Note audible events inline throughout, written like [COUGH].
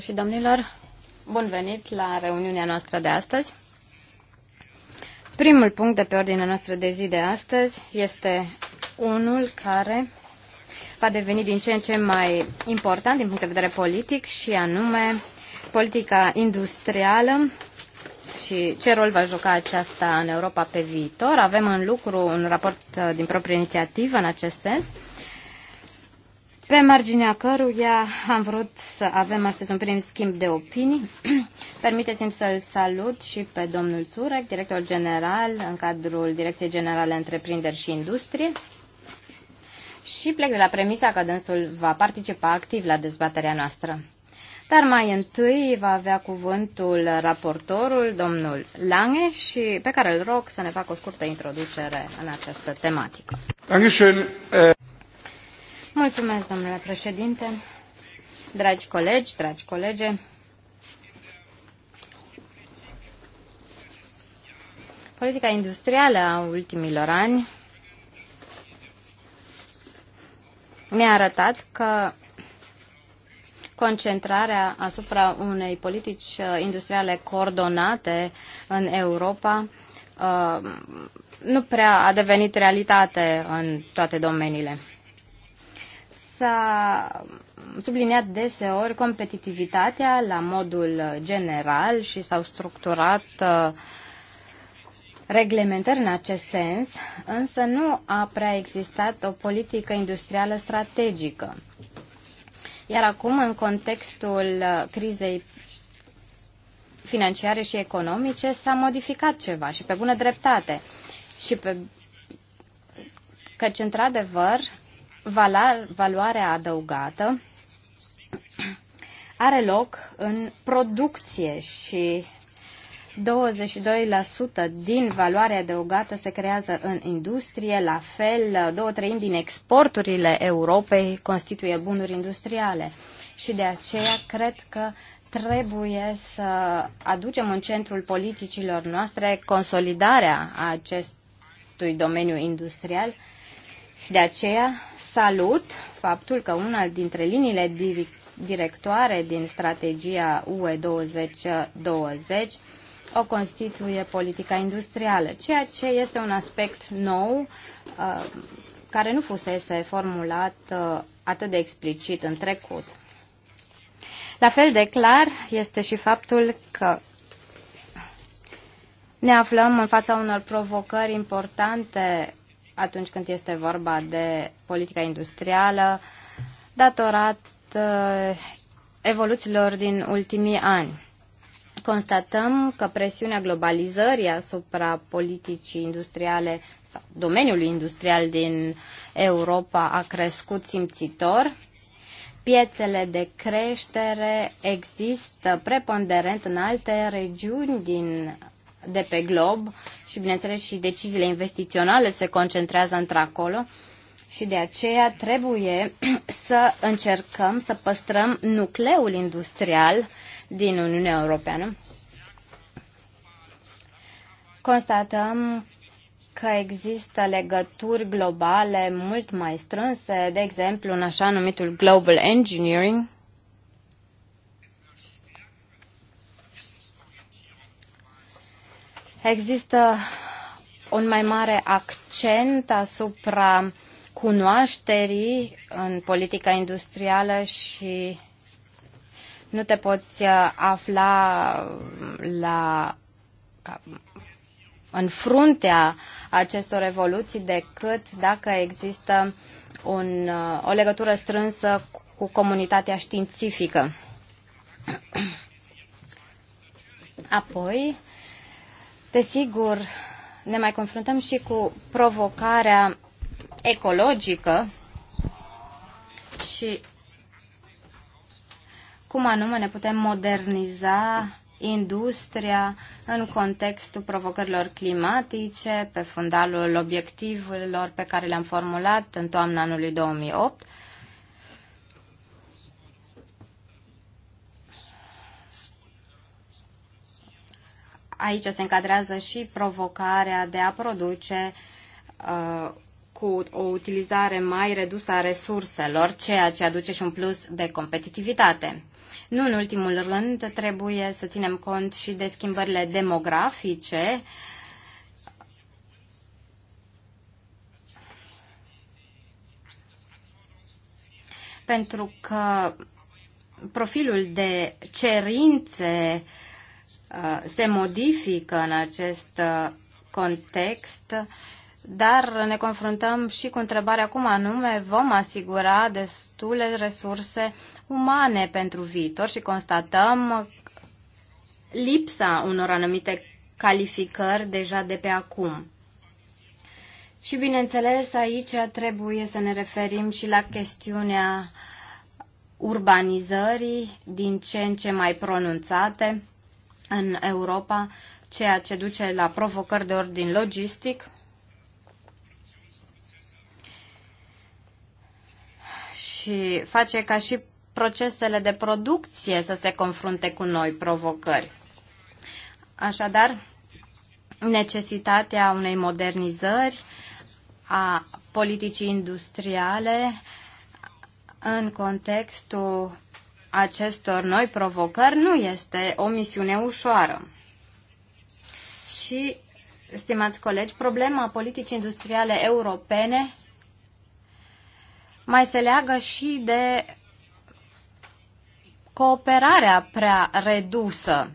și domnilor, bun venit la reuniunea noastră de astăzi. Primul punct de pe ordinea noastră de zi de astăzi este unul care va deveni din ce în ce mai important din punct de vedere politic și anume politica industrială și ce rol va juca aceasta în Europa pe viitor. Avem în lucru un raport uh, din proprie inițiativă în acest sens pe marginea căruia am vrut să avem astăzi un prim schimb de opinii. [CLEARS THROAT] Permiteți-mi să-l salut și pe domnul Surec, director general în cadrul Direcției Generale Întreprinderi și Industrie. Și plec de la premisa că dânsul va participa activ la dezbaterea noastră. Dar mai întâi va avea cuvântul raportorul, domnul Lange, și pe care îl rog să ne facă o scurtă introducere în această tematică. Dankeschön. Äh, Mulțumesc, domnule președinte, dragi colegi, dragi colege. Politica industrială a ultimilor ani mi-a arătat că concentrarea asupra unei politici industriale coordonate în Europa uh, nu prea a devenit realitate în toate domeniile s-a subliniat deseori competitivitatea la modul general și s-au structurat uh, reglementări în acest sens, însă nu a prea existat o politică industrială strategică. Iar acum, în contextul uh, crizei financiare și economice, s-a modificat ceva și pe bună dreptate. Și pe... Căci, într-adevăr, valoarea adăugată are loc în producție și 22% din valoarea adăugată se creează în industrie, la fel două treimi din exporturile Europei constituie bunuri industriale. Și de aceea cred că trebuie să aducem în centrul politicilor noastre consolidarea acestui domeniu industrial și de aceea salut faptul că una dintre liniile directoare din strategia UE 2020 o constituie politica industrială, ceea ce este un aspect nou uh, care nu fusese formulat uh, atât de explicit în trecut. La fel de clar este și faptul că ne aflăm în fața unor provocări importante atunci când este vorba de politica industrială, datorat uh, evoluțiilor din ultimii ani. Constatăm că presiunea globalizării asupra politicii industriale sau domeniului industrial din Europa a crescut simțitor. Piețele de creștere există preponderent în alte regiuni din de pe glob și, bineînțeles, și deciziile investiționale se concentrează într-acolo și de aceea trebuie [CLEARS THROAT] să încercăm să păstrăm nucleul industrial din Uniunea Europeană. Constatăm că există legături globale mult mai strânse, de exemplu în așa numitul Global Engineering, Există un mai mare accent asupra cunoașterii în politica industrială și nu te poți uh, afla la, în fruntea acestor evoluții decât dacă există un, uh, o legătură strânsă cu comunitatea științifică. [CLEARS THROAT] Apoi, Desigur, ne mai confruntăm și cu provocarea ecologică și cum anume ne putem moderniza industria în contextul provocărilor climatice, pe fundalul obiectivelor pe care le-am formulat în toamna anului 2008 aici se încadrează și provocarea de a produce uh, cu o utilizare mai redusă a resurselor, ceea ce aduce și un plus de competitivitate. Nu în ultimul rând, trebuie să ținem cont și de schimbările demografice. Pentru că profilul de cerințe uh, Uh, se modifică în acest uh, context, dar ne confruntăm și cu întrebarea cum anume vom asigura destule resurse umane pentru viitor și constatăm lipsa unor anumite calificări deja de pe acum. Și bineînțeles, aici trebuie să ne referim și la chestiunea urbanizării din ce în ce mai pronunțate în Europa, ceea ce duce la provocări de ordin logistic și face ca și procesele de producție să se confrunte cu noi provocări. Așadar, necesitatea unei modernizări a politicii industriale în contextul acestor noi provocări nu este o misiune ușoară. Și, stimați colegi, problema politicii industriale europene mai se leagă și de cooperarea prea redusă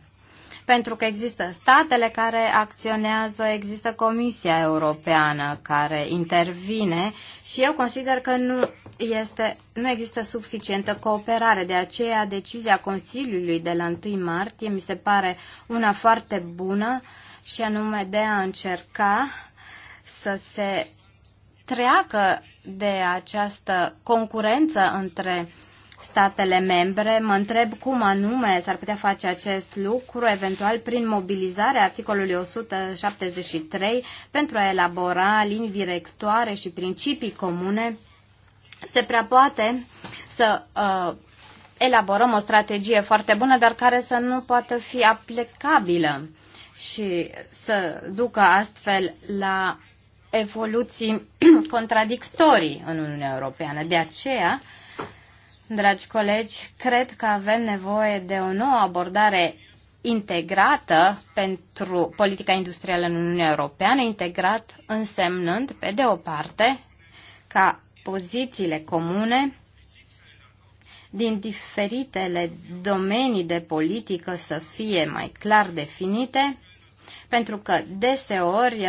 pentru că există statele care acționează, există Comisia Europeană care intervine și eu consider că nu, este, nu există suficientă cooperare. De aceea decizia Consiliului de la 1 martie mi se pare una foarte bună și anume de a încerca să se treacă de această concurență între statele membre. Mă întreb cum anume s-ar putea face acest lucru, eventual prin mobilizarea articolului 173 pentru a elabora linii directoare și principii comune. Se prea poate să uh, elaborăm o strategie foarte bună, dar care să nu poată fi aplicabilă și să ducă astfel la evoluții [CLEARS THROAT] contradictorii în Uniunea Europeană. De aceea, uh, dragi colegi, cred că avem nevoie de o nouă abordare integrată pentru politica industrială în Uniunea Europeană, integrat însemnând, pe de o parte, ca pozițiile comune din diferitele domenii de politică să fie mai clar definite, pentru că deseori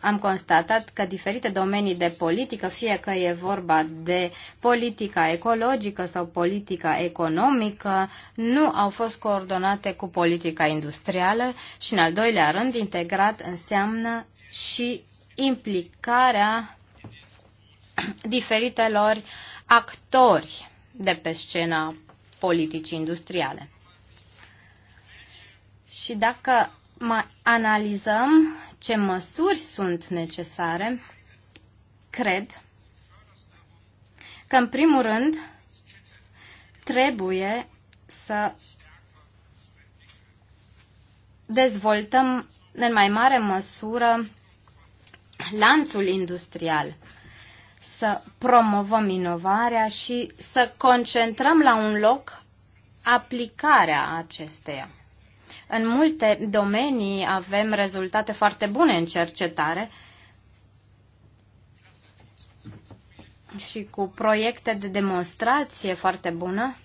am constatat că diferite domenii de politică, fie că e vorba de politica ecologică sau politica economică, nu au fost coordonate cu politica industrială și, în al doilea rând, integrat înseamnă și implicarea diferitelor actori de pe scena politicii industriale. Și dacă mai analizăm ce măsuri sunt necesare, cred că, în primul rând, trebuie să dezvoltăm în mai mare măsură lanțul industrial, să promovăm inovarea și să concentrăm la un loc aplicarea acesteia. În multe domenii avem rezultate foarte bune în cercetare și cu proiecte de demonstrație foarte bună,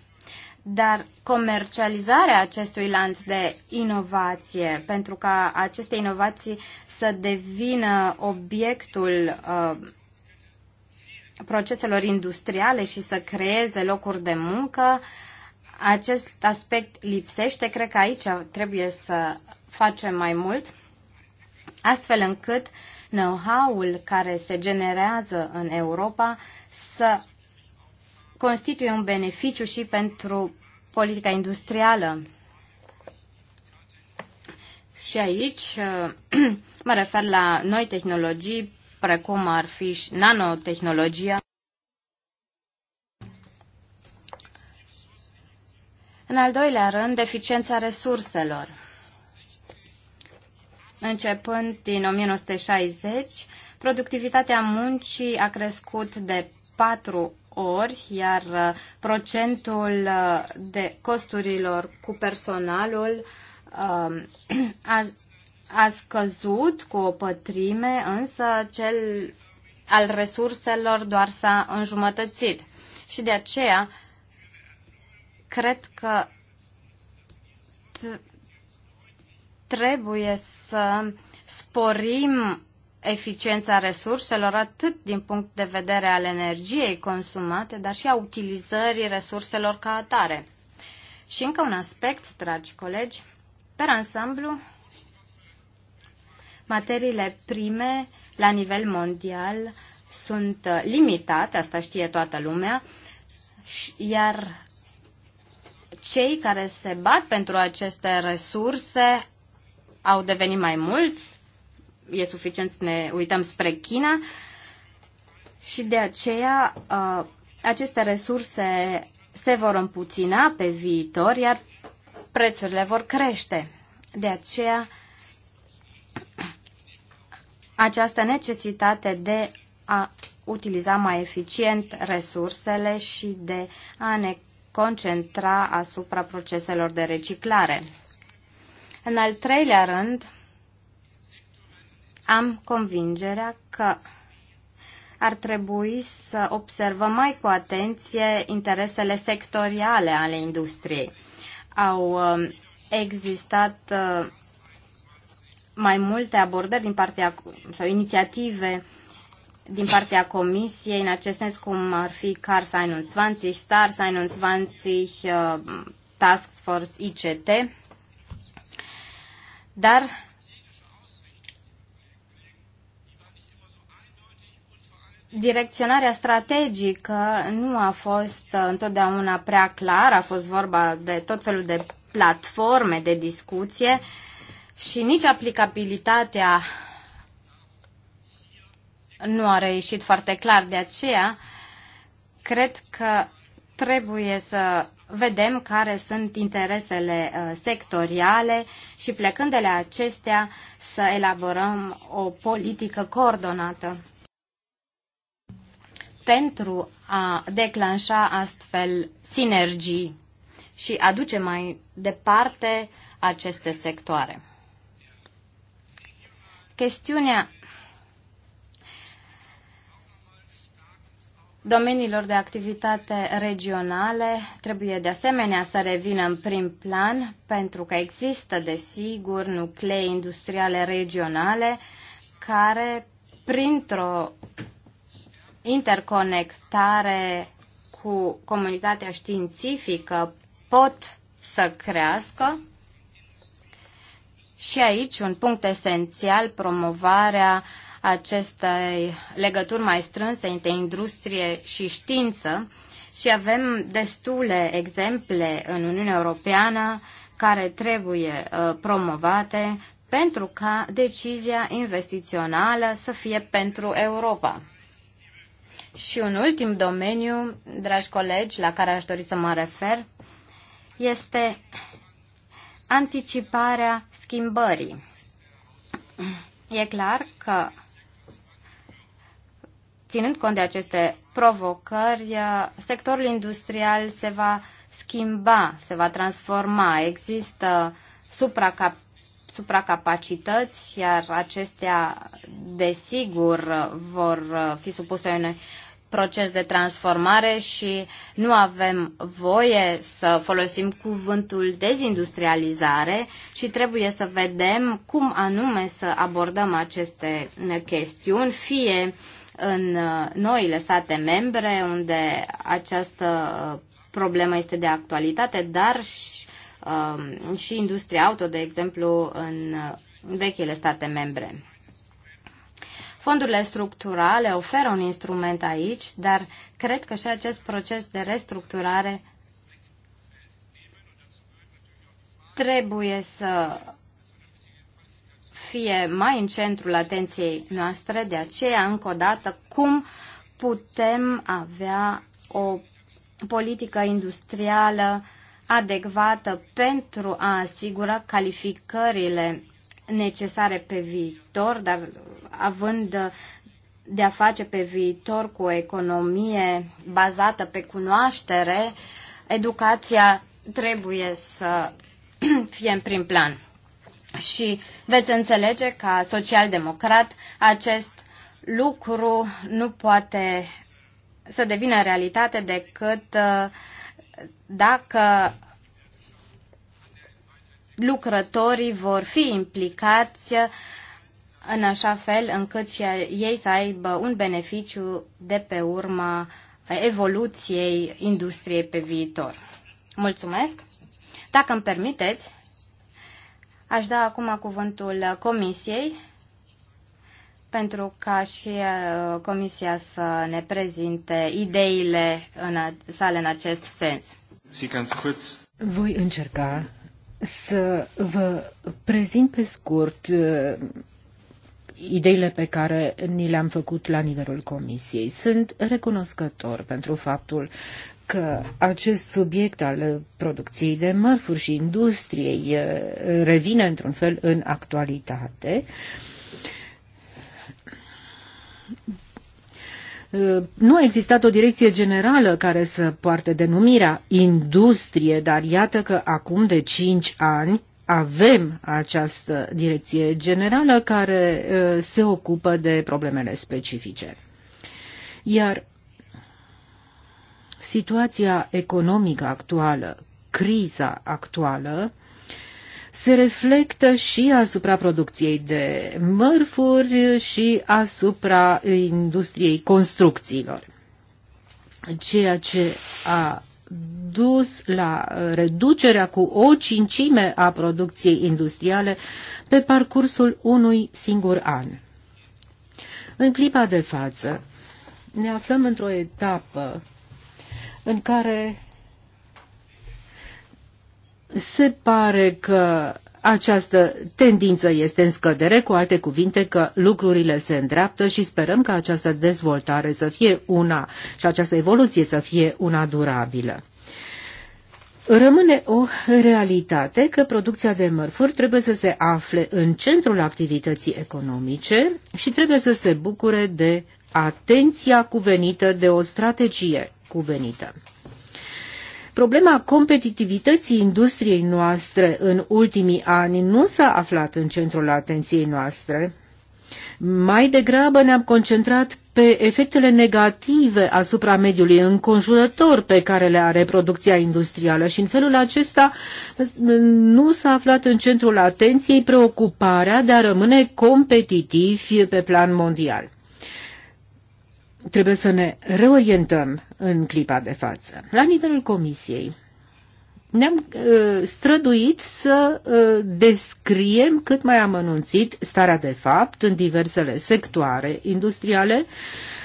dar comercializarea acestui lanț de inovație, pentru ca aceste inovații să devină obiectul uh, proceselor industriale și să creeze locuri de muncă, uh, acest aspect lipsește. Cred că aici trebuie să facem mai mult, astfel încât know-how-ul care se generează în Europa să constituie un beneficiu și pentru politica industrială. Și aici mă refer la noi tehnologii, precum ar fi și nanotehnologia. În al doilea rând, deficiența resurselor. Începând din 1960, productivitatea muncii a crescut de 4 ori, iar uh, procentul uh, de costurilor cu personalul um, [CLEARS THROAT] a, a scăzut cu o pătrime, însă cel al resurselor doar s-a înjumătățit. Și de aceea cred că trebuie să sporim eficiența resurselor atât din punct de vedere al energiei consumate, dar și a utilizării resurselor ca atare. Și încă un aspect, dragi colegi, per ansamblu, materiile prime la nivel mondial sunt limitate, asta știe toată lumea, iar cei care se bat pentru aceste resurse au devenit mai mulți. E suficient să ne uităm spre China. Și de aceea uh, aceste resurse se vor împuțina pe viitor, iar prețurile vor crește. De aceea această necesitate de a utiliza mai eficient resursele și de a ne concentra asupra proceselor de reciclare. În al treilea rând, am convingerea că ar trebui să observăm mai cu atenție interesele sectoriale ale industriei. Au um, existat uh, mai multe abordări din partea sau inițiative din partea Comisiei, în acest sens cum ar fi CAR Sinus 20, STAR Sinus uh, Task Force ICT, dar Direcționarea strategică nu a fost uh, întotdeauna prea clară, a fost vorba de tot felul de platforme de discuție și nici aplicabilitatea nu a reieșit foarte clar. De aceea, cred că trebuie să vedem care sunt interesele uh, sectoriale și plecând de la acestea să elaborăm o politică coordonată pentru a declanșa astfel sinergii și aduce mai departe aceste sectoare. Chestiunea domeniilor de activitate regionale trebuie de asemenea să revină în prim plan, pentru că există, desigur, nuclee industriale regionale care, printr-o interconectare cu comunitatea științifică, pot să crească. Și aici un punct esențial, promovarea uh, acestei legături mai strânse între industrie și știință și avem destule exemple în Uniunea Europeană care trebuie uh, promovate pentru ca decizia investițională să fie pentru Europa. Și un ultim domeniu, dragi colegi, la care aș dori să mă refer, este anticiparea schimbării. E clar că Ținând cont de aceste provocări, uh, sectorul industrial se va schimba, se va transforma. Există supracap supracapacități, iar acestea, desigur, vor uh, fi supuse unui proces de transformare și nu avem voie să folosim cuvântul dezindustrializare și trebuie să vedem cum anume să abordăm aceste chestiuni, fie uh, în uh, noile state membre, unde această problemă este de actualitate, dar și, um, și industria auto, de exemplu, în uh, vechile state membre. Fondurile structurale oferă un instrument aici, dar cred că și acest proces de restructurare trebuie să fie mai în centrul atenției noastre, de aceea, încă o dată, cum putem avea o politică industrială adecvată pentru a asigura calificările necesare pe viitor, dar având de a face pe viitor cu o economie bazată pe cunoaștere, educația trebuie să [CLEARS THROAT] fie în prim plan și veți înțelege ca social-democrat acest lucru nu poate să devină realitate decât uh, dacă lucrătorii vor fi implicați în așa fel încât și ei să aibă un beneficiu de pe urma evoluției industriei pe viitor. Mulțumesc! Dacă îmi permiteți, Aș da acum cuvântul Comisiei pentru ca și uh, Comisia să ne prezinte ideile în sale în acest sens. Voi încerca să vă prezint pe scurt uh, ideile pe care ni le-am făcut la nivelul Comisiei. Sunt recunoscător pentru faptul că acest subiect al producției de mărfuri și industriei eh, revine într-un fel în actualitate. Eh, nu a existat o direcție generală care să poarte denumirea industrie, dar iată că acum de 5 ani avem această direcție generală care eh, se ocupă de problemele specifice. Iar situația economică actuală, criza actuală, se reflectă și asupra producției de mărfuri și asupra industriei construcțiilor, ceea ce a dus la reducerea cu o cincime a producției industriale pe parcursul unui singur an. În clipa de față, ne aflăm într-o etapă în care se pare că această tendință este în scădere, cu alte cuvinte că lucrurile se îndreaptă și sperăm că această dezvoltare să fie una și această evoluție să fie una durabilă. Rămâne o realitate că producția de mărfuri trebuie să se afle în centrul activității economice și trebuie să se bucure de atenția cuvenită de o strategie cuvenită. Problema competitivității industriei noastre în ultimii ani nu s-a aflat în centrul atenției noastre. Mai degrabă ne-am concentrat pe efectele negative asupra mediului înconjurător pe care le are producția industrială și în felul acesta nu s-a aflat în centrul atenției preocuparea de a rămâne competitivi pe plan mondial trebuie să ne reorientăm în clipa de față. La nivelul Comisiei, ne-am uh, străduit să uh, descriem cât mai am anunțit starea de fapt în diversele sectoare industriale,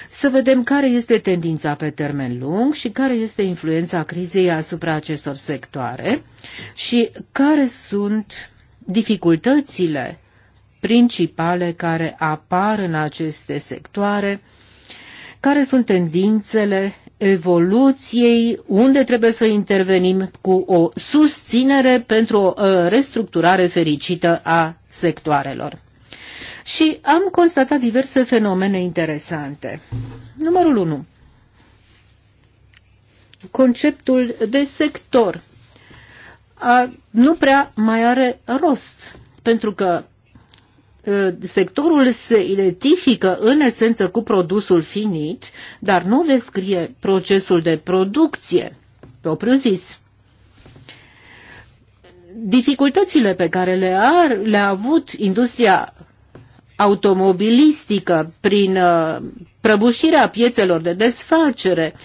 să vedem care este tendința pe termen lung și care este influența crizei asupra acestor sectoare și care sunt dificultățile principale care apar în aceste sectoare care sunt tendințele evoluției, unde trebuie să intervenim cu o susținere pentru o ă, restructurare fericită a sectoarelor. Și am constatat diverse fenomene interesante. Numărul 1. Conceptul de sector a, nu prea mai are rost, pentru că Uh, sectorul se identifică în esență cu produsul finit, dar nu descrie procesul de producție propriu-zis. Dificultățile pe care le, a le-a avut industria automobilistică prin uh, prăbușirea piețelor de desfacere, uh,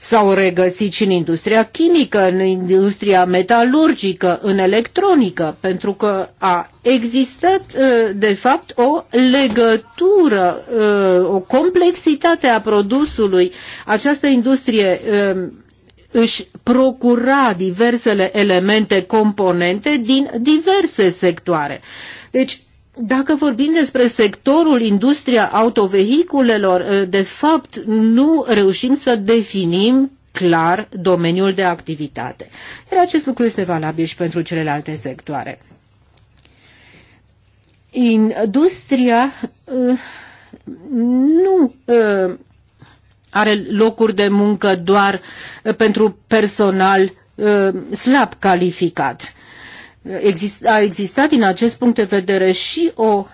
s-au regăsit și în industria chimică, în industria metalurgică, în electronică, pentru că a existat uh, de fapt o legătură, uh, o complexitate a produsului. Această industrie uh, își procura diversele elemente, componente din diverse sectoare. Deci dacă vorbim despre sectorul industria autovehiculelor, eh, de fapt nu reușim să definim clar domeniul de activitate. Iar acest lucru este valabil și pentru celelalte sectoare. Industria eh, nu eh, are locuri de muncă doar pentru personal slab calificat exist, a existat din acest punct de vedere și o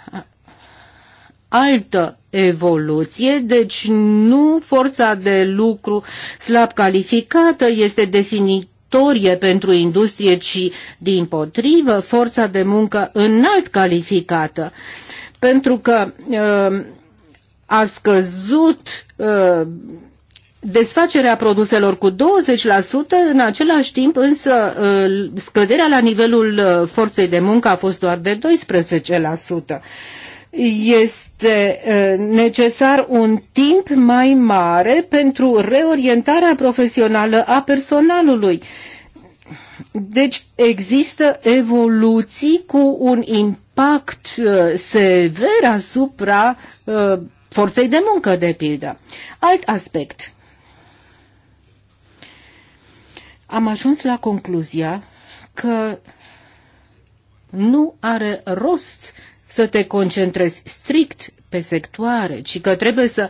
altă evoluție, deci nu forța de lucru slab calificată este definitorie pentru industrie, ci din potrivă forța de muncă înalt calificată. Pentru că uh, a scăzut uh, desfacerea produselor cu 20%, în același timp însă uh, scăderea la nivelul uh, forței de muncă a fost doar de 12%. Este uh, necesar un timp mai mare pentru reorientarea profesională a personalului. Deci există evoluții cu un impact sever asupra forței de muncă, de pildă. Alt aspect am ajuns la concluzia că nu are rost să te concentrezi strict pe sectoare, ci că trebuie să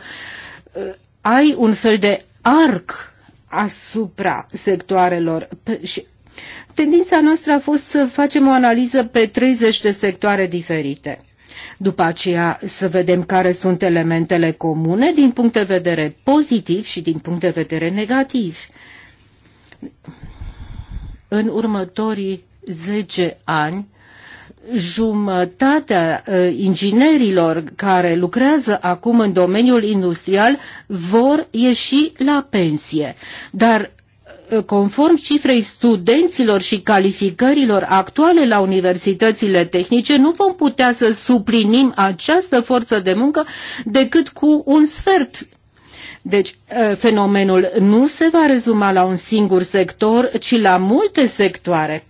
uh, ai un fel de arc asupra sectoarelor. Și tendința noastră a fost să facem o analiză pe 30 de sectoare diferite. După aceea să vedem care sunt elementele comune din punct de vedere pozitiv și din punct de vedere negativ în următorii 10 ani jumătatea uh, inginerilor care lucrează acum în domeniul industrial vor ieși la pensie. Dar uh, conform cifrei studenților și calificărilor actuale la universitățile tehnice, nu vom putea să suplinim această forță de muncă decât cu un sfert deci, ă, fenomenul nu se va rezuma la un singur sector, ci la multe sectoare.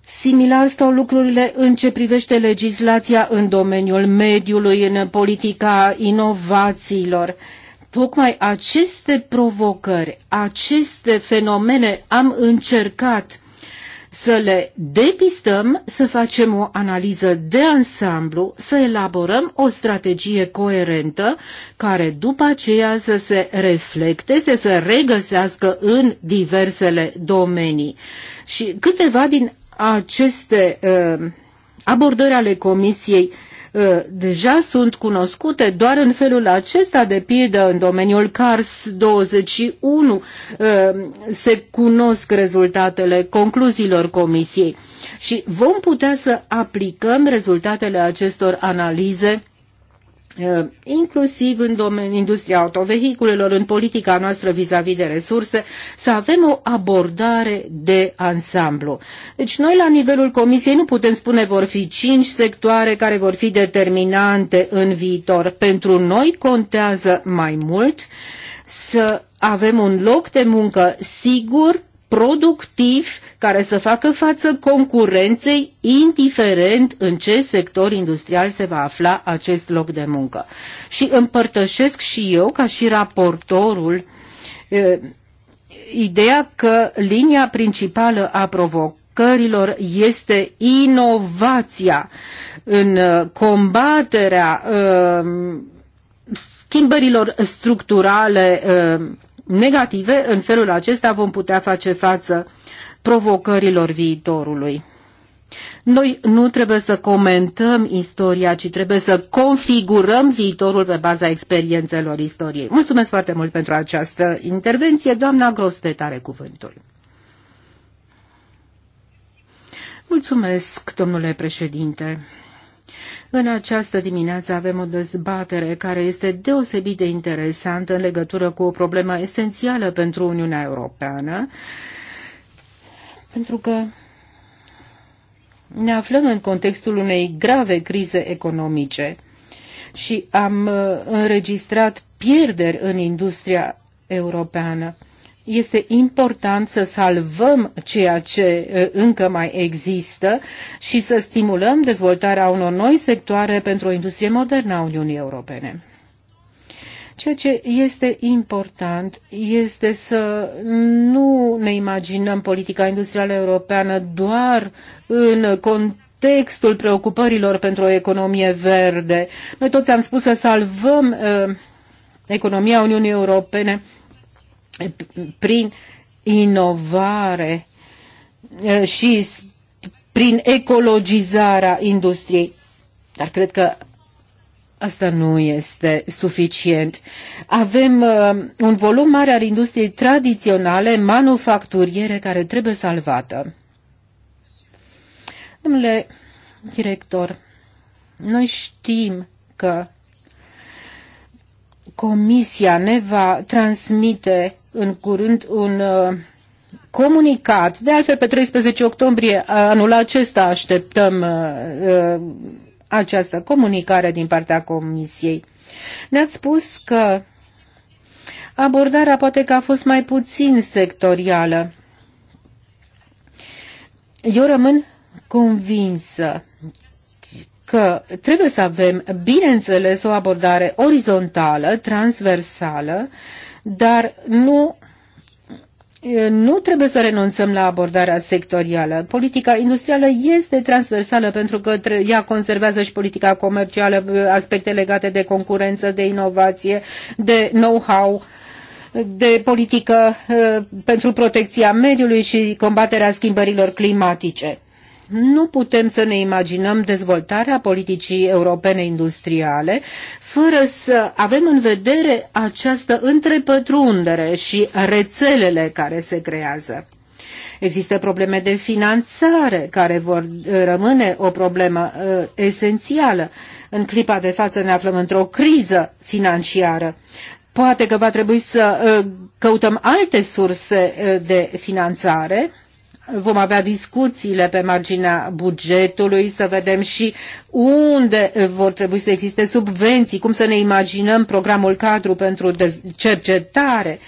Similar stau lucrurile în ce privește legislația în domeniul mediului, în politica inovațiilor. Tocmai aceste provocări, aceste fenomene am încercat să le depistăm, să facem o analiză de ansamblu, să elaborăm o strategie coerentă care după aceea să se reflecte, să se regăsească în diversele domenii. Și câteva din aceste uh, abordări ale Comisiei uh, Uh, deja sunt cunoscute doar în felul acesta, de pildă în domeniul CARS 21 uh, se cunosc rezultatele concluziilor comisiei și vom putea să aplicăm rezultatele acestor analize Eh, inclusiv în industria autovehiculelor, în politica noastră vis-a-vis -vis de resurse, să avem o abordare de ansamblu. Deci noi la nivelul Comisiei nu putem spune vor fi cinci sectoare care vor fi determinante în viitor. Pentru noi contează mai mult să avem un loc de muncă sigur productiv care să facă față concurenței, indiferent în ce sector industrial se va afla acest loc de muncă. Și împărtășesc și eu, ca și raportorul, ideea că linia principală a provocărilor este inovația în combaterea schimbărilor structurale negative, în felul acesta vom putea face față provocărilor viitorului. Noi nu trebuie să comentăm istoria, ci trebuie să configurăm viitorul pe baza experiențelor istoriei. Mulțumesc foarte mult pentru această intervenție. Doamna Grostet are cuvântul. Mulțumesc, domnule președinte. În această dimineață avem o dezbatere care este deosebit de interesantă în legătură cu o problemă esențială pentru Uniunea Europeană, pentru că ne aflăm în contextul unei grave crize economice și am uh, înregistrat pierderi în industria europeană este important să salvăm ceea ce încă mai există și să stimulăm dezvoltarea unor noi sectoare pentru o industrie modernă a Uniunii Europene. Ceea ce este important este să nu ne imaginăm politica industrială europeană doar în context contextul preocupărilor pentru o economie verde. Noi toți am spus să salvăm uh, economia Uniunii Europene prin inovare și prin ecologizarea industriei. Dar cred că asta nu este suficient. Avem uh, un volum mare al industriei tradiționale, manufacturiere, care trebuie salvată. Domnule director, noi știm că Comisia ne va transmite în curând un uh, comunicat. De altfel, pe 13 octombrie anul acesta așteptăm uh, uh, această comunicare din partea Comisiei. Ne-ați spus că abordarea poate că a fost mai puțin sectorială. Eu rămân convinsă că trebuie să avem, bineînțeles, o abordare orizontală, transversală, dar nu nu trebuie să renunțăm la abordarea sectorială. Politica industrială este transversală pentru că ea conservează și politica comercială, aspecte legate de concurență, de inovație, de know-how de politică pentru protecția mediului și combaterea schimbărilor climatice. Nu putem să ne imaginăm dezvoltarea politicii europene industriale fără să avem în vedere această întrepătrundere și rețelele care se creează. Există probleme de finanțare care vor eh, rămâne o problemă uh, esențială. În clipa de față ne aflăm într-o criză financiară. Poate că va trebui să uh, căutăm alte surse uh, de finanțare vom avea discuțiile pe marginea bugetului, să vedem și unde vor trebui să existe subvenții, cum să ne imaginăm programul cadru pentru cercetare.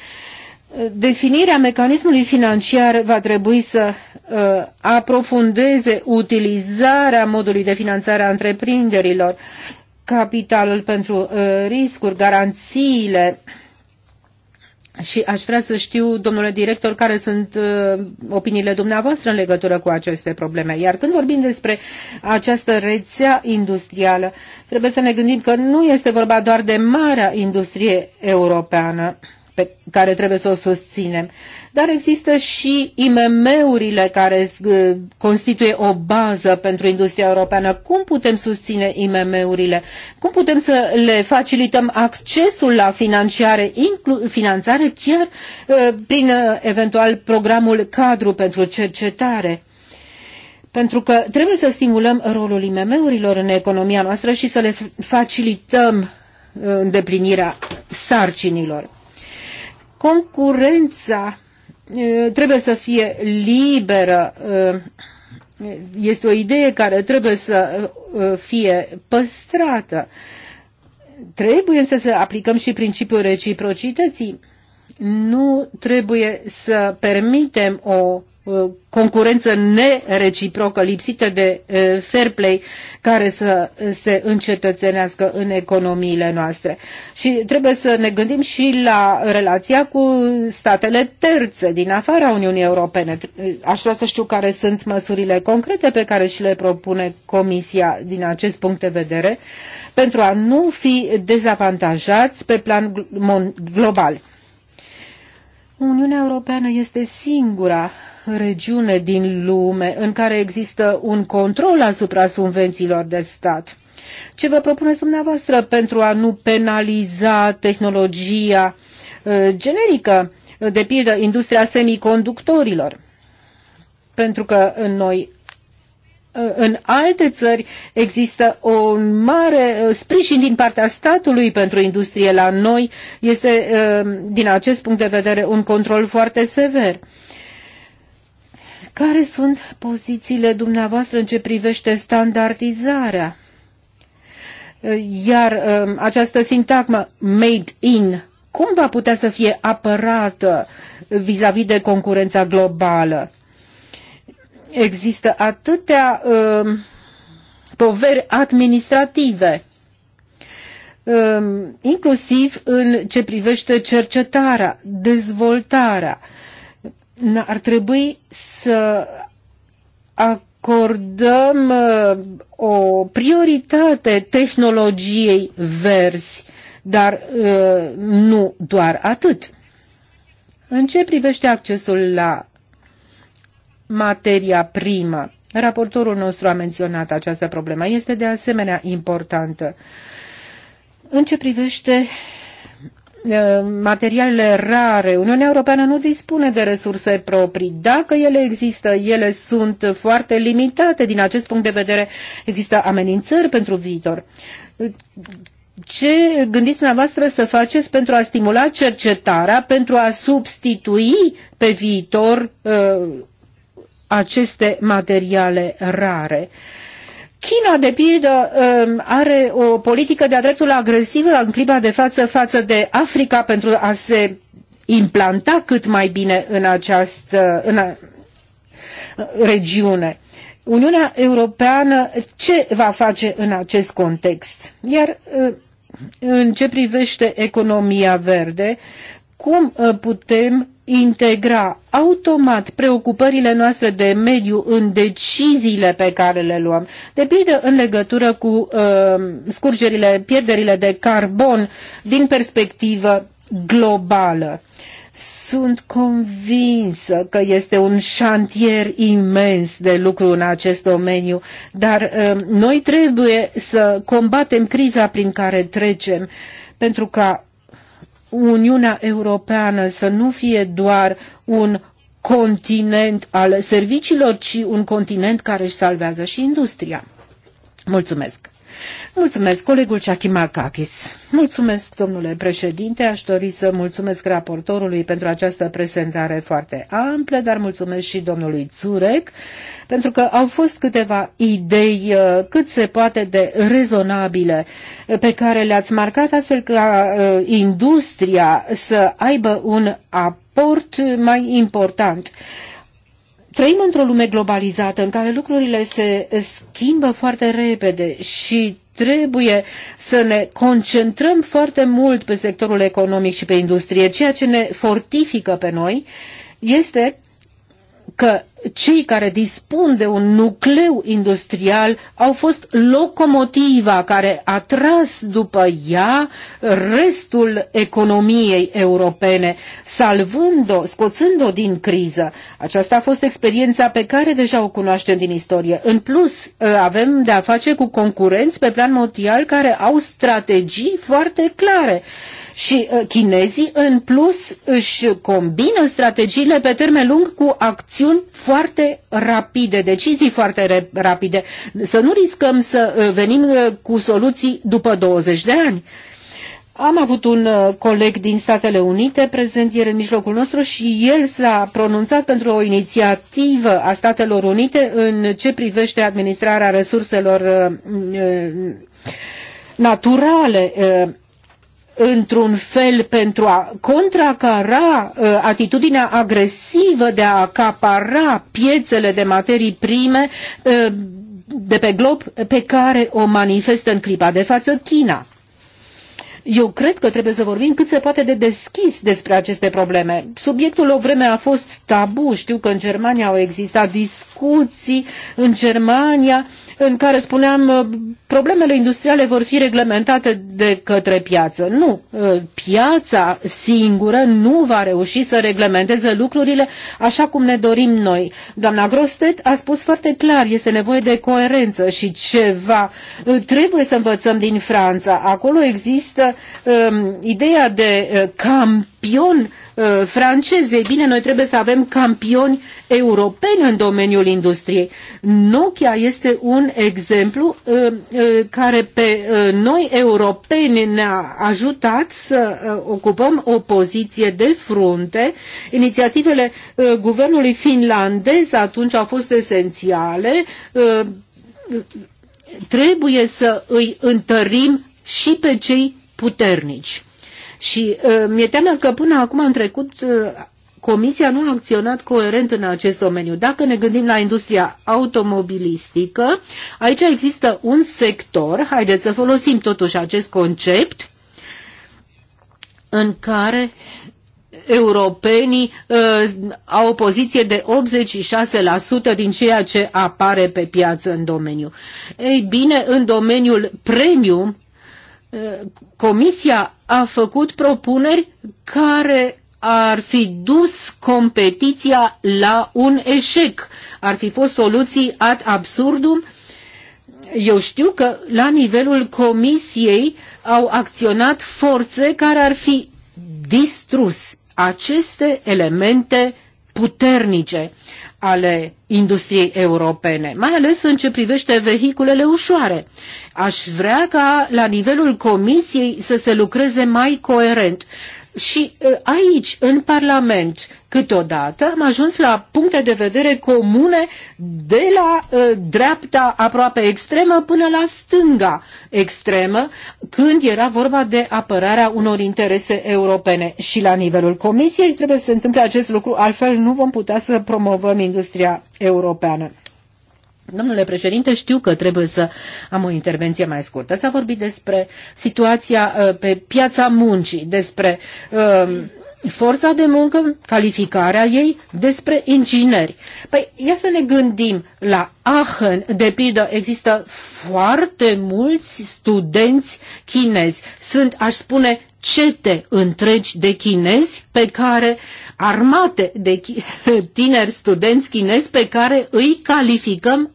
Definirea mecanismului financiar va trebui să uh, aprofundeze utilizarea modului de finanțare a întreprinderilor, capitalul pentru uh, riscuri, garanțiile uh, și aș vrea să știu, domnule director, care sunt uh, opiniile dumneavoastră în legătură cu aceste probleme. Iar când vorbim despre această rețea industrială, trebuie să ne gândim că nu este vorba doar de marea industrie europeană, pe care trebuie să o susținem. Dar există și IMM-urile care uh, constituie o bază pentru industria europeană. Cum putem susține IMM-urile? Cum putem să le facilităm accesul la financiare, finanțare chiar uh, prin uh, eventual programul cadru pentru cercetare? pentru că trebuie să stimulăm rolul IMM-urilor în economia noastră și să le facilităm îndeplinirea sarcinilor. Concurența trebuie să fie liberă. Este o idee care trebuie să fie păstrată. Trebuie însă să aplicăm și principiul reciprocității. Nu trebuie să permitem o concurență nereciprocă, lipsită de fair play, care să se încetățenească în economiile noastre. Și trebuie să ne gândim și la relația cu statele terțe din afara Uniunii Europene. Aș vrea să știu care sunt măsurile concrete pe care și le propune Comisia din acest punct de vedere pentru a nu fi dezavantajați pe plan global. Uniunea Europeană este singura regiune din lume în care există un control asupra subvențiilor de stat. Ce vă propuneți dumneavoastră pentru a nu penaliza tehnologia uh, generică, de pildă industria semiconductorilor? Pentru că noi în alte țări există un mare uh, sprijin din partea statului pentru industrie. La noi este, uh, din acest punct de vedere, un control foarte sever. Care sunt pozițiile dumneavoastră în ce privește standardizarea? Uh, iar această sintagmă made in, cum va putea să fie apărată vis-a-vis -vis de concurența globală? există atâtea um, poveri administrative, um, inclusiv în ce privește cercetarea, dezvoltarea. Ar trebui să acordăm uh, o prioritate tehnologiei verzi, dar uh, nu doar atât. În ce privește accesul la materia primă. Raportorul nostru a menționat această problemă. Este de asemenea importantă. În ce privește materialele rare. Uniunea Europeană nu dispune de resurse proprii. Dacă ele există, ele sunt foarte limitate. Din acest punct de vedere, există amenințări pentru viitor. Ce gândiți dumneavoastră să faceți pentru a stimula cercetarea, pentru a substitui pe viitor uh, aceste materiale rare. China, de pildă, um, are o politică de-a dreptul agresivă în clipa de față față de Africa pentru a se implanta cât mai bine în această în a, regiune. Uniunea Europeană ce va face în acest context? Iar uh, în ce privește economia verde, cum uh, putem integra automat preocupările noastre de mediu în deciziile pe care le luăm. De pildă în legătură cu uh, scurgerile, pierderile de carbon din perspectivă globală. Sunt convinsă că este un șantier imens de lucru în acest domeniu, dar uh, noi trebuie să combatem criza prin care trecem pentru ca Uniunea Europeană să nu fie doar un continent al serviciilor, ci un continent care își salvează și industria. Mulțumesc! Mulțumesc, colegul Chakimakakis. Mulțumesc, domnule președinte. Aș dori să mulțumesc raportorului pentru această prezentare foarte amplă, dar mulțumesc și domnului Zurek, pentru că au fost câteva idei uh, cât se poate de rezonabile uh, pe care le-ați marcat, astfel ca uh, industria să aibă un aport mai important trăim într-o lume globalizată în care lucrurile se schimbă foarte repede și trebuie să ne concentrăm foarte mult pe sectorul economic și pe industrie. Ceea ce ne fortifică pe noi este că cei care dispun de un nucleu industrial au fost locomotiva care a tras după ea restul economiei europene, salvând-o, scoțând-o din criză. Aceasta a fost experiența pe care deja o cunoaștem din istorie. În plus, ă, avem de a face cu concurenți pe plan mondial care au strategii foarte clare și uh, chinezii, în plus, își combină strategiile pe termen lung cu acțiuni foarte rapide, decizii foarte rapide. Să nu riscăm să uh, venim uh, cu soluții după 20 de ani. Am avut un coleg din Statele Unite prezent ieri în mijlocul nostru și el s-a pronunțat pentru o inițiativă a Statelor Unite în ce privește administrarea resurselor naturale într-un fel pentru a contracara uh, atitudinea agresivă de a acapara piețele de materii prime uh, de pe glob pe care o manifestă în clipa de față China. Eu cred că trebuie să vorbim cât se poate de deschis despre aceste probleme. Subiectul o vreme a fost tabu. Știu că în Germania au existat discuții, în Germania uh, în care spuneam uh, problemele industriale vor fi reglementate de către piață. Nu, uh, piața singură nu va reuși să reglementeze lucrurile așa cum ne dorim noi. Doamna Grostet a spus foarte clar, este nevoie de coerență și ceva. Uh, trebuie să învățăm din Franța. Acolo există um, ideea de campion Uh, franceze. bine, noi trebuie să avem campioni europeni în domeniul industriei. Nokia este un exemplu uh, uh, care pe noi europeni ne-a ajutat să ocupăm o poziție de frunte. Inițiativele guvernului finlandez atunci au fost esențiale. Trebuie să îi întărim și pe cei puternici. Și uh, mi-e teamă că până acum în trecut uh, Comisia nu a acționat coerent în acest domeniu. Dacă ne gândim la industria automobilistică, aici există un sector, haideți să folosim totuși acest concept, în care europenii uh, au o poziție de 86% din ceea ce apare pe piață în domeniu. Ei bine, în domeniul premium, Comisia a făcut propuneri care ar fi dus competiția la un eșec. Ar fi fost soluții ad absurdum. Eu știu că la nivelul comisiei au acționat forțe care ar fi distrus aceste elemente puternice ale industriei europene, mai ales în ce privește vehiculele ușoare. Aș vrea ca la nivelul comisiei să se lucreze mai coerent și ă, aici, în Parlament, câteodată am ajuns la puncte de vedere comune de la uh, dreapta aproape extremă până la stânga extremă, când era vorba de apărarea unor interese europene. Și la nivelul Comisiei trebuie să se întâmple acest lucru, altfel nu vom putea să promovăm industria europeană. Domnule președinte, știu că trebuie să am o intervenție mai scurtă. S-a vorbit despre situația uh, pe piața muncii, despre uh, forța de muncă, calificarea ei, despre ingineri. Păi ia să ne gândim, la Aachen, de pildă, există foarte mulți studenți chinezi. Sunt, aș spune, cete întregi de chinezi pe care, armate de [LAUGHS] tineri studenți chinezi pe care îi calificăm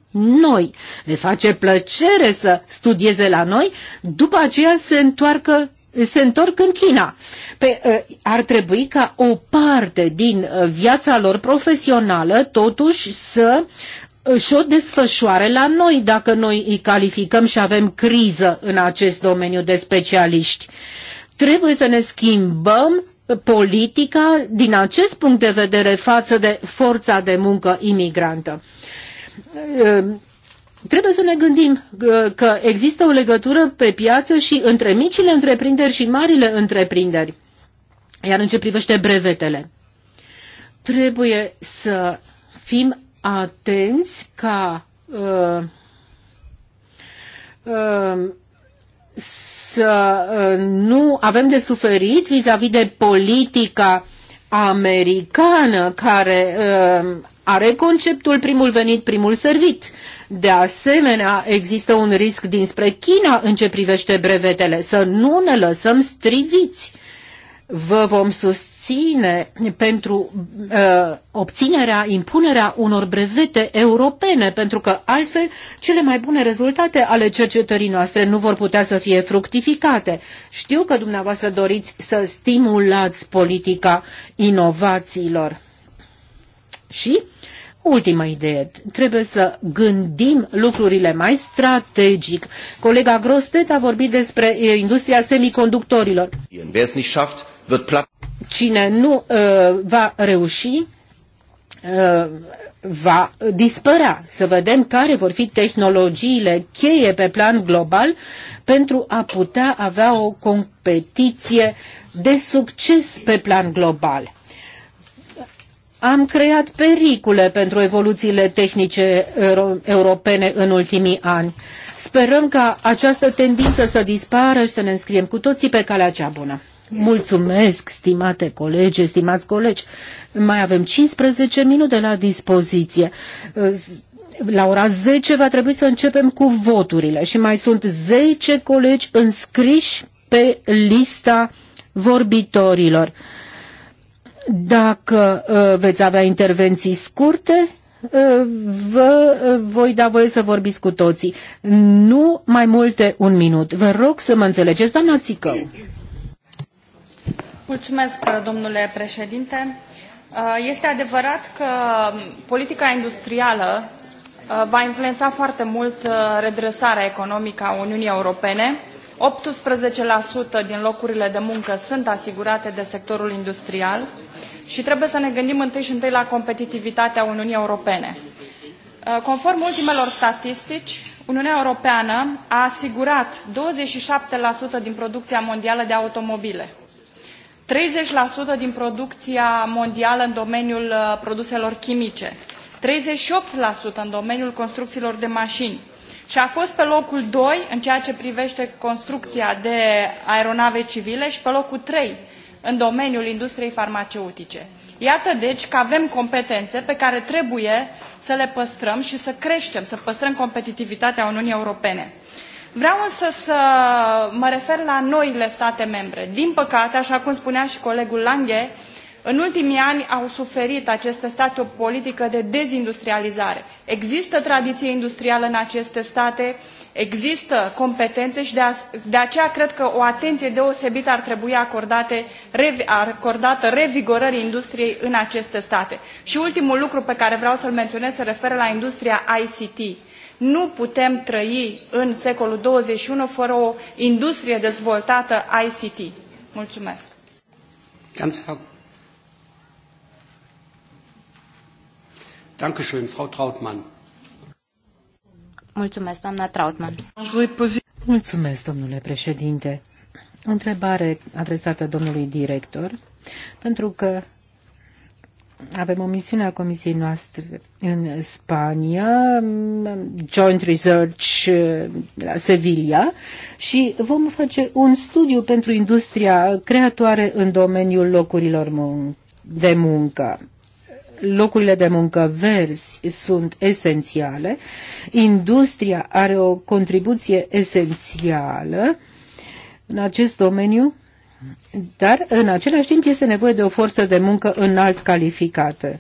noi. Le face plăcere să studieze la noi, după aceea se întoarcă se întorc în China. Pe, ă, ar trebui ca o parte din ă, viața lor profesională totuși să și o desfășoare la noi dacă noi îi calificăm și avem criză în acest domeniu de specialiști. Trebuie să ne schimbăm politica din acest punct de vedere față de forța de muncă imigrantă. Trebuie să ne gândim uh, că există o legătură pe piață și între micile întreprinderi și marile întreprinderi. Iar în ce privește brevetele, trebuie să fim atenți ca uh, uh, să uh, nu avem de suferit vis-a-vis -vis de politica americană care uh, are conceptul primul venit, primul servit. De asemenea, există un risc dinspre China în ce privește brevetele, să nu ne lăsăm striviți vă vom susține pentru uh, obținerea, impunerea unor brevete europene, pentru că altfel cele mai bune rezultate ale cercetării noastre nu vor putea să fie fructificate. Știu că dumneavoastră doriți să stimulați politica inovațiilor. Și Ultima idee. Trebuie să gândim lucrurile mai strategic. Colega Grostet a vorbit despre industria semiconductorilor. Cine nu uh, va reuși, uh, va dispărea. Să vedem care vor fi tehnologiile cheie pe plan global pentru a putea avea o competiție de succes pe plan global am creat pericole pentru evoluțiile tehnice euro europene în ultimii ani. Sperăm ca această tendință să dispară și să ne înscriem cu toții pe calea cea bună. Mulțumesc, stimate colegi, stimați colegi. Mai avem 15 minute la dispoziție. La ora 10 va trebui să începem cu voturile și mai sunt 10 colegi înscriși pe lista vorbitorilor. Dacă uh, veți avea intervenții scurte, uh, vă uh, voi da voie să vorbiți cu toții. Nu mai multe un minut. Vă rog să mă înțelegeți, doamna Țicău. Mulțumesc, domnule președinte. Este adevărat că um, politica industrială va influența foarte mult redresarea economică a Uniunii Europene 18% din locurile de muncă sunt asigurate de sectorul industrial și trebuie să ne gândim întâi și întâi la competitivitatea Uniunii Europene. Uh, conform ultimelor statistici, Uniunea Europeană a asigurat 27% din producția mondială de automobile, 30% din producția mondială în domeniul uh, produselor chimice, 38% în domeniul construcțiilor de mașini, și a fost pe locul doi în ceea ce privește construcția de aeronave civile și pe locul trei în domeniul industriei farmaceutice. Iată deci că avem competențe pe care trebuie să le păstrăm și să creștem, să păstrăm competitivitatea Uniunii Europene. Vreau însă să mă refer la noile state membre. Din păcate, așa cum spunea și colegul Lange, în ultimii ani au suferit aceste state o politică de dezindustrializare. Există tradiție industrială în aceste state, există competențe și de, a, de aceea cred că o atenție deosebită ar trebui acordate, revi, acordată revigorării industriei în aceste state. Și ultimul lucru pe care vreau să-l menționez se referă la industria ICT. Nu putem trăi în secolul 21 fără o industrie dezvoltată ICT. Mulțumesc! Ganz Dankeschön, Frau Trautmann. Mulțumesc, doamna Trautmann. Mulțumesc, domnule președinte. O întrebare adresată domnului director, pentru că avem o misiune a comisiei noastre în Spania, Joint Research uh, la Sevilla, și vom face un studiu pentru industria creatoare în domeniul locurilor mun- de muncă locurile de muncă verzi sunt esențiale, industria are o contribuție esențială în acest domeniu, dar în același timp este nevoie de o forță de muncă înalt calificată.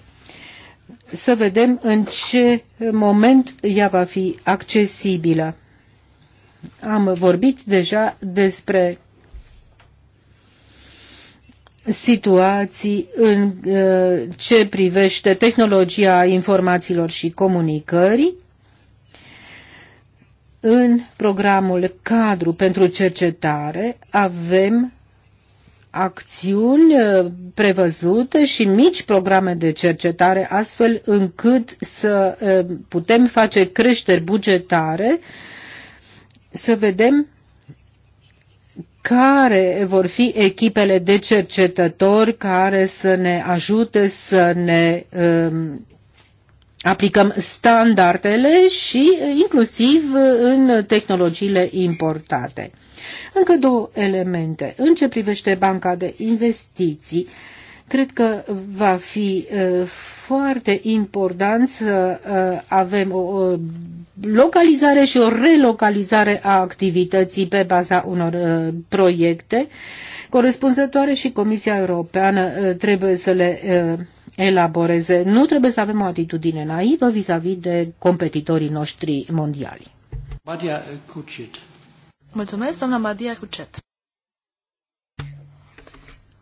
Să vedem în ce moment ea va fi accesibilă. Am vorbit deja despre situații în uh, ce privește tehnologia informațiilor și comunicării. În programul cadru pentru cercetare avem acțiuni uh, prevăzute și mici programe de cercetare astfel încât să uh, putem face creșteri bugetare, să vedem care vor fi echipele de cercetători care să ne ajute să ne um, aplicăm standardele și uh, inclusiv uh, în tehnologiile importate. Încă două elemente. În ce privește banca de investiții, uh, Cred că va fi uh, foarte important să uh, avem o localizare și o relocalizare a activității pe baza unor uh, proiecte corespunzătoare și Comisia Europeană trebuie să le elaboreze. Nu trebuie să avem o atitudine naivă vis-a-vis -vis de competitorii noștri mondiali. Maria Cucet. Mulțumesc, doamna Maria Cucet.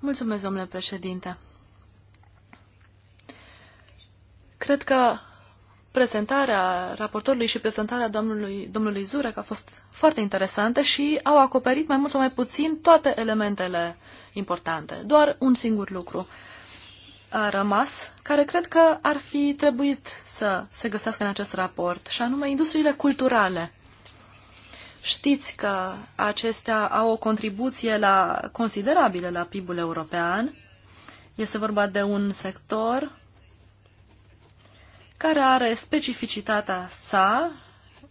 Mulțumesc, domnule președinte. Cred că prezentarea raportorului și prezentarea domnului, domnului Zurek a fost foarte interesante și au acoperit mai mult sau mai puțin toate elementele importante. Doar un singur lucru a rămas, care cred că ar fi trebuit să se găsească în acest raport, și anume industriile culturale. Știți că acestea au o contribuție la, considerabilă la PIB-ul european. Este vorba de un sector care are specificitatea sa,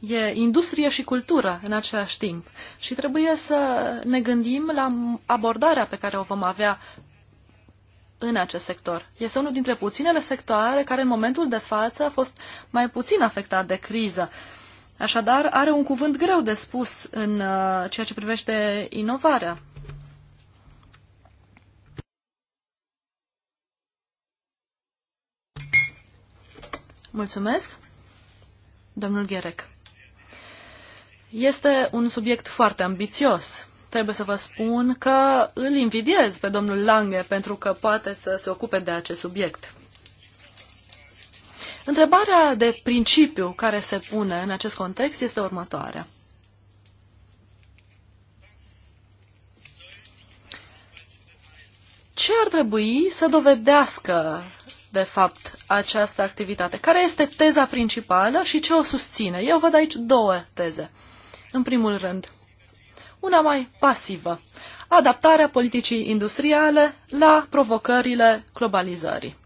e industrie și cultură în același timp. Și trebuie să ne gândim la abordarea pe care o vom avea în acest sector. Este unul dintre puținele sectoare care în momentul de față a fost mai puțin afectat de criză. Așadar, are un cuvânt greu de spus în uh, ceea ce privește inovarea. Mulțumesc, domnul Gherec. Este un subiect foarte ambițios. Trebuie să vă spun că îl invidiez pe domnul Lange pentru că poate să se ocupe de acest subiect. Întrebarea de principiu care se pune în acest context este următoarea. Ce ar trebui să dovedească, de fapt, această activitate? Care este teza principală și ce o susține? Eu văd aici două teze. În primul rând, una mai pasivă, adaptarea politicii industriale la provocările globalizării.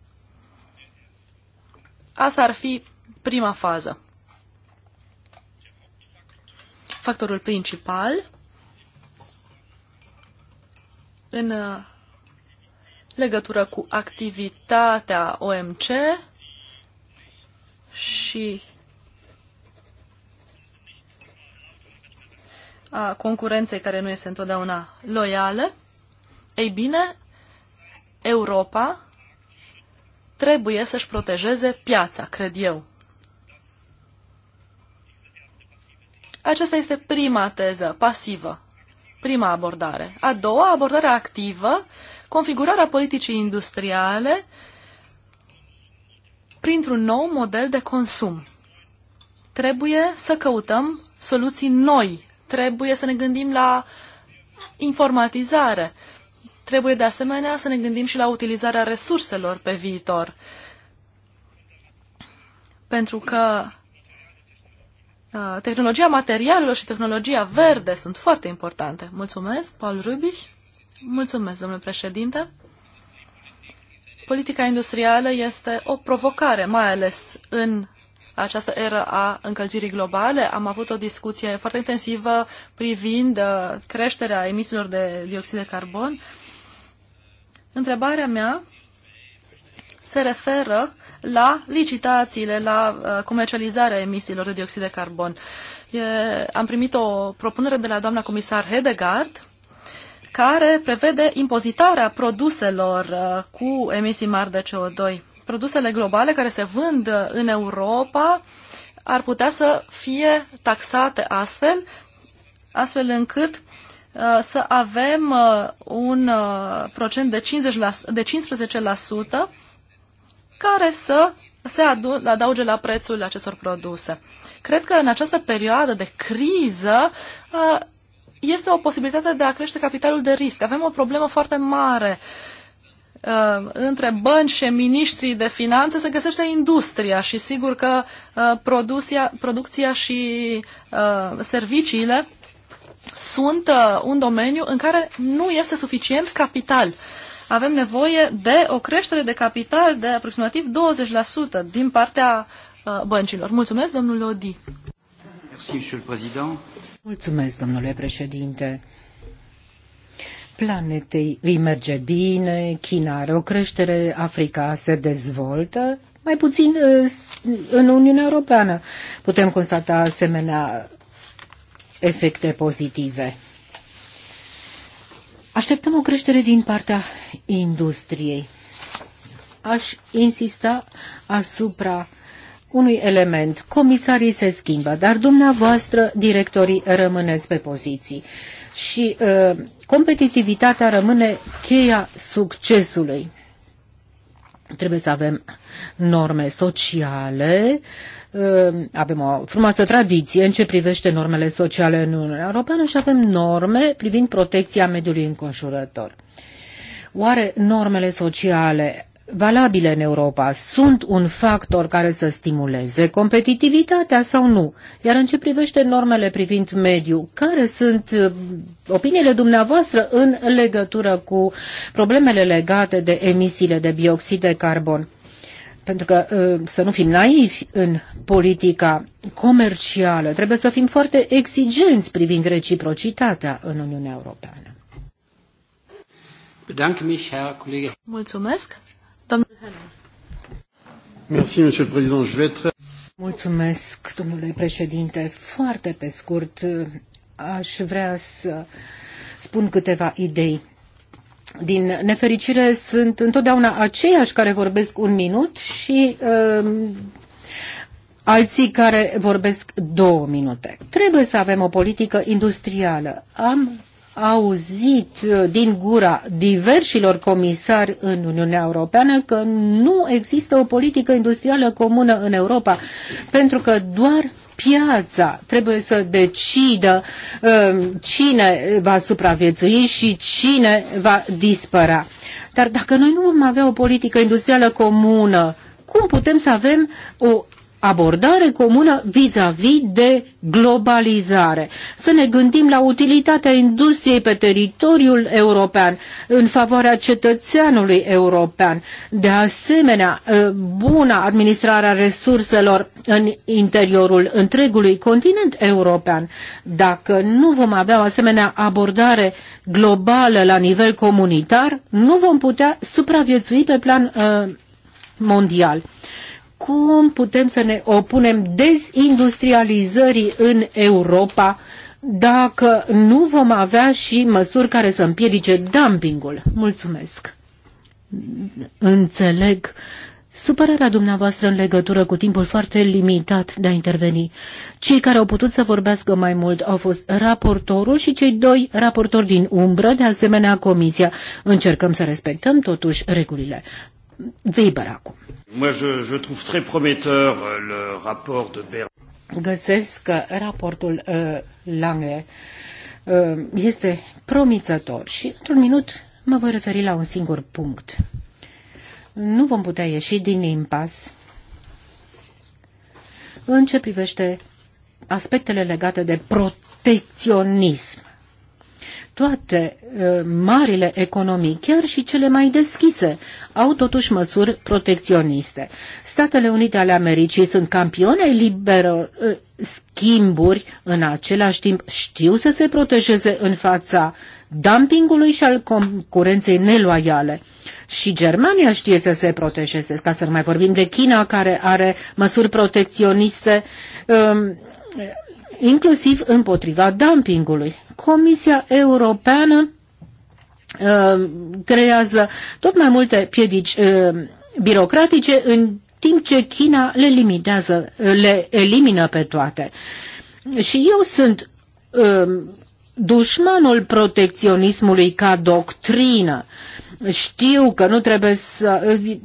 Asta ar fi prima fază. Factorul principal în uh, legătură cu activitatea OMC și a concurenței care nu este întotdeauna loială, ei bine, Europa trebuie să-și protejeze piața, cred eu. Aceasta este prima teză, pasivă, prima abordare. A doua, abordare activă, configurarea politicii industriale printr-un nou model de consum. Trebuie să căutăm soluții noi, trebuie să ne gândim la informatizare, Trebuie de asemenea să ne gândim și la utilizarea resurselor pe viitor. Pentru că uh, tehnologia materialelor și tehnologia verde sunt foarte importante. Mulțumesc, Paul Rubiș. Mulțumesc, domnule președinte. Politica industrială este o provocare, mai ales în această era a încălzirii globale. Am avut o discuție foarte intensivă privind uh, creșterea emisiilor de dioxid de carbon. Întrebarea mea se referă la licitațiile, la uh, comercializarea emisiilor de dioxid de carbon. E, am primit o propunere de la doamna comisar Hedegaard care prevede impozitarea produselor uh, cu emisii mari de CO2. Produsele globale care se vând în Europa ar putea să fie taxate astfel, astfel încât Uh, să avem uh, un uh, procent de, 50 la, de 15% care să se adauge la prețul acestor produse. Cred că în această perioadă de criză este o posibilitate de a crește capitalul de risc. Avem o problemă foarte mare între bănci și miniștrii de finanțe se găsește industria și sigur că producția, producția și serviciile sunt uh, un domeniu în care nu este suficient capital. Avem nevoie de o creștere de capital de aproximativ 20% din partea uh, băncilor. Mulțumesc, domnule Odi. Mulțumesc, domnule președinte planetei îi merge bine, China are o creștere, Africa se dezvoltă, mai puțin uh, în Uniunea Europeană. Putem constata asemenea efecte pozitive. Așteptăm o creștere din partea industriei. Aș insista asupra unui element. Comisarii se schimbă, dar dumneavoastră, directorii, rămâneți pe poziții. Și uh, competitivitatea rămâne cheia succesului. Trebuie să avem norme sociale, uh, Ehm, avem o frumoasă tradiție în ce privește normele sociale în Uniunea Europeană și avem norme privind protecția mediului înconjurător. Oare normele sociale valabile în Europa sunt un factor care să stimuleze competitivitatea sau nu? Iar în ce privește normele privind mediul, care sunt eh, opiniile dumneavoastră în legătură cu problemele legate de emisiile de bioxid de carbon? pentru că uh, să nu fim naivi în politica comercială, trebuie să fim foarte exigenți privind reciprocitatea în Uniunea Europeană. Mulțumesc, domnule Mulțumesc, domnule președinte. Foarte pe scurt, uh, aș vrea să spun câteva idei din nefericire, sunt întotdeauna aceiași care vorbesc un minut și uh, alții care vorbesc două minute. Trebuie să avem o politică industrială. Am auzit uh, din gura diversilor comisari în Uniunea Europeană că nu există o politică industrială comună în Europa, pentru că doar piața trebuie să decidă um, cine va supraviețui și cine va dispărea. Dar dacă noi nu vom avea o politică industrială comună, cum putem să avem o abordare comună vis-a-vis -vis de globalizare. Să ne gândim la utilitatea industriei pe teritoriul european, în favoarea cetățeanului european. De asemenea, ă, buna administrarea resurselor în interiorul întregului continent european. Dacă nu vom avea o asemenea abordare globală la nivel comunitar, nu vom putea supraviețui pe plan uh, mondial. Uh, cum putem să ne opunem dezindustrializării în Europa dacă nu vom avea și măsuri care să împiedice dumpingul. Mulțumesc. Înțeleg supărarea dumneavoastră în legătură cu timpul foarte limitat de a interveni. Cei care au putut să vorbească mai mult au fost raportorul și cei doi raportori din umbră, de asemenea comisia. Încercăm să respectăm totuși regulile. Weber acum. Moi, je, je trouve très prometteur euh, le rapport de Ber Găsesc că raportul uh, Lange uh, este promițător și într-un minut mă voi referi la un singur punct. Nu vom putea ieși din impas în ce privește aspectele legate de protecționism. Toate uh, marile economii, chiar și cele mai deschise, au totuși măsuri protecționiste. Statele Unite ale Americii sunt campione libero uh, schimburi, în același timp știu să se protejeze în fața dumpingului și al concurenței neloiale. Și Germania știe să se protejeze, ca să nu mai vorbim de China, care are măsuri protecționiste um, inclusiv împotriva dumpingului. Comisia Europeană uh, creează tot mai multe piedici uh, birocratice în timp ce China le limitează, uh, le elimină pe toate. Și eu sunt uh, dușmanul protecționismului ca doctrină. Știu că nu trebuie să uh,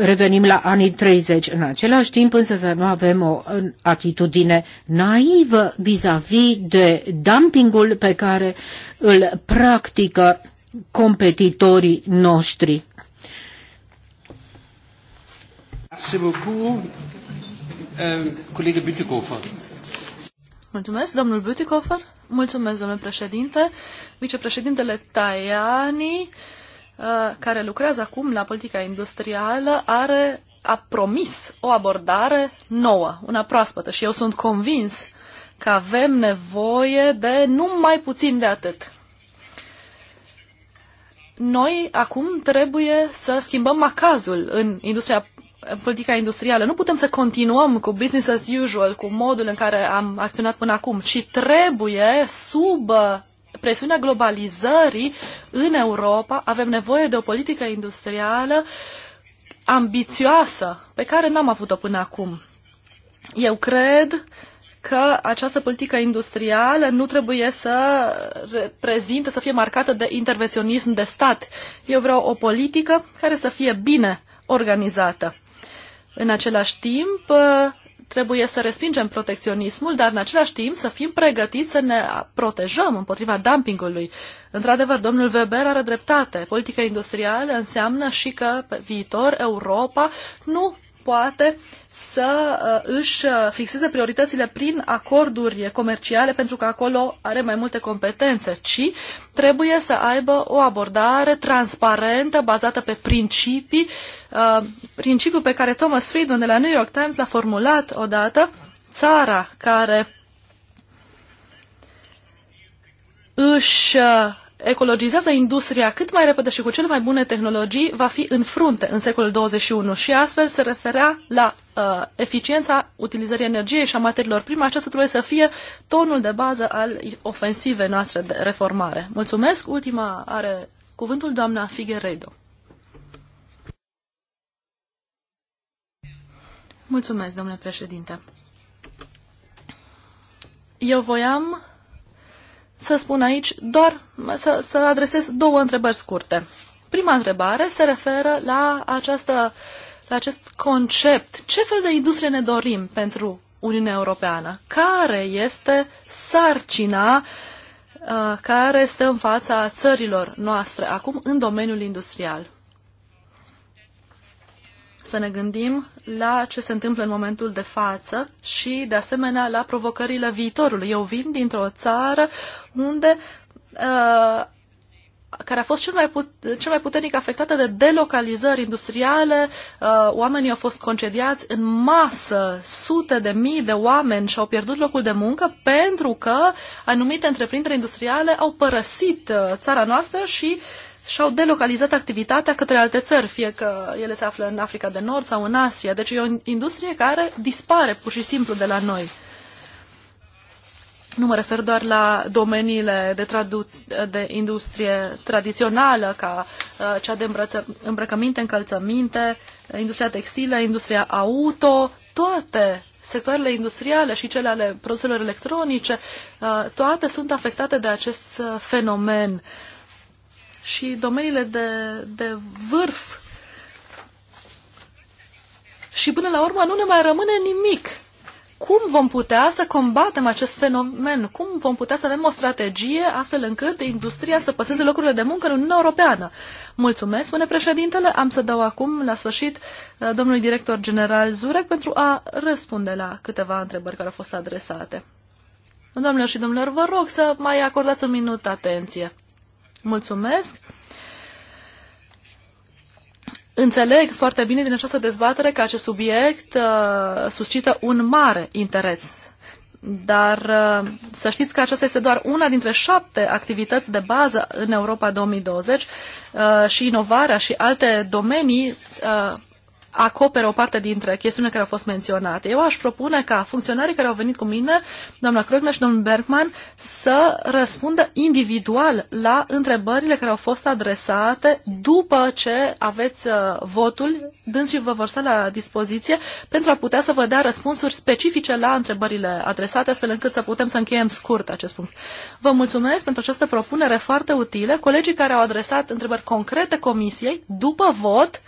revenim la anii 30 în același timp, însă să nu avem o uh, atitudine naivă vis-a-vis -vis de dumpingul pe care îl practică competitorii noștri. Euh, Mulțumesc, domnul Bütikofer. Mulțumesc, domnule președinte. Vicepreședintele Tajani Uh, care lucrează acum la politica industrială are, a promis o abordare nouă, una proaspătă și eu sunt convins că avem nevoie de numai puțin de atât. Noi acum trebuie să schimbăm macazul în industria politica industrială. Nu putem să continuăm cu business as usual, cu modul în care am acționat până acum, ci trebuie sub presiunea globalizării în Europa avem nevoie de o politică industrială ambițioasă, pe care n-am avut-o până acum. Eu cred că această politică industrială nu trebuie să reprezinte, să fie marcată de intervenționism de stat. Eu vreau o politică care să fie bine organizată. În același timp, trebuie să respingem protecționismul, dar în același timp să fim pregătiți să ne protejăm împotriva dumpingului. Într-adevăr, domnul Weber are dreptate. Politica industrială înseamnă și că pe viitor Europa nu poate să uh, își uh, fixeze prioritățile prin acorduri comerciale, pentru că acolo are mai multe competențe, ci trebuie să aibă o abordare transparentă, bazată pe principii, uh, principiul pe care Thomas Friedman de la New York Times l-a formulat odată, țara care își ecologizează industria cât mai repede și cu cele mai bune tehnologii va fi în frunte în secolul 21 și astfel se referea la uh, eficiența utilizării energiei și a materiilor prime. Aceasta trebuie să fie tonul de bază al ofensivei noastre de reformare. Mulțumesc. Ultima are cuvântul doamna Figueredo. Mulțumesc, domnule președinte. Eu voiam să spun aici doar să, să adresez două întrebări scurte. Prima întrebare se referă la, această, la acest concept. Ce fel de industrie ne dorim pentru Uniunea Europeană? Care este sarcina uh, care este în fața țărilor noastre acum în domeniul industrial? să ne gândim la ce se întâmplă în momentul de față și, de asemenea, la provocările viitorului. Eu vin dintr-o țară unde uh, care a fost cel mai, put, cel mai puternic afectată de delocalizări industriale. Uh, oamenii au fost concediați în masă, sute de mii de oameni și-au pierdut locul de muncă pentru că anumite întreprinderi industriale au părăsit uh, țara noastră și uh, și-au delocalizat activitatea către alte țări, fie că ele se află în Africa de Nord sau în Asia. Deci e o industrie care dispare pur și simplu de la noi. Nu mă refer doar la domeniile de, de industrie tradițională, ca uh, cea de îmbrăță, îmbrăcăminte, încălțăminte, industria textilă, industria auto, toate sectoarele industriale și cele ale produselor electronice, uh, toate sunt afectate de acest uh, fenomen. Uh, și domeniile de, de vârf. Și până la urmă nu ne mai rămâne nimic. Cum vom putea să combatem acest fenomen? Cum vom putea să avem o strategie astfel încât industria să păseze locurile de muncă în Uniunea Europeană? Mulțumesc, spune președintele. Am să dau acum, la sfârșit, uh, domnului director general Zurek pentru a răspunde la câteva întrebări care au fost adresate. domnilor și domnilor, vă rog să mai acordați un minut atenție. Mulțumesc! Înțeleg foarte bine din această dezbatere că acest subiect uh, suscită un mare interes. Dar uh, să știți că aceasta este doar una dintre șapte activități de bază în Europa 2020 uh, și inovarea și alte domenii uh, acoperă o parte dintre chestiunile care au fost menționate. Eu aș propune ca funcționarii care au venit cu mine, doamna Krogner și domnul Bergman, să răspundă individual la întrebările care au fost adresate după ce aveți uh, votul, și vă vor sta la dispoziție pentru a putea să vă dea răspunsuri specifice la întrebările adresate, astfel încât să putem să încheiem scurt acest punct. Vă mulțumesc pentru această propunere foarte utilă. Colegii care au adresat întrebări concrete comisiei, după vot,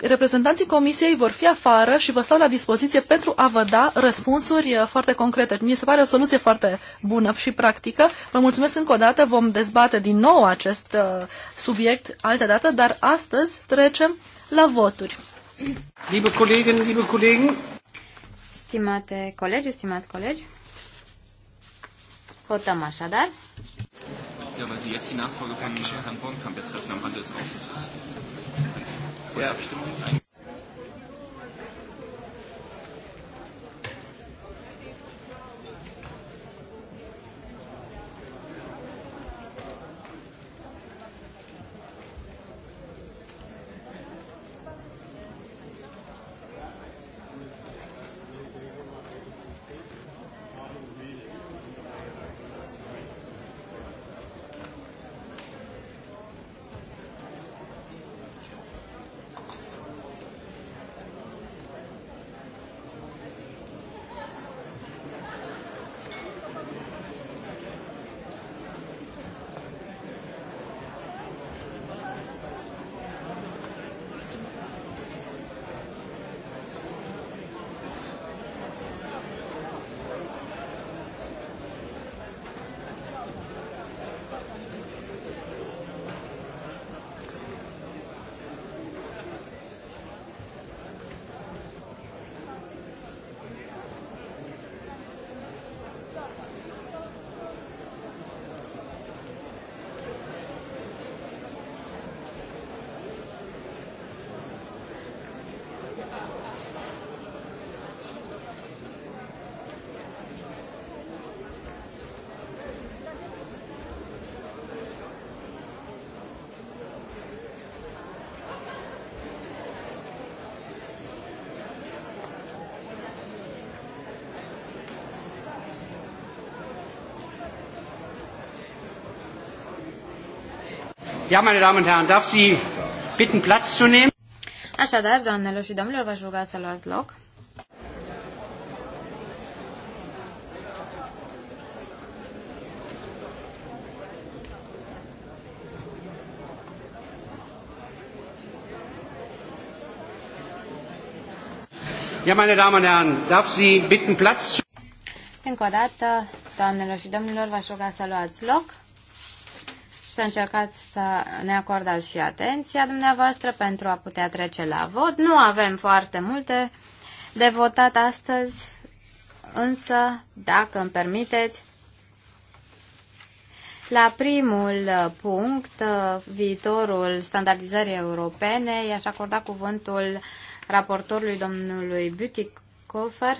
reprezentanții comisiei vor fi afară și vă stau la dispoziție pentru a vă da răspunsuri uh, foarte concrete. Mi se pare o soluție foarte bună și practică. Vă mulțumesc încă o dată, vom dezbate din nou acest uh, subiect altă dată, dar astăzi trecem la voturi. Liebe Kollegen, liebe Kollegen. Stimate colegi, stimați colegi, votăm așadar. Ja, weil Sie jetzt die Nachfolge von Herrn Bornkamp betreffen am Handelsausschusses vor der Abstimmung Ja, meine Damen und Herren, darf Sie bitten, Platz zu nehmen? Așadar, doamnelor și domnilor, vă ruga să luați loc. Ja, meine Damen und Herren, darf Sie bitten, Platz zu... Încă o dată, doamnelor și domnilor, v-aș ruga să luați loc să încercați să ne acordați și atenția dumneavoastră pentru a putea trece la vot. Nu avem foarte multe de votat astăzi, însă, dacă îmi permiteți, la primul punct, viitorul standardizării europene, i-aș acorda cuvântul raportorului domnului Butikofer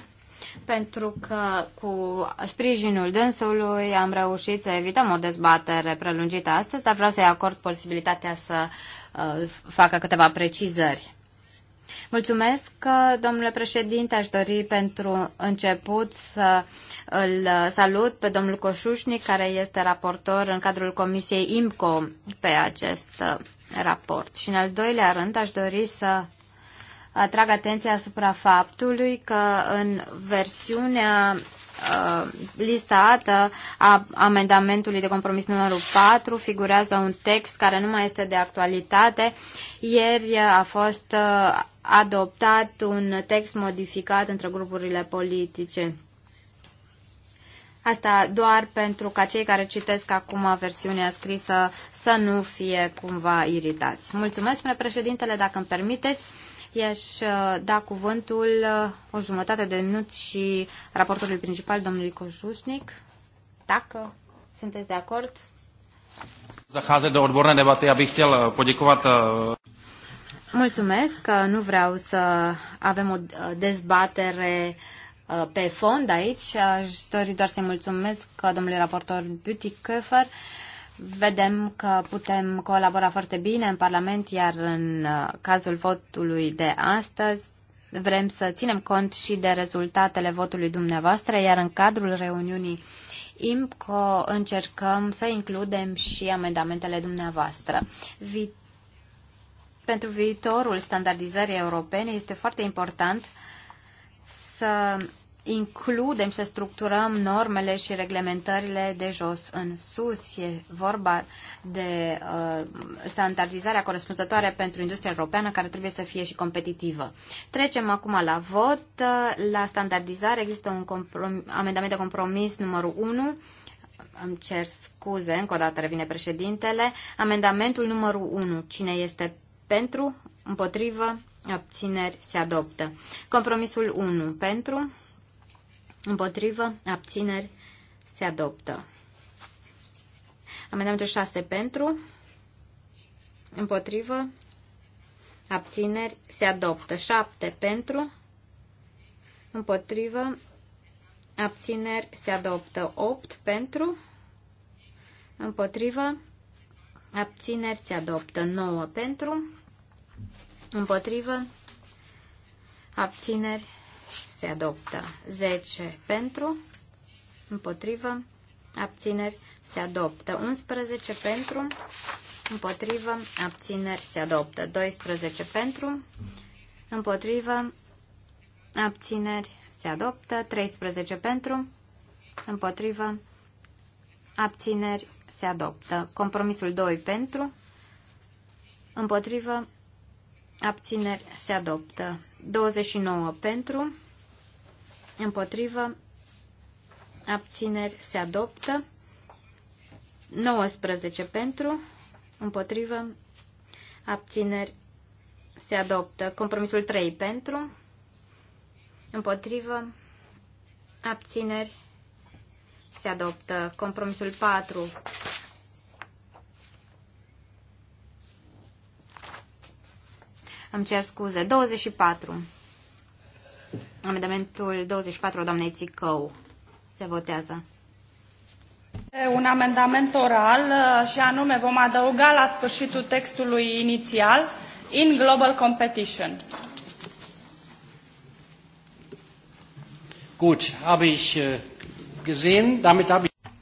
pentru că cu sprijinul dânsului am reușit să evităm o dezbatere prelungită astăzi, dar vreau să-i acord posibilitatea să uh, facă câteva precizări. Mulțumesc, uh, domnule președinte. Aș dori pentru început să îl uh, salut pe domnul Coșușnic, care este raportor în cadrul Comisiei IMCO pe acest raport. Și în al doilea rând aș dori să atrag atenția asupra faptului că în versiunea uh, listată a amendamentului de compromis numărul 4 figurează un text care nu mai este de actualitate. Ieri a fost uh, adoptat un text modificat între grupurile politice. Asta doar pentru ca cei care citesc acum versiunea scrisă să nu fie cumva iritați. Mulțumesc, președintele, dacă îmi permiteți i-aș uh, da cuvântul uh, o jumătate de minut și raportului principal, domnului Cojușnic, dacă sunteți de acord. Zahazet de odborné debaty, abych chtěl uh, poděkovat Mulțumesc că nu vreau să avem o dezbatere pe fond aici. Aș dori doar să-i mulțumesc domnului raportor Beauty Köfer Vedem că putem colabora foarte bine în Parlament, iar în uh, cazul votului de astăzi vrem să ținem cont și de rezultatele votului dumneavoastră, iar în cadrul reuniunii IMCO încercăm să includem și amendamentele dumneavoastră. Vi- pentru viitorul standardizării europene este foarte important să includem și să structurăm normele și reglementările de jos în sus. E vorba de uh, standardizarea corespunzătoare pentru industria europeană care trebuie să fie și competitivă. Trecem acum la vot. La standardizare există un amendament de compromis numărul 1. Îmi cer scuze, încă o dată revine președintele. Amendamentul numărul 1. Cine este pentru? Împotrivă? Abțineri se adoptă. Compromisul 1 pentru, Împotrivă. Abțineri. Se adoptă. Amendamentul 6 pentru. Împotrivă. Abțineri. Se adoptă. 7 pentru. Împotrivă. Abțineri. Se adoptă. 8 pentru. Împotrivă. Abțineri. Se adoptă. 9 pentru. Împotrivă. Abțineri se adoptă. 10 pentru, împotrivă, abțineri, se adoptă. 11 pentru, împotrivă, abțineri, se adoptă. 12 pentru, împotrivă, abțineri, se adoptă. 13 pentru, împotrivă, abțineri, se adoptă. Compromisul 2 pentru, împotrivă, abțineri se adoptă. 29 pentru, împotrivă, abțineri se adoptă. 19 pentru, împotrivă, abțineri se adoptă. Compromisul 3 pentru, împotrivă, abțineri se adoptă. Compromisul 4 Îmi cer scuze. 24. Amendamentul 24, doamnei Țicău, se votează. Un amendament oral uh, și anume vom adăuga la sfârșitul textului inițial in global competition. Gut, habe ich uh, gesehen, damit habe ich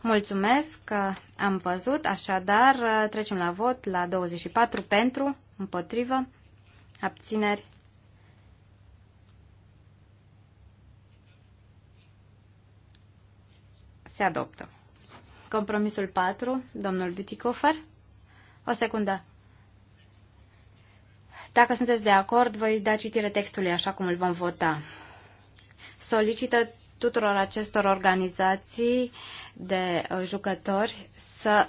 Mulțumesc că uh, am văzut, așadar trecem la vot la 24 pentru, împotrivă. Abțineri. Se adoptă. Compromisul 4, domnul Butikofer. O secundă. Dacă sunteți de acord, voi da citire textului așa cum îl vom vota. Solicită tuturor acestor organizații de uh, jucători să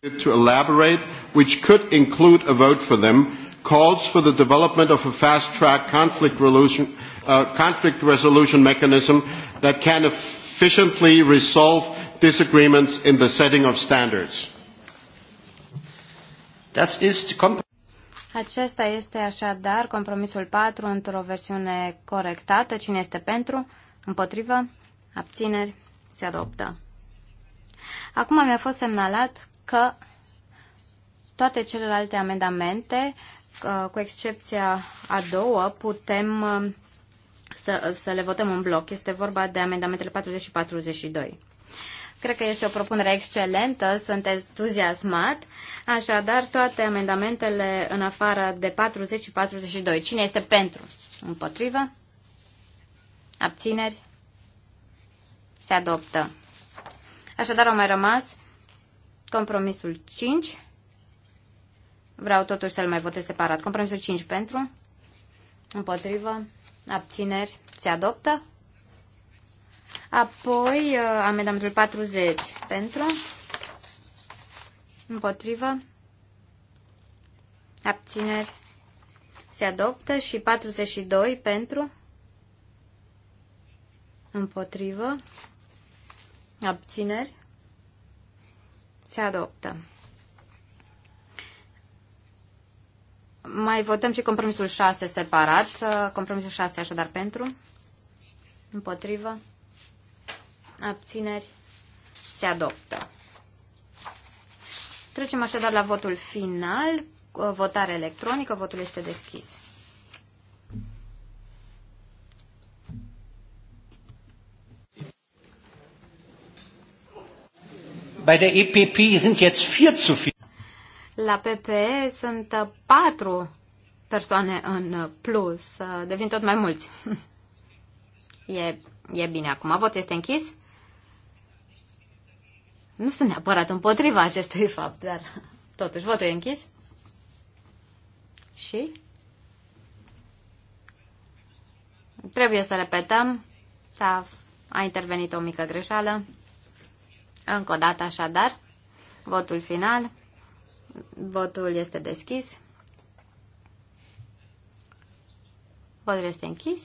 to elaborate, which could include a vote for them, calls for the development of a fast-track conflict, uh, conflict resolution mechanism that can efficiently resolve disagreements in the setting of standards. Das ist Acesta este așadar compromisul 4 într-o versiune corectată. Cine este pentru? Împotrivă? Abțineri? Se adoptă. Acum mi-a fost semnalat că toate celelalte amendamente, cu excepția a doua, putem um, să, să le votăm în bloc. Este vorba de amendamentele 40 și 42. Cred că este o propunere excelentă, sunt entuziasmat. Așadar, toate amendamentele în afară de 40 și 42. Cine este pentru? Împotrivă? Abțineri? Se adoptă. Așadar, au mai rămas Compromisul 5. Vreau totuși să-l mai votez separat. Compromisul 5 pentru. Împotrivă. Abțineri. Se adoptă. Apoi uh, amendamentul 40 pentru. Împotrivă. Abțineri. Se adoptă și 42 pentru. Împotrivă. Abțineri. Se adoptă. Mai votăm și compromisul 6 separat. Compromisul 6 așadar pentru. Împotrivă. Abțineri. Se adoptă. Trecem așadar la votul final. Votare electronică. Votul este deschis. Bei der EPP sind jetzt vier zu viel. La PP sunt uh, patru persoane în uh, plus. Uh, devin tot mai mulți. [LAUGHS] E, e bine acum. Vot este închis. Nu sunt neapărat împotriva acestui fapt, dar [LAUGHS] totuși votul e închis. Și? Trebuie să repetăm. S-a a intervenit o mică greșeală. Încă o dată așadar, votul final. Votul este deschis. Votul este închis.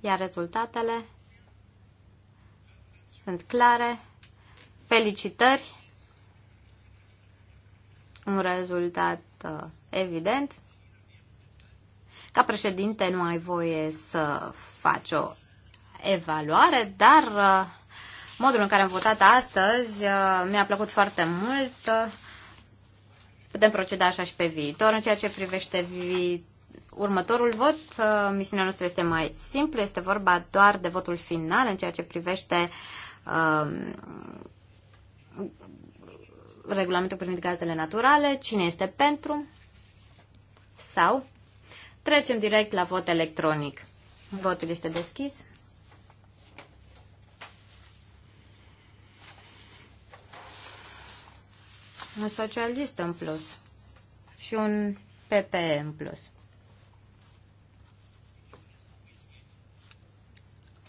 Iar rezultatele sunt clare. Felicitări! Un rezultat uh, evident. Ca președinte nu ai voie să faci o evaluare, dar uh, modul în care am votat astăzi uh, mi-a plăcut foarte mult. Putem proceda așa și pe viitor. În ceea ce privește vi- următorul vot, uh, misiunea noastră este mai simplă. Este vorba doar de votul final în ceea ce privește um, regulamentul privind gazele naturale. Cine este pentru? Sau trecem direct la vot electronic. Votul este deschis. un socialist în plus și un PPE în plus.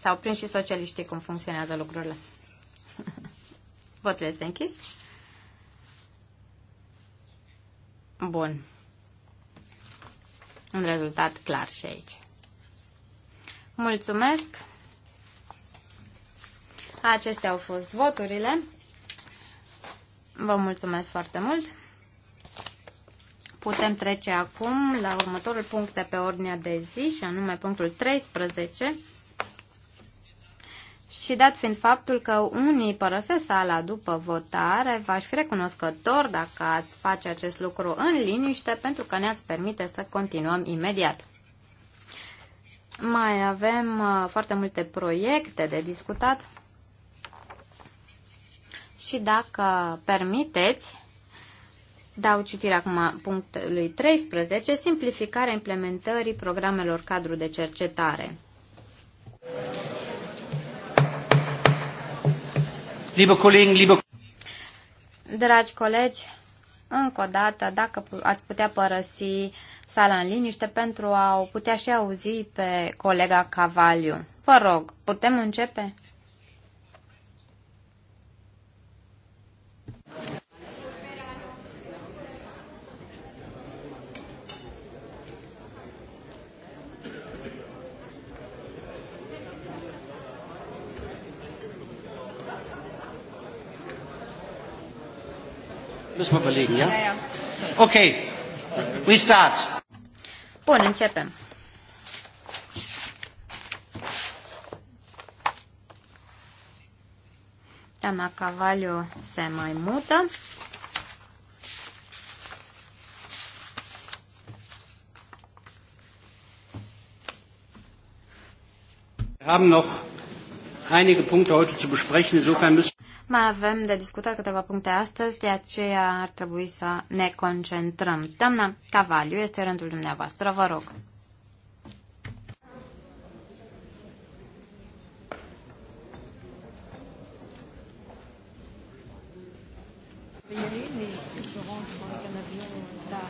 S-au prins și socialiștii cum funcționează lucrurile. [LAUGHS] Votul este închis. Bun. Un rezultat clar și aici. Mulțumesc! Acestea au fost voturile. Vă mulțumesc foarte mult. Putem trece acum la următorul punct de pe ordinea de zi, și anume punctul 13. Și dat fiind faptul că unii părăsesc sala după votare, v-aș fi recunoscător dacă ați face acest lucru în liniște, pentru că ne-ați permite să continuăm imediat. Mai avem uh, foarte multe proiecte de discutat. Și dacă permiteți, dau citire acum punctului 13, simplificarea implementării programelor cadru de cercetare. Liebe Kollegen, liebe Dragi colegi, încă o dată, dacă ați putea părăsi sala în liniște pentru a o putea și auzi pe colega Cavaliu. Vă rog, putem începe? Müssen wir überlegen, ja? Okay, We start. Bun, începem. Doamna Cavaliu se mai mută. Wir haben noch einige Punkte heute zu besprechen. Insofern müssen mai avem de discutat câteva puncte astăzi, de aceea ar trebui să ne concentrăm. Doamna Cavaliu, este rândul dumneavoastră, vă rog.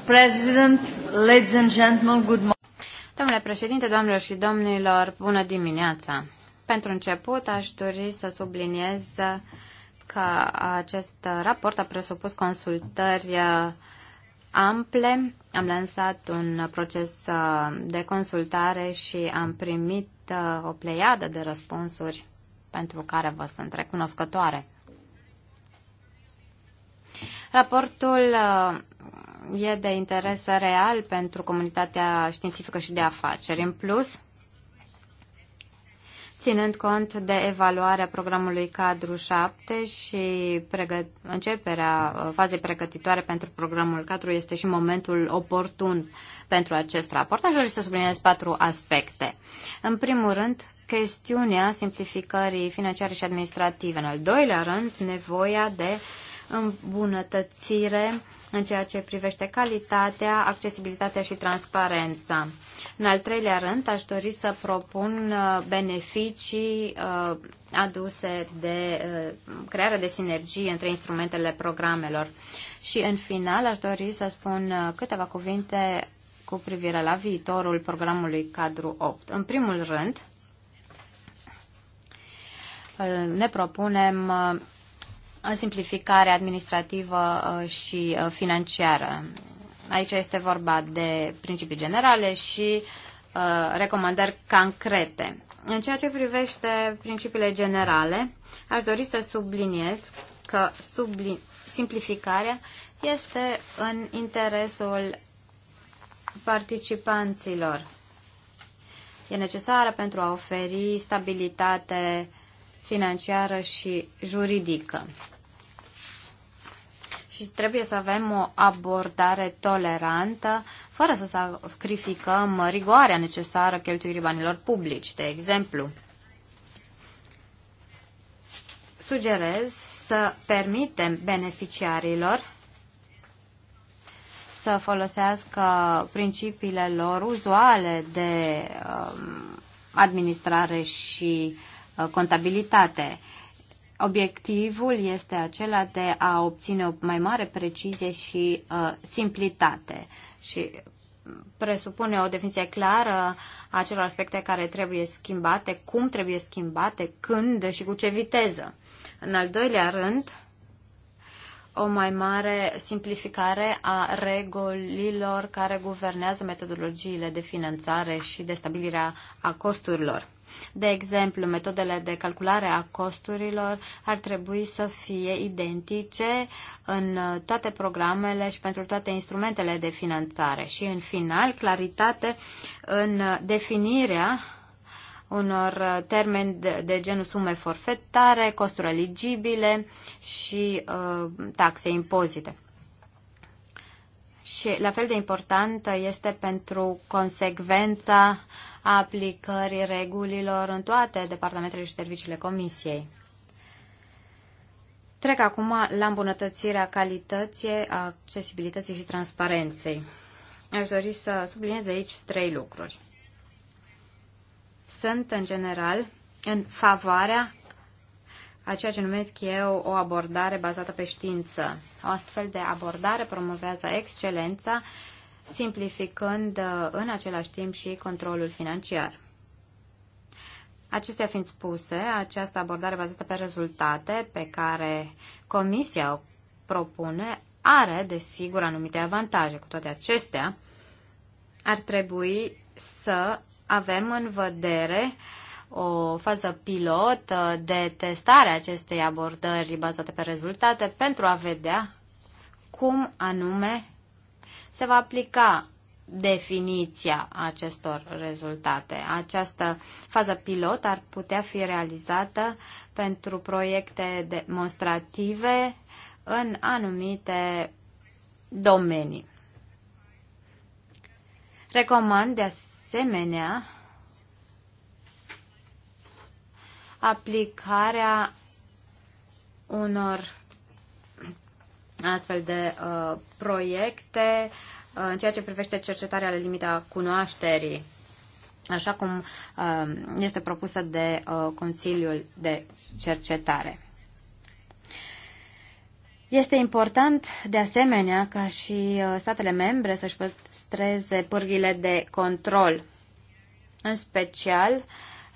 President, ladies and gentlemen, good morning. Domnule președinte, doamnelor și domnilor, bună dimineața! Pentru început, aș dori să subliniez că acest raport a presupus consultări uh, ample. Am lansat un proces uh, de consultare și am primit uh, o pleiadă de răspunsuri pentru care vă sunt recunoscătoare. Raportul e de interes real pentru comunitatea științifică și de afaceri. În plus, ținând cont de evaluarea programului cadru 7 și începerea uh, fazei pregătitoare pentru programul cadru este și momentul oportun pentru acest raport. Aș dori să subliniez patru aspecte. În primul rând, chestiunea simplificării financiare și administrative. În al doilea rând, nevoia de îmbunătățire în ceea ce privește calitatea, accesibilitatea și transparența. În al treilea rând, aș dori să propun uh, beneficii uh, aduse de uh, crearea de sinergie între instrumentele programelor. Și în final, aș dori să spun câteva cuvinte cu privire la viitorul programului cadru 8. În primul rând, ne propunem simplificare administrativă uh, și uh, financiară. Aici este vorba de principii generale și uh, recomandări concrete. În ceea ce privește principiile generale, aș dori să subliniez că subli- simplificarea este în interesul participanților. E necesară pentru a oferi stabilitate financiară și juridică. Și trebuie să avem o abordare tolerantă, fără să sacrificăm rigoarea necesară cheltuirii banilor publici, de exemplu. Sugerez să permitem beneficiarilor să folosească principiile lor uzuale de um, administrare și Uh, contabilitate. Obiectivul este acela de a obține o mai mare precizie și uh, simplitate și presupune o definiție clară a celor aspecte care trebuie schimbate, cum trebuie schimbate, când și cu ce viteză. În al doilea rând, o mai mare simplificare a regulilor care guvernează metodologiile de finanțare și de stabilirea a costurilor. De exemplu, metodele de calculare a costurilor ar trebui să fie identice în toate programele și pentru toate instrumentele de finanțare. Și, în final, claritate în definirea unor termeni de, de genul sume forfetare, costuri eligibile și uh, taxe impozite. Și la fel de importantă este pentru consecvența aplicării regulilor în toate departamentele și serviciile Comisiei. Trec acum la îmbunătățirea calității, accesibilității și transparenței. Aș dori să subliniez aici trei lucruri. Sunt, în general, în favoarea a ceea ce numesc eu o abordare bazată pe știință. O astfel de abordare promovează excelența, simplificând uh, în același timp și controlul financiar. Acestea fiind spuse, această abordare bazată pe rezultate pe care Comisia o propune are, desigur, anumite avantaje. Cu toate acestea, ar trebui să avem în vedere uh, o fază pilot uh, de testare a acestei abordări bazate pe rezultate pentru a vedea cum anume se va aplica definiția acestor rezultate. Această fază pilot ar putea fi realizată pentru proiecte demonstrative în anumite domenii. Recomand de asemenea aplicarea unor astfel de uh, proiecte uh, în ceea ce privește cercetarea la limita cunoașterii, așa cum uh, este propusă de uh, Consiliul de Cercetare. Este important, de asemenea, ca și uh, statele membre să-și păstreze pârghile de control, în special uh,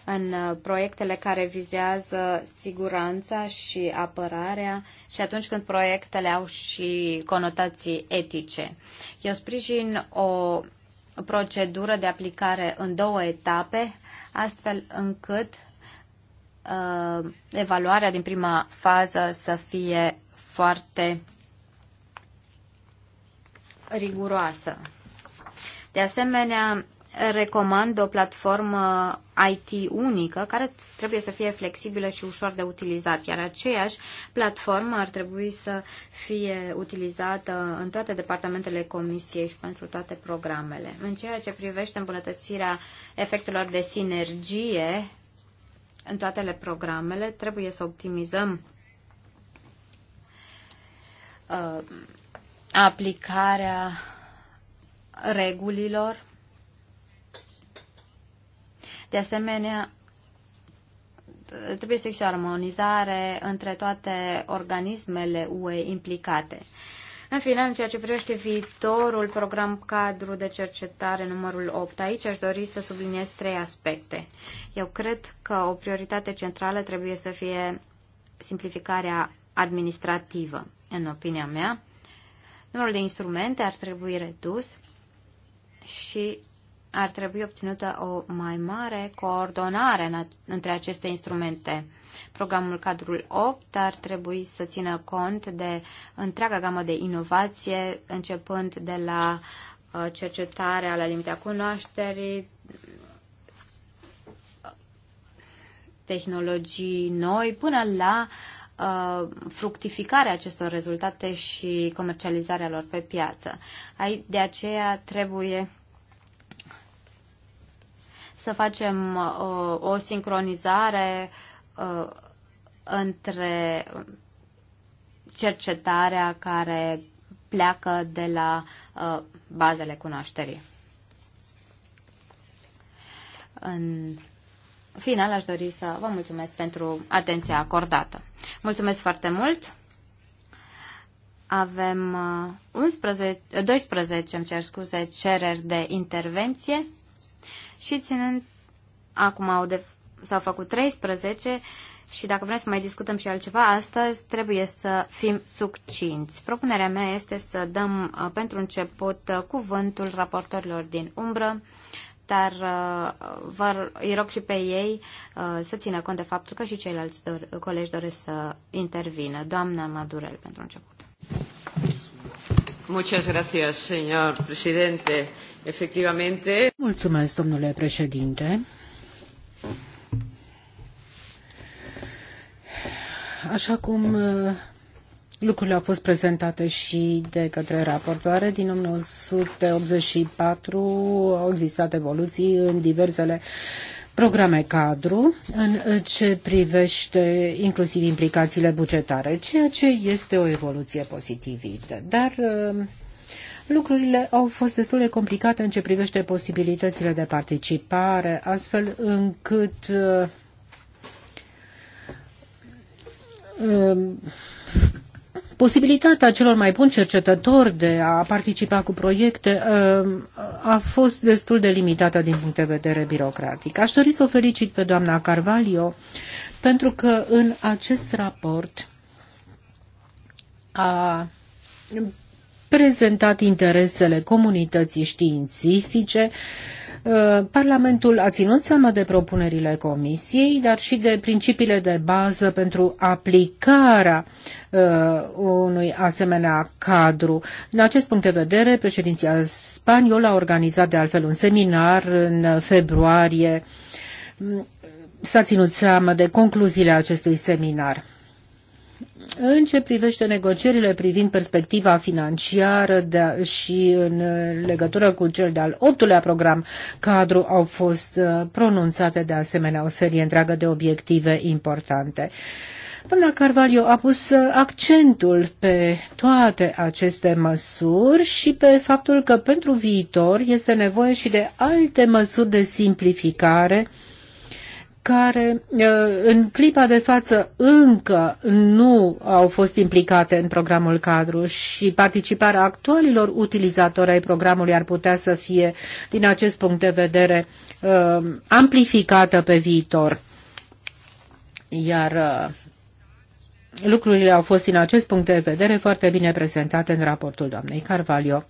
în uh, proiectele care vizează siguranța și apărarea și atunci când proiectele au și conotații etice. Eu sprijin o procedură de aplicare în două etape, astfel încât uh, evaluarea din prima fază să fie foarte riguroasă. De asemenea, recomand o platformă IT unică care trebuie să fie flexibilă și ușor de utilizat, iar aceeași platformă ar trebui să fie utilizată în toate departamentele comisiei și pentru toate programele. În ceea ce privește îmbunătățirea efectelor de sinergie în toate programele, trebuie să optimizăm uh, aplicarea regulilor de asemenea, trebuie să existe o armonizare între toate organismele UE implicate. În final, în ceea ce privește viitorul program cadru de cercetare numărul 8, aici aș dori să subliniez trei aspecte. Eu cred că o prioritate centrală trebuie să fie simplificarea administrativă, în opinia mea. Numărul de instrumente ar trebui redus și ar trebui obținută o mai mare coordonare în între aceste instrumente. Programul cadrul 8 ar trebui să țină cont de întreaga gamă de inovație, începând de la uh, cercetarea la limita cunoașterii, tehnologii noi, până la uh, fructificarea acestor rezultate și comercializarea lor pe piață. De aceea trebuie să facem o, uh, o sincronizare uh, între cercetarea care pleacă de la uh, bazele cunoașterii. În final, aș dori să vă mulțumesc pentru atenția acordată. Mulțumesc foarte mult! Avem 11, uh, 12 îmi cer scuze, cereri de intervenție și ținând acum au de, s-au făcut 13 și dacă vrem să mai discutăm și altceva astăzi, trebuie să fim succinți. Propunerea mea este să dăm uh, pentru început uh, cuvântul raportorilor din umbră, dar uh, vă, îi rog și pe ei să țină cont de faptul că și ceilalți dor, colegi doresc să intervină. Doamna Madurel, pentru început. Muchas gracias, señor presidente. Efectivamente. Mulțumesc, domnule președinte. Așa cum uh, lucrurile au fost prezentate și de către raportoare, din 1984 au existat evoluții în diversele programe cadru în ce privește inclusiv implicațiile bugetare, ceea ce este o evoluție pozitivită. Dar uh, lucrurile au fost destul de complicate în ce privește posibilitățile de participare, astfel încât uh, um, posibilitatea celor mai buni cercetători de a participa cu proiecte um, a fost destul de limitată din punct de vedere birocratic. Aș dori să o felicit pe doamna Carvalho pentru că în acest raport a prezentat interesele comunității științifice. Uh, Parlamentul a ținut seama de propunerile Comisiei, dar și de principiile de bază pentru aplicarea uh, unui asemenea cadru. În acest punct de vedere, președinția spaniolă a organizat de altfel un seminar în februarie. Mm, S-a ținut seama de concluziile acestui seminar. În ce privește negocierile privind perspectiva financiară de, și în legătură cu cel de-al optulea program cadru au fost uh, pronunțate de asemenea o serie întreagă de obiective importante. Doamna Carvalho a pus uh, accentul pe toate aceste măsuri și pe faptul că pentru viitor este nevoie și de alte măsuri de simplificare uh, care în clipa de față încă nu au fost implicate în programul cadru și participarea actualilor utilizatori ai programului ar putea să fie, din acest punct de vedere, amplificată pe viitor. Iar lucrurile au fost din acest punct de vedere foarte bine prezentate în raportul doamnei Carvalho.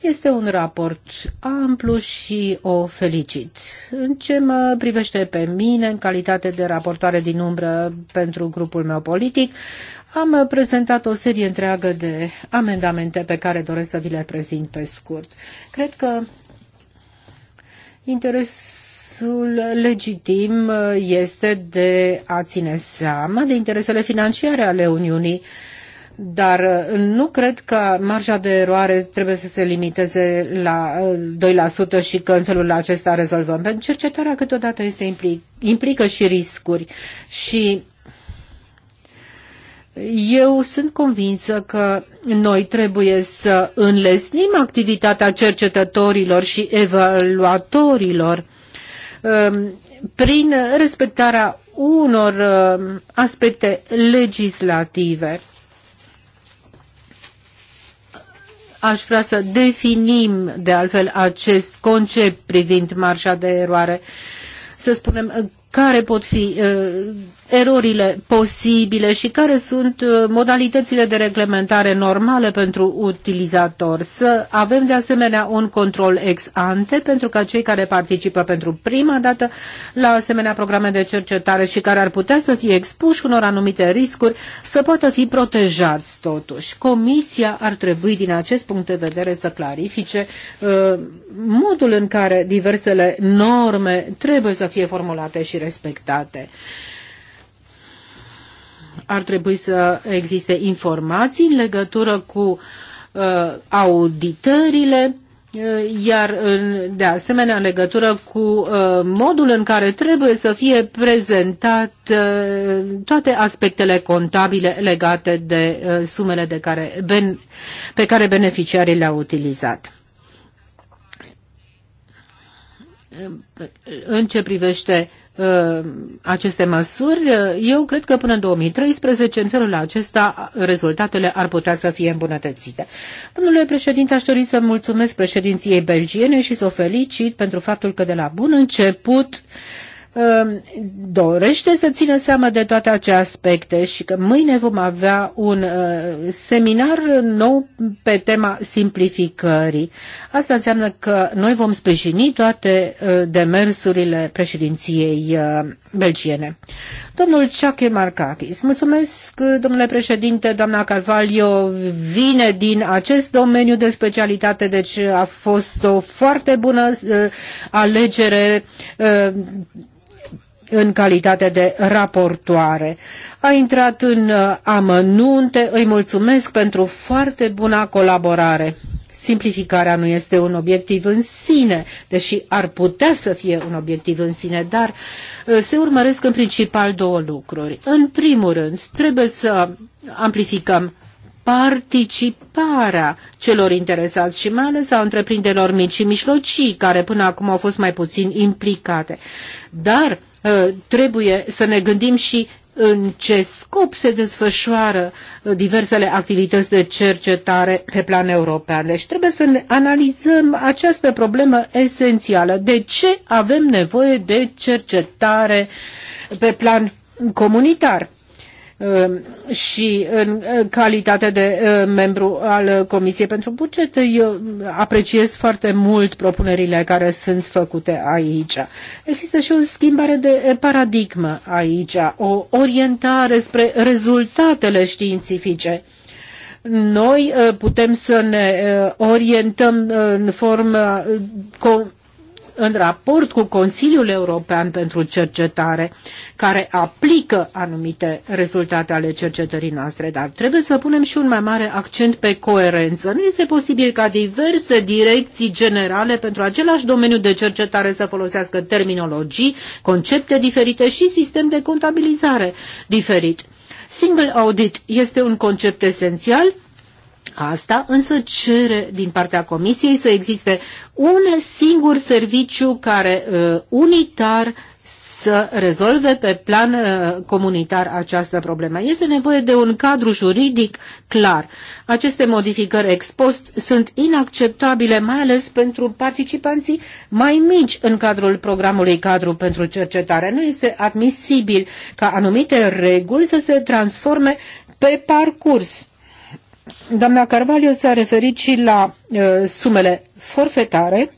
Este un raport amplu și o felicit. În ce mă privește pe mine, în calitate de raportoare din umbră pentru grupul meu politic, am prezentat o serie întreagă de amendamente pe care doresc să vi le prezint pe scurt. Cred că interes interesul legitim uh, este de a ține seama de interesele financiare ale Uniunii, dar uh, nu cred că marja de eroare trebuie să se limiteze la 2% uh, și că în felul acesta rezolvăm. Pentru cercetarea câteodată este implic, implică și riscuri și eu sunt convinsă că noi trebuie să înlesnim activitatea cercetătorilor și evaluatorilor Um, prin respectarea unor um, aspecte legislative. Aș vrea să definim, de altfel, acest concept privind marșa de eroare. Să spunem uh, care pot fi uh, erorile posibile și care sunt uh, modalitățile de reglementare normale pentru utilizator. Să avem de asemenea un control ex ante pentru ca cei care participă pentru prima dată la asemenea programe de cercetare și care ar putea să fie expuși unor anumite riscuri să poată fi protejați totuși. Comisia ar trebui din acest punct de vedere să clarifice uh, modul în care diversele norme trebuie să fie formulate și respectate ar trebui să existe informații în legătură cu uh, auditările, uh, iar de asemenea în legătură cu uh, modul în care trebuie să fie prezentat uh, toate aspectele contabile legate de uh, sumele de care ben, pe care beneficiarii le-au utilizat. în ce privește uh, aceste măsuri, uh, eu cred că până în 2013, în felul acesta, rezultatele ar putea să fie îmbunătățite. Domnule președinte, aș dori să mulțumesc președinției belgiene și să o felicit pentru faptul că de la bun început Um, dorește să țină seama de toate aceste aspecte și că mâine vom avea un uh, seminar nou pe tema simplificării. Asta înseamnă că noi vom sprijini toate uh, demersurile președinției uh, belgiene. Domnul Ciache Marcachis, mulțumesc, domnule președinte, doamna Carvalho vine din acest domeniu de specialitate, deci a fost o foarte bună alegere în calitate de raportoare. A intrat în uh, amănunte, îi mulțumesc pentru foarte buna colaborare. Simplificarea nu este un obiectiv în sine, deși ar putea să fie un obiectiv în sine, dar uh, se urmăresc în principal două lucruri. În primul rând, trebuie să amplificăm participarea celor interesați și mai ales a întreprinderilor mici și mijlocii, care până acum au fost mai puțin implicate. Dar Uh, trebuie să ne gândim și în ce scop se desfășoară uh, diversele activități de cercetare pe plan european. Deci trebuie să ne analizăm această problemă esențială. De ce avem nevoie de cercetare pe plan comunitar? Ehm, și în calitate de ehm, membru al Comisiei pentru Buget, eu apreciez foarte mult propunerile care sunt făcute aici. Există și o schimbare de paradigmă aici, o orientare spre rezultatele științifice noi ehm, putem să ne orientăm în formă în raport cu Consiliul European pentru Cercetare, care aplică anumite rezultate ale cercetării noastre, dar trebuie să punem și un mai mare accent pe coerență. Nu este posibil ca diverse direcții generale pentru același domeniu de cercetare să folosească terminologii, concepte diferite și sistem de contabilizare diferit. Single audit este un concept esențial asta, însă cere din partea Comisiei să existe un singur serviciu care uh, unitar să rezolve pe plan uh, comunitar această problemă. Este nevoie de un cadru juridic clar. Aceste modificări ex post sunt inacceptabile, mai ales pentru participanții mai mici în cadrul programului cadru pentru cercetare. Nu este admisibil ca anumite reguli să se transforme pe parcurs Doamna Carvalho s-a referit și la uh, sumele forfetare.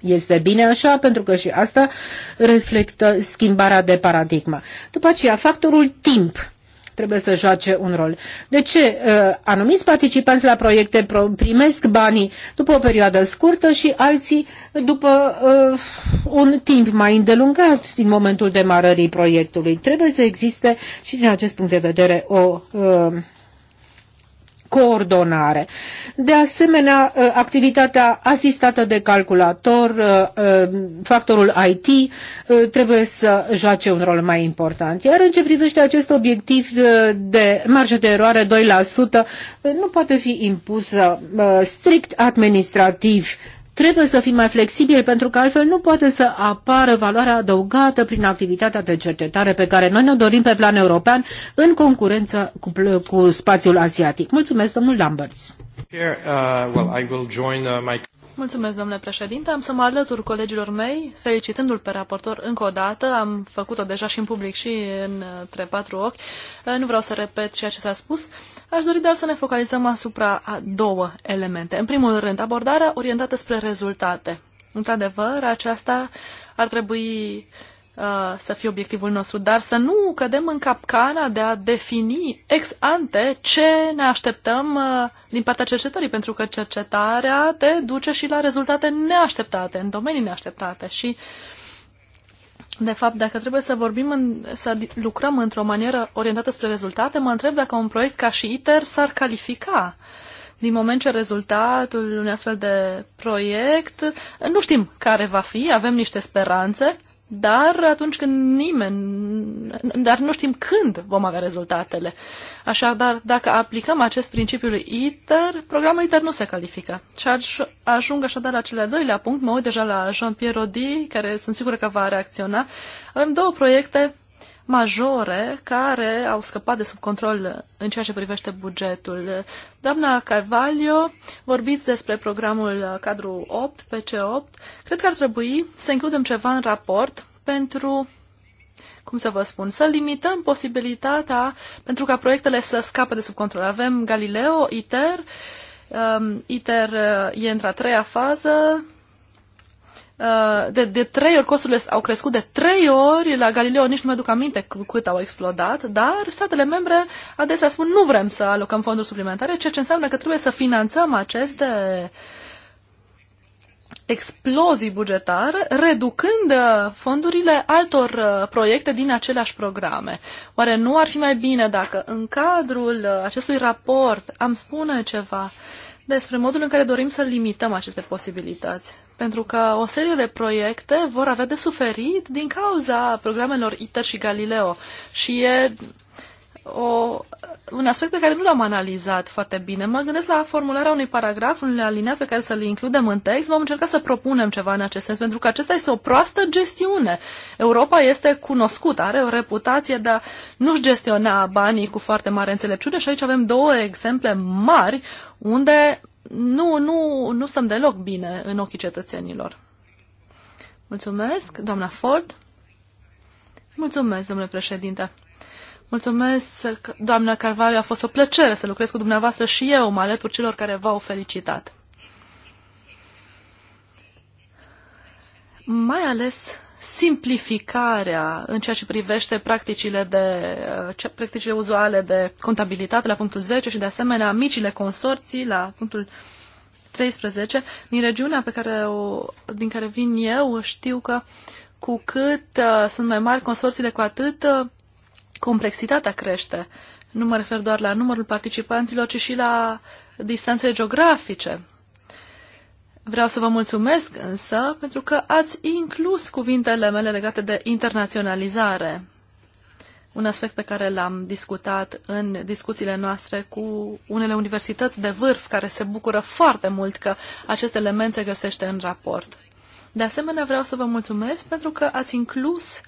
Este bine așa, pentru că și asta reflectă schimbarea de paradigmă. După aceea, factorul timp trebuie să joace un rol. De ce uh, anumiți participanți la proiecte primesc banii după o perioadă scurtă și alții după uh, un timp mai îndelungat din momentul demarării proiectului? Trebuie să existe și din acest punct de vedere o uh, coordonare. De asemenea, ă, activitatea asistată de calculator, ă, ă, factorul IT trebuie să joace un rol mai important. Iar în ce privește acest obiectiv de marjă de eroare 2%, nu poate fi impusă strict administrativ Trebuie să fim mai flexibili pentru că altfel nu poate să apară valoarea adăugată prin activitatea de cercetare pe care noi ne dorim pe plan european în concurență cu, cu spațiul asiatic. Mulțumesc, domnul Lamberts. Here, uh, well, I will join, uh, my... Mulțumesc, domnule președinte. Am să mă alătur colegilor mei, felicitându-l pe raportor încă o dată. Am făcut-o deja și în public și între patru ochi. Nu vreau să repet ceea ce s-a spus. Aș dori doar să ne focalizăm asupra a două elemente. În primul rând, abordarea orientată spre rezultate. Într-adevăr, aceasta ar trebui Uh, să fie obiectivul nostru, dar să nu cădem în capcana de a defini ex ante ce ne așteptăm uh, din partea cercetării, pentru că cercetarea te duce și la rezultate neașteptate, în domenii neașteptate și de fapt, dacă trebuie să vorbim, în, să lucrăm într-o manieră orientată spre rezultate, mă întreb dacă un proiect ca și ITER s-ar califica din moment ce rezultatul unui astfel de proiect, nu știm care va fi, avem niște speranțe, dar atunci când nimeni, dar nu știm când vom avea rezultatele. Așadar, dacă aplicăm acest principiu lui ITER, programul ITER nu se califică. Și ajung așadar la cel doilea punct, mă uit deja la Jean-Pierre Rodi, care sunt sigură că va reacționa. Avem două proiecte majore care au scăpat de sub control în ceea ce privește bugetul. Doamna Carvalho, vorbiți despre programul cadru 8, PC8. Cred că ar trebui să includem ceva în raport pentru cum să vă spun, să limităm posibilitatea pentru ca proiectele să scape de sub control. Avem Galileo, ITER, um, ITER uh, e într-a treia fază, Uh, de, de trei ori costurile au crescut de trei ori, la Galileo nici nu mi-aduc aminte cât au explodat, dar statele membre adesea spun nu vrem să alocăm fonduri suplimentare, ceea ce înseamnă că trebuie să finanțăm aceste explozii bugetare, reducând uh, fondurile altor uh, proiecte din aceleași programe. Oare nu ar fi mai bine dacă în cadrul acestui raport am spune ceva despre modul în care dorim să limităm aceste posibilități. Pentru că o serie de proiecte vor avea de suferit din cauza programelor ITER și Galileo. Și e o, un aspect pe care nu l-am analizat foarte bine. Mă gândesc la formularea unui paragraf, unui alineat pe care să-l includem în text. Vom încerca să propunem ceva în acest sens, pentru că acesta este o proastă gestiune. Europa este cunoscută, are o reputație de a nu-și gestiona banii cu foarte mare înțelepciune și aici avem două exemple mari unde nu, nu, nu stăm deloc bine în ochii cetățenilor. Mulțumesc, doamna Ford. Mulțumesc, domnule președinte. Mulțumesc, doamna Carvalho, a fost o plăcere să lucrez cu dumneavoastră și eu, mă alătur celor care v-au felicitat. Mai ales simplificarea în ceea ce privește practicile, de, practicile uzuale de contabilitate la punctul 10 și de asemenea micile consorții la punctul 13. Din regiunea pe care o, din care vin eu știu că cu cât uh, sunt mai mari consorțiile, cu atât uh, complexitatea crește. Nu mă refer doar la numărul participanților, ci și la distanțele geografice. Vreau să vă mulțumesc însă pentru că ați inclus cuvintele mele legate de internaționalizare, un aspect pe care l-am discutat în discuțiile noastre cu unele universități de vârf care se bucură foarte mult că acest element se găsește în raport. De asemenea, vreau să vă mulțumesc pentru că ați inclus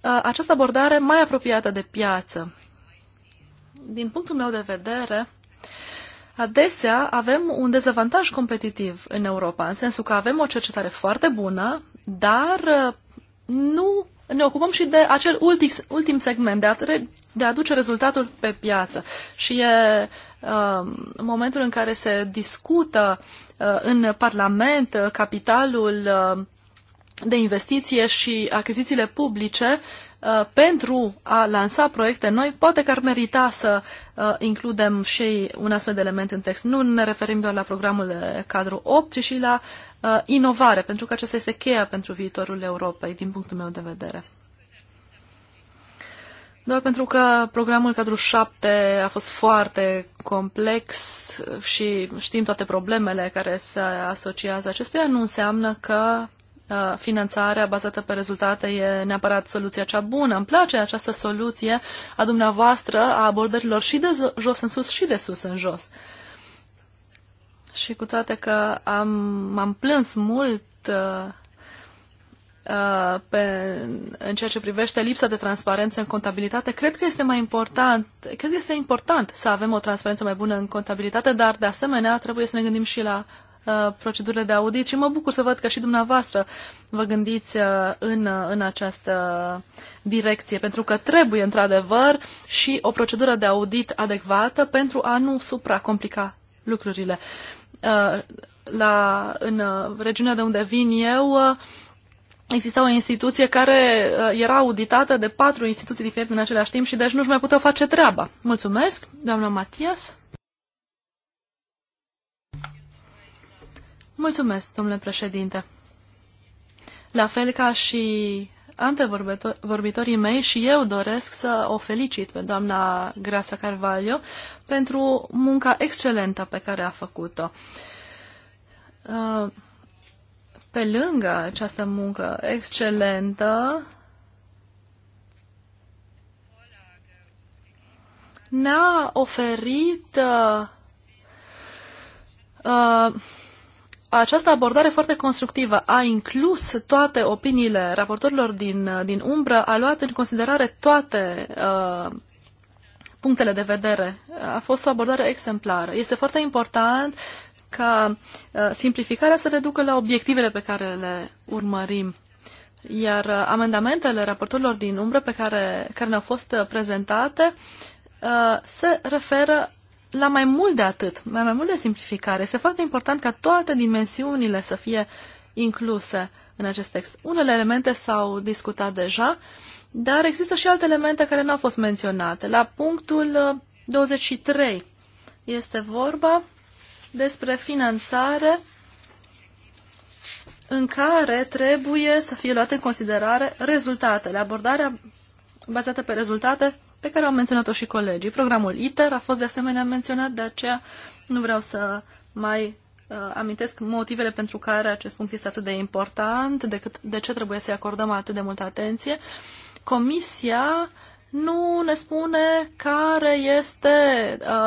această abordare mai apropiată de piață. Din punctul meu de vedere, adesea avem un dezavantaj competitiv în Europa, în sensul că avem o cercetare foarte bună, dar nu ne ocupăm și de acel ultim, ultim segment, de a, de a aduce rezultatul pe piață. Și e uh, momentul în care se discută uh, în Parlament uh, capitalul uh, de investiție și achizițiile publice uh, pentru a lansa proiecte noi, poate că ar merita să uh, includem și un astfel de element în text. Nu ne referim doar la programul de cadru 8, ci și la uh, inovare, pentru că acesta este cheia pentru viitorul Europei, din punctul meu de vedere. Doar pentru că programul cadru 7 a fost foarte complex și știm toate problemele care se asociază acestuia, nu înseamnă că Uh, finanțarea bazată pe rezultate e neapărat soluția cea bună. Îmi place această soluție a dumneavoastră, a abordărilor și de jos în sus și de sus în jos. Și cu toate că am, m-am plâns mult uh, uh, pe, în ceea ce privește lipsa de transparență în contabilitate, cred că este mai important, cred că este important să avem o transparență mai bună în contabilitate, dar de asemenea trebuie să ne gândim și la Uh, procedurile de audit și mă bucur să văd că și dumneavoastră vă gândiți uh, în, uh, în această direcție, pentru că trebuie într-adevăr și o procedură de audit adecvată pentru a nu supracomplica lucrurile. La, în regiunea de unde vin eu, exista o instituție care era auditată de patru instituții diferite în același timp și deci nu-și mai putea face treaba. Mulțumesc, doamna Matias. Mulțumesc, domnule președinte. La fel ca și antevorbitorii mei și eu doresc să o felicit pe doamna Grasa Carvalho pentru munca excelentă pe care a făcut-o. Uh, pe lângă această muncă excelentă, ne-a oferit uh, uh această abordare foarte constructivă a inclus toate opiniile raportorilor din, din umbră, a luat în considerare toate uh, punctele de vedere. A fost o abordare exemplară. Este foarte important ca uh, simplificarea să reducă la obiectivele pe care le urmărim. Iar uh, amendamentele raportorilor din umbră pe care, care ne-au fost uh, prezentate uh, se referă la mai mult de atât, mai, mai mult de simplificare. Este foarte important ca toate dimensiunile să fie incluse în acest text. Unele elemente s-au discutat deja, dar există și alte elemente care nu au fost menționate. La punctul 23 uh, este vorba despre finanțare în care trebuie să fie luate în considerare rezultatele, abordarea bazată pe rezultate pe care au menționat-o și colegii. Programul ITER a fost de asemenea menționat, de aceea nu vreau să mai uh, amintesc motivele pentru care acest punct este atât de important, de, cât, de ce trebuie să-i acordăm atât de multă atenție. Comisia nu ne spune care este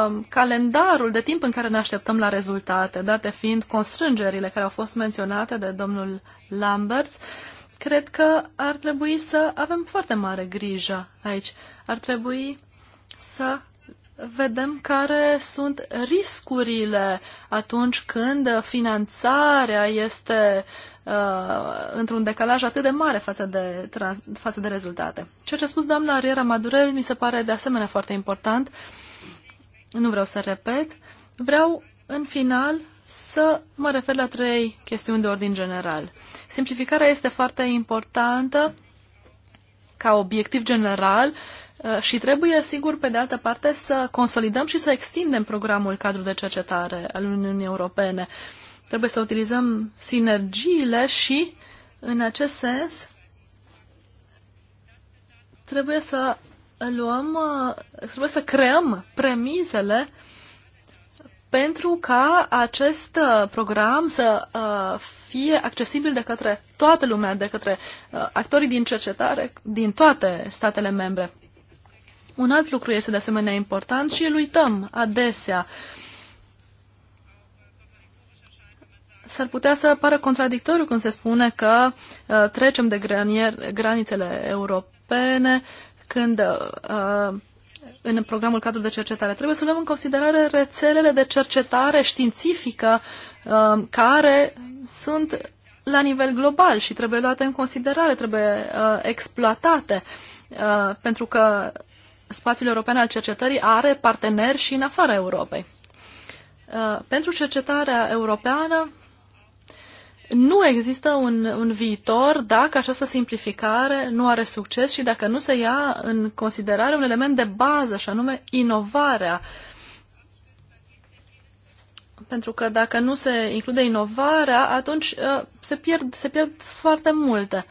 um, uh, calendarul de timp în care ne așteptăm la rezultate, date fiind constrângerile care au fost menționate de domnul Lamberts. Uh, cred că ar trebui să avem foarte mare grijă aici. Ar trebui să vedem care sunt riscurile atunci când finanțarea este uh, într-un decalaj atât de mare față de, trans, față de rezultate. Ceea ce a spus doamna Riera Madurel mi se pare de asemenea foarte important. Nu vreau să repet. Vreau în final să mă refer la trei chestiuni de ordin general. Simplificarea este foarte importantă ca obiectiv general uh, și trebuie, sigur, pe de altă parte, să consolidăm și să extindem programul cadru de cercetare al Uniunii Europene. Trebuie să utilizăm sinergiile și, în acest sens, trebuie să luăm, uh, trebuie să creăm premizele pentru ca acest uh, program să uh, fie accesibil de către toată lumea, de către uh, actorii din cercetare din toate statele membre. Un alt lucru este de asemenea important și îl uităm adesea. S-ar putea să pară contradictoriu când se spune că uh, trecem de granier, granițele europene, când uh, în programul cadru de cercetare. Trebuie să luăm în considerare rețelele de cercetare științifică uh, care sunt la nivel global și trebuie luate în considerare, trebuie uh, exploatate, uh, pentru că spațiul european al cercetării are parteneri și în afara Europei. Pentru cercetarea europeană nu există un, un viitor dacă această simplificare nu are succes și dacă nu se ia în considerare un element de bază, și anume inovarea. Pentru că dacă nu se include inovarea, atunci uh, se pierd, se pierd foarte multe.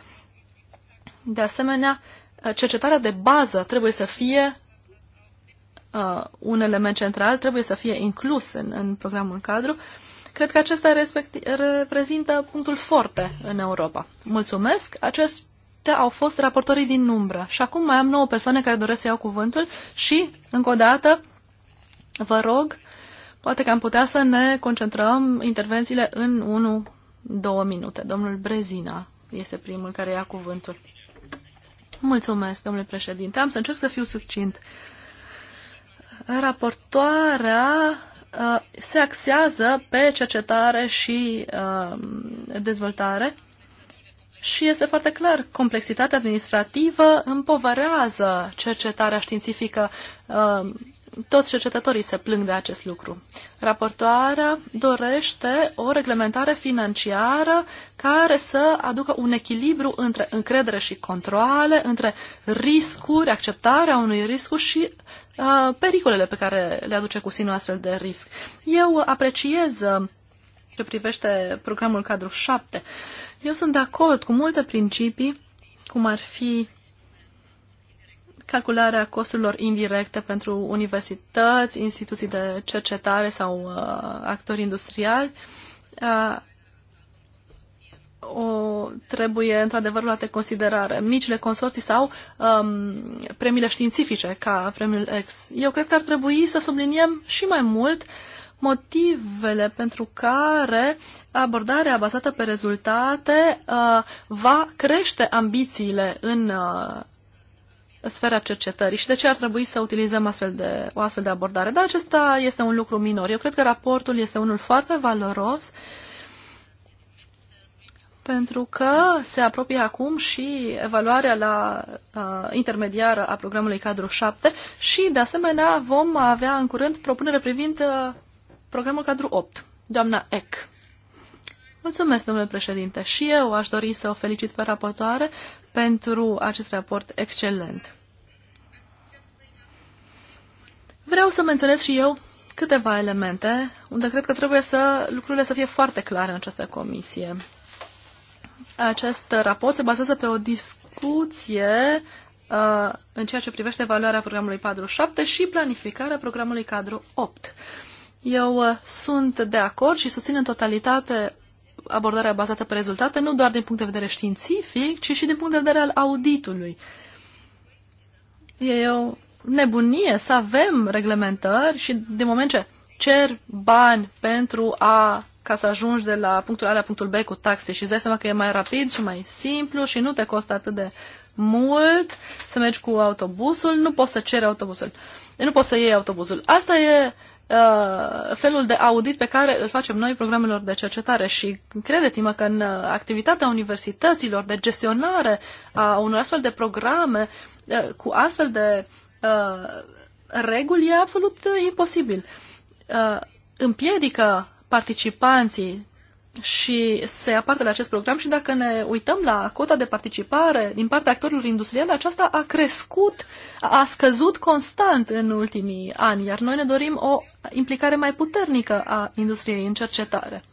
De asemenea, uh, cercetarea de bază trebuie să fie uh, un element central, trebuie să fie inclus în, în programul cadru. Uh, Cred că acesta reprezintă punctul forte în Europa. Mulțumesc! Acestea au fost raportorii din umbră. Și acum mai am nouă persoane care doresc să iau cuvântul și, încă o dată, vă rog, poate că am putea să ne concentrăm intervențiile în 1-2 minute. Domnul Brezina este primul care ia cuvântul. Mulțumesc, domnule președinte. Am să încerc să fiu succint. Raportoarea Uh, se axează pe cercetare și uh, dezvoltare și este foarte clar, complexitatea administrativă împovărează cercetarea științifică. Uh, toți cercetătorii se plâng de acest lucru. Raportoarea dorește o reglementare financiară care să aducă un echilibru între încredere și controle, între riscuri, acceptarea unui risc și Uh, pericolele pe care le aduce cu sine astfel de risc. Eu apreciez uh, ce privește programul cadru 7. Eu sunt de acord cu multe principii, cum ar fi calcularea costurilor indirecte pentru universități, instituții de cercetare sau uh, actori industriali, uh, o, trebuie într-adevăr luate în considerare. Micile consorții sau um, premiile științifice ca premiul X. Eu cred că ar trebui să subliniem și mai mult motivele pentru care abordarea bazată pe rezultate uh, va crește ambițiile în uh, sfera cercetării și de ce ar trebui să utilizăm astfel de, o astfel de abordare. Dar acesta este un lucru minor. Eu cred că raportul este unul foarte valoros uh, pentru că se apropie acum și evaluarea la uh, intermediară a programului cadru 7 și, de asemenea, vom avea în curând propunere privind uh, programul cadru 8, doamna Eck. Mulțumesc, domnule președinte, și eu aș dori să o felicit pe raportoare pentru acest raport excelent. Vreau să menționez și eu câteva elemente unde cred că trebuie să lucrurile să fie foarte clare în această comisie acest raport se bazează pe o discuție uh, în ceea ce privește evaluarea programului cadru 7 și planificarea programului cadru 8. Eu uh, sunt de acord și susțin în totalitate abordarea bazată pe rezultate, nu doar din punct de vedere științific, ci și din punct de vedere al auditului. E o nebunie să avem reglementări și din moment ce cer bani pentru a ca să ajungi de la punctul A la punctul B cu taxi și îți dai seama că e mai rapid și mai simplu și nu te costă atât de mult să mergi cu autobuzul, nu poți să ceri autobuzul, nu poți să iei autobuzul. Asta e uh, felul de audit pe care îl facem noi programelor de cercetare și credeți-mă că în uh, activitatea universităților de gestionare a unor astfel de programe uh, cu astfel de uh, reguli e absolut uh, imposibil. Uh, împiedică participanții și se aparte la acest program și dacă ne uităm la cota de participare din partea actorilor industriali, aceasta a crescut, a scăzut constant în ultimii ani, iar noi ne dorim o implicare mai puternică a industriei în cercetare.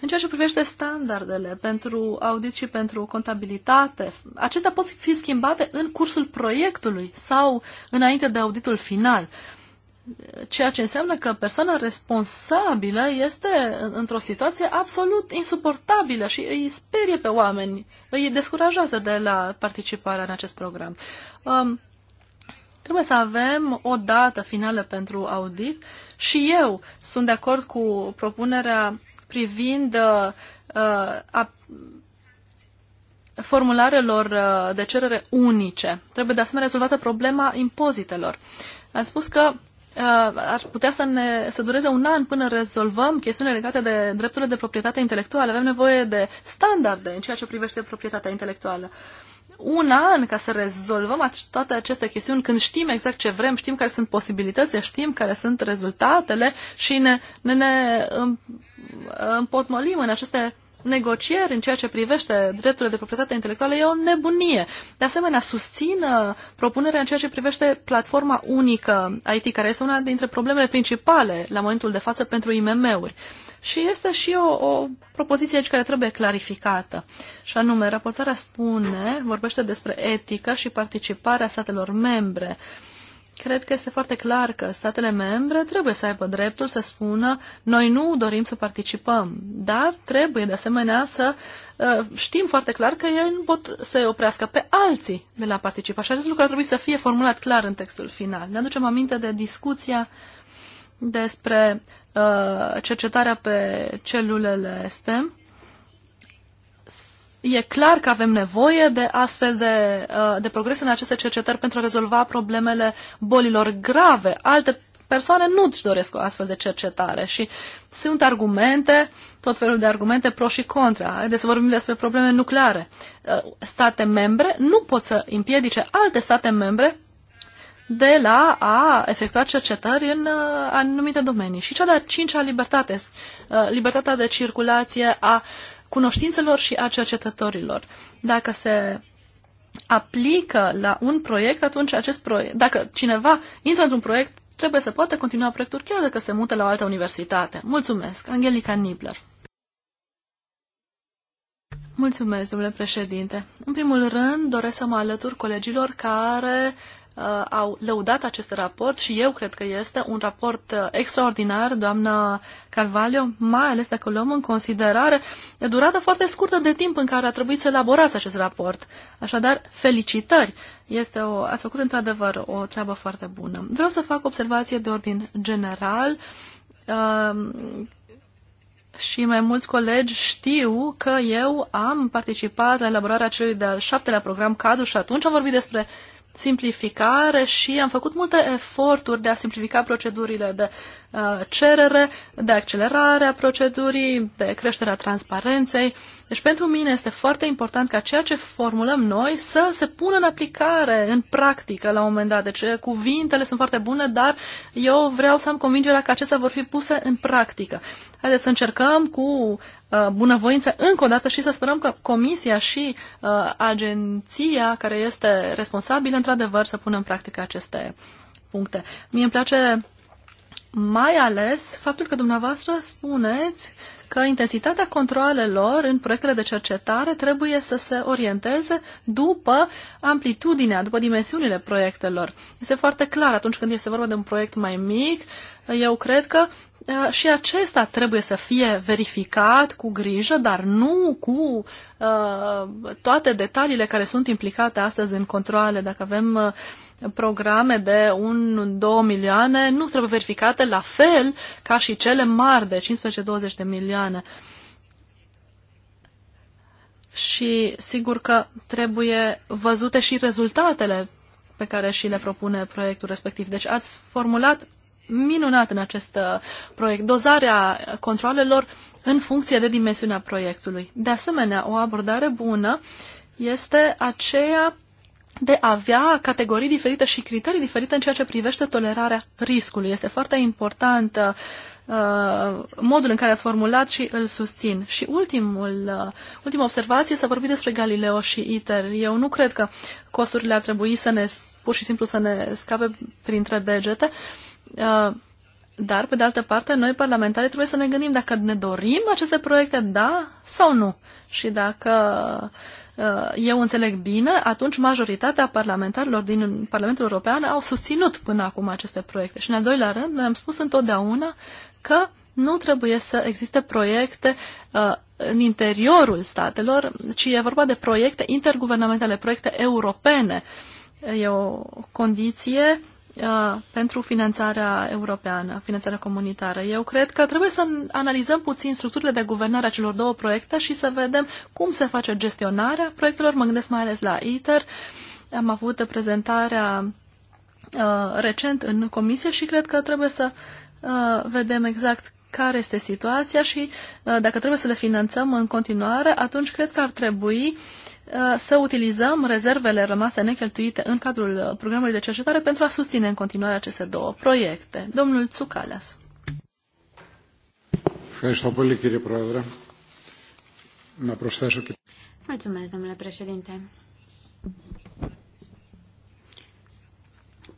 În ceea ce privește standardele pentru audit și pentru contabilitate, acestea pot fi schimbate în cursul proiectului sau înainte de auditul final ceea ce înseamnă că persoana responsabilă este într-o situație absolut insuportabilă și îi sperie pe oameni, îi descurajează de la participarea în acest program. Um, trebuie să avem o dată finală pentru audit și eu sunt de acord cu propunerea privind uh, uh a, formularelor uh, de cerere unice. Trebuie de asemenea rezolvată problema impozitelor. am spus că Uh, ar putea să, ne, să dureze un an până rezolvăm chestiunile legate de drepturile de proprietate intelectuală. Avem nevoie de standarde în ceea ce privește proprietatea intelectuală. Un an ca să rezolvăm toate aceste chestiuni, când știm exact ce vrem, știm care sunt posibilitățile, știm care sunt rezultatele și ne, ne, ne împotmolim în aceste negocieri în ceea ce privește drepturile de proprietate intelectuală e o nebunie. De asemenea, susțin uh, propunerea în ceea ce privește platforma unică IT, care este una dintre problemele principale la momentul de față pentru IMM-uri. Și este și o, o propoziție aici care trebuie clarificată. Și anume, raportarea spune, vorbește despre etică și participarea statelor membre. Uh, Cred că este foarte clar că statele membre trebuie să aibă dreptul să spună noi nu dorim să participăm, dar trebuie de asemenea să uh, știm foarte clar că ei nu pot să oprească pe alții de la participa. Și acest lucru ar trebui să fie formulat clar în textul final. Ne aducem aminte de discuția despre uh, cercetarea pe celulele STEM e clar că avem nevoie de astfel de, uh, de progrese în aceste cercetări pentru a rezolva problemele bolilor grave. Alte persoane nu își doresc o astfel de cercetare și sunt argumente, tot felul de argumente pro și contra. Haideți să vorbim despre probleme nucleare. Uh, state membre nu pot să împiedice alte state membre de la a efectua cercetări în uh, anumite domenii. Și cea de-a cincea libertate, libertatea de circulație a uh, cunoștințelor și a cercetătorilor. Dacă se aplică la un proiect, atunci acest proiect, dacă cineva intră într-un proiect, trebuie să poată continua proiectul chiar dacă se mută la o altă universitate. Mulțumesc, Angelica Nibler. Mulțumesc, domnule președinte. În primul rând, doresc să mă alătur colegilor care uh, au lăudat acest raport și eu cred că este un raport uh, extraordinar, doamna Carvalho, mai ales dacă luăm în considerare durata foarte scurtă de timp în care a trebuit să elaborați acest raport. Așadar, felicitări! Este o, ați făcut într-adevăr o treabă foarte bună. Vreau să fac observație de ordin general. Uh, și mai mulți colegi știu că eu am participat la elaborarea celui de-al șaptelea program cadru și atunci am vorbit despre simplificare și am făcut multe eforturi de a simplifica procedurile de Uh, cerere, de accelerare a procedurii, de creșterea transparenței. Deci pentru mine este foarte important ca ceea ce formulăm noi să se pună în aplicare, în practică la un moment dat. Deci uh, cuvintele sunt foarte bune, dar eu vreau să am convingerea că acestea vor fi puse în practică. Haideți să încercăm cu uh, bunăvoință încă o dată și să sperăm că comisia și uh, agenția care este responsabilă, într-adevăr, să pună în practică aceste puncte. Mie îmi place mai ales faptul că dumneavoastră spuneți că intensitatea controalelor în proiectele de cercetare trebuie să se orienteze după amplitudinea, după dimensiunile proiectelor. Este foarte clar atunci când este vorba de un proiect mai mic, eu cred că și acesta trebuie să fie verificat cu grijă, dar nu cu uh, toate detaliile care sunt implicate astăzi în controale. Dacă avem uh, programe de 1-2 milioane nu trebuie verificate la fel ca și cele mari de 15-20 de milioane. Și sigur că trebuie văzute și rezultatele pe care și le propune proiectul respectiv. Deci ați formulat minunat în acest uh, proiect dozarea controlelor în funcție de dimensiunea proiectului. De asemenea, o abordare bună este aceea de a avea categorii diferite și criterii diferite în ceea ce privește tolerarea riscului. Este foarte important uh, modul în care ați formulat și îl susțin. Și ultimul, uh, ultima observație să vorbim despre Galileo și ITER. Eu nu cred că costurile ar trebui să ne, pur și simplu să ne scape printre degete. Uh, dar, pe de altă parte, noi parlamentarii trebuie să ne gândim dacă ne dorim aceste proiecte, da sau nu. Și dacă uh, Uh, eu înțeleg bine, atunci majoritatea parlamentarilor din Parlamentul European au susținut până acum aceste proiecte. Și în al doilea rând, noi am spus întotdeauna că nu trebuie să existe proiecte uh, în interiorul statelor, ci e vorba de proiecte interguvernamentale, proiecte europene. E o condiție pentru finanțarea europeană, finanțarea comunitară. Eu cred că trebuie să analizăm puțin structurile de guvernare a celor două proiecte și să vedem cum se face gestionarea proiectelor. Mă gândesc mai ales la ITER. Am avut prezentarea recent în comisie și cred că trebuie să vedem exact care este situația și dacă trebuie să le finanțăm în continuare, atunci cred că ar trebui uh, Uh, să utilizăm rezervele rămase necheltuite în cadrul uh, programului de cercetare pentru a susține în continuare aceste două proiecte. Domnul Tsukalas. Mulțumesc, domnule președinte.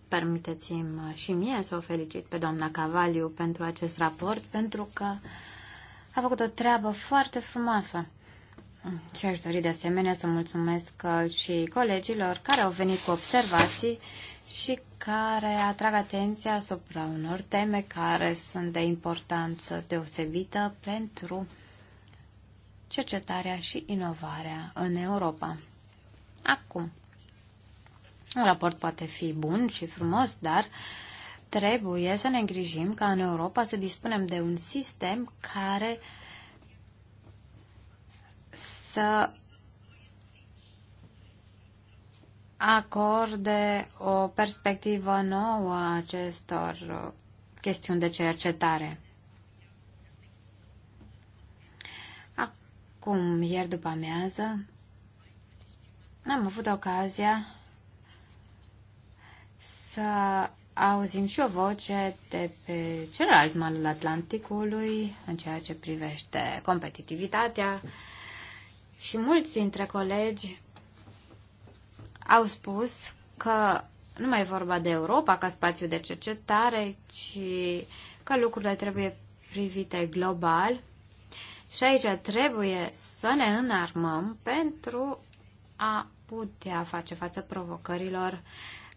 Permiteți-mi și mie să o felicit pe doamna Cavaliu pentru acest raport, pentru că a făcut o treabă foarte frumoasă. Și aș dori de asemenea să mulțumesc uh, și colegilor care au venit cu observații și care atrag atenția asupra unor teme care sunt de importanță deosebită pentru cercetarea și inovarea în Europa. Acum, un raport poate fi bun și frumos, dar trebuie să ne îngrijim ca în Europa să dispunem de un sistem care uh, să acorde o perspectivă nouă a acestor chestiuni de cercetare. Acum, ieri după amiază, am avut ocazia să auzim și o voce de pe celălalt mal al Atlanticului în ceea ce privește competitivitatea și mulți dintre colegi au spus că nu mai e vorba de Europa ca spațiu de cercetare, ci că lucrurile trebuie privite global. Și aici trebuie să ne înarmăm pentru a putea face față provocărilor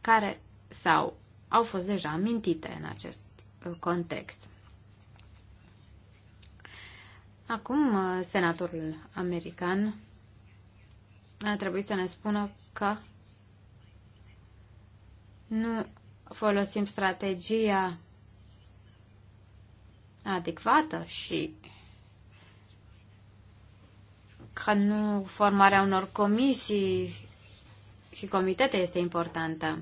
care sau au fost deja amintite în acest uh, context. Acum, uh, senatorul american a trebuit să ne spună că nu folosim strategia adecvată și că nu formarea unor comisii și comitete este importantă.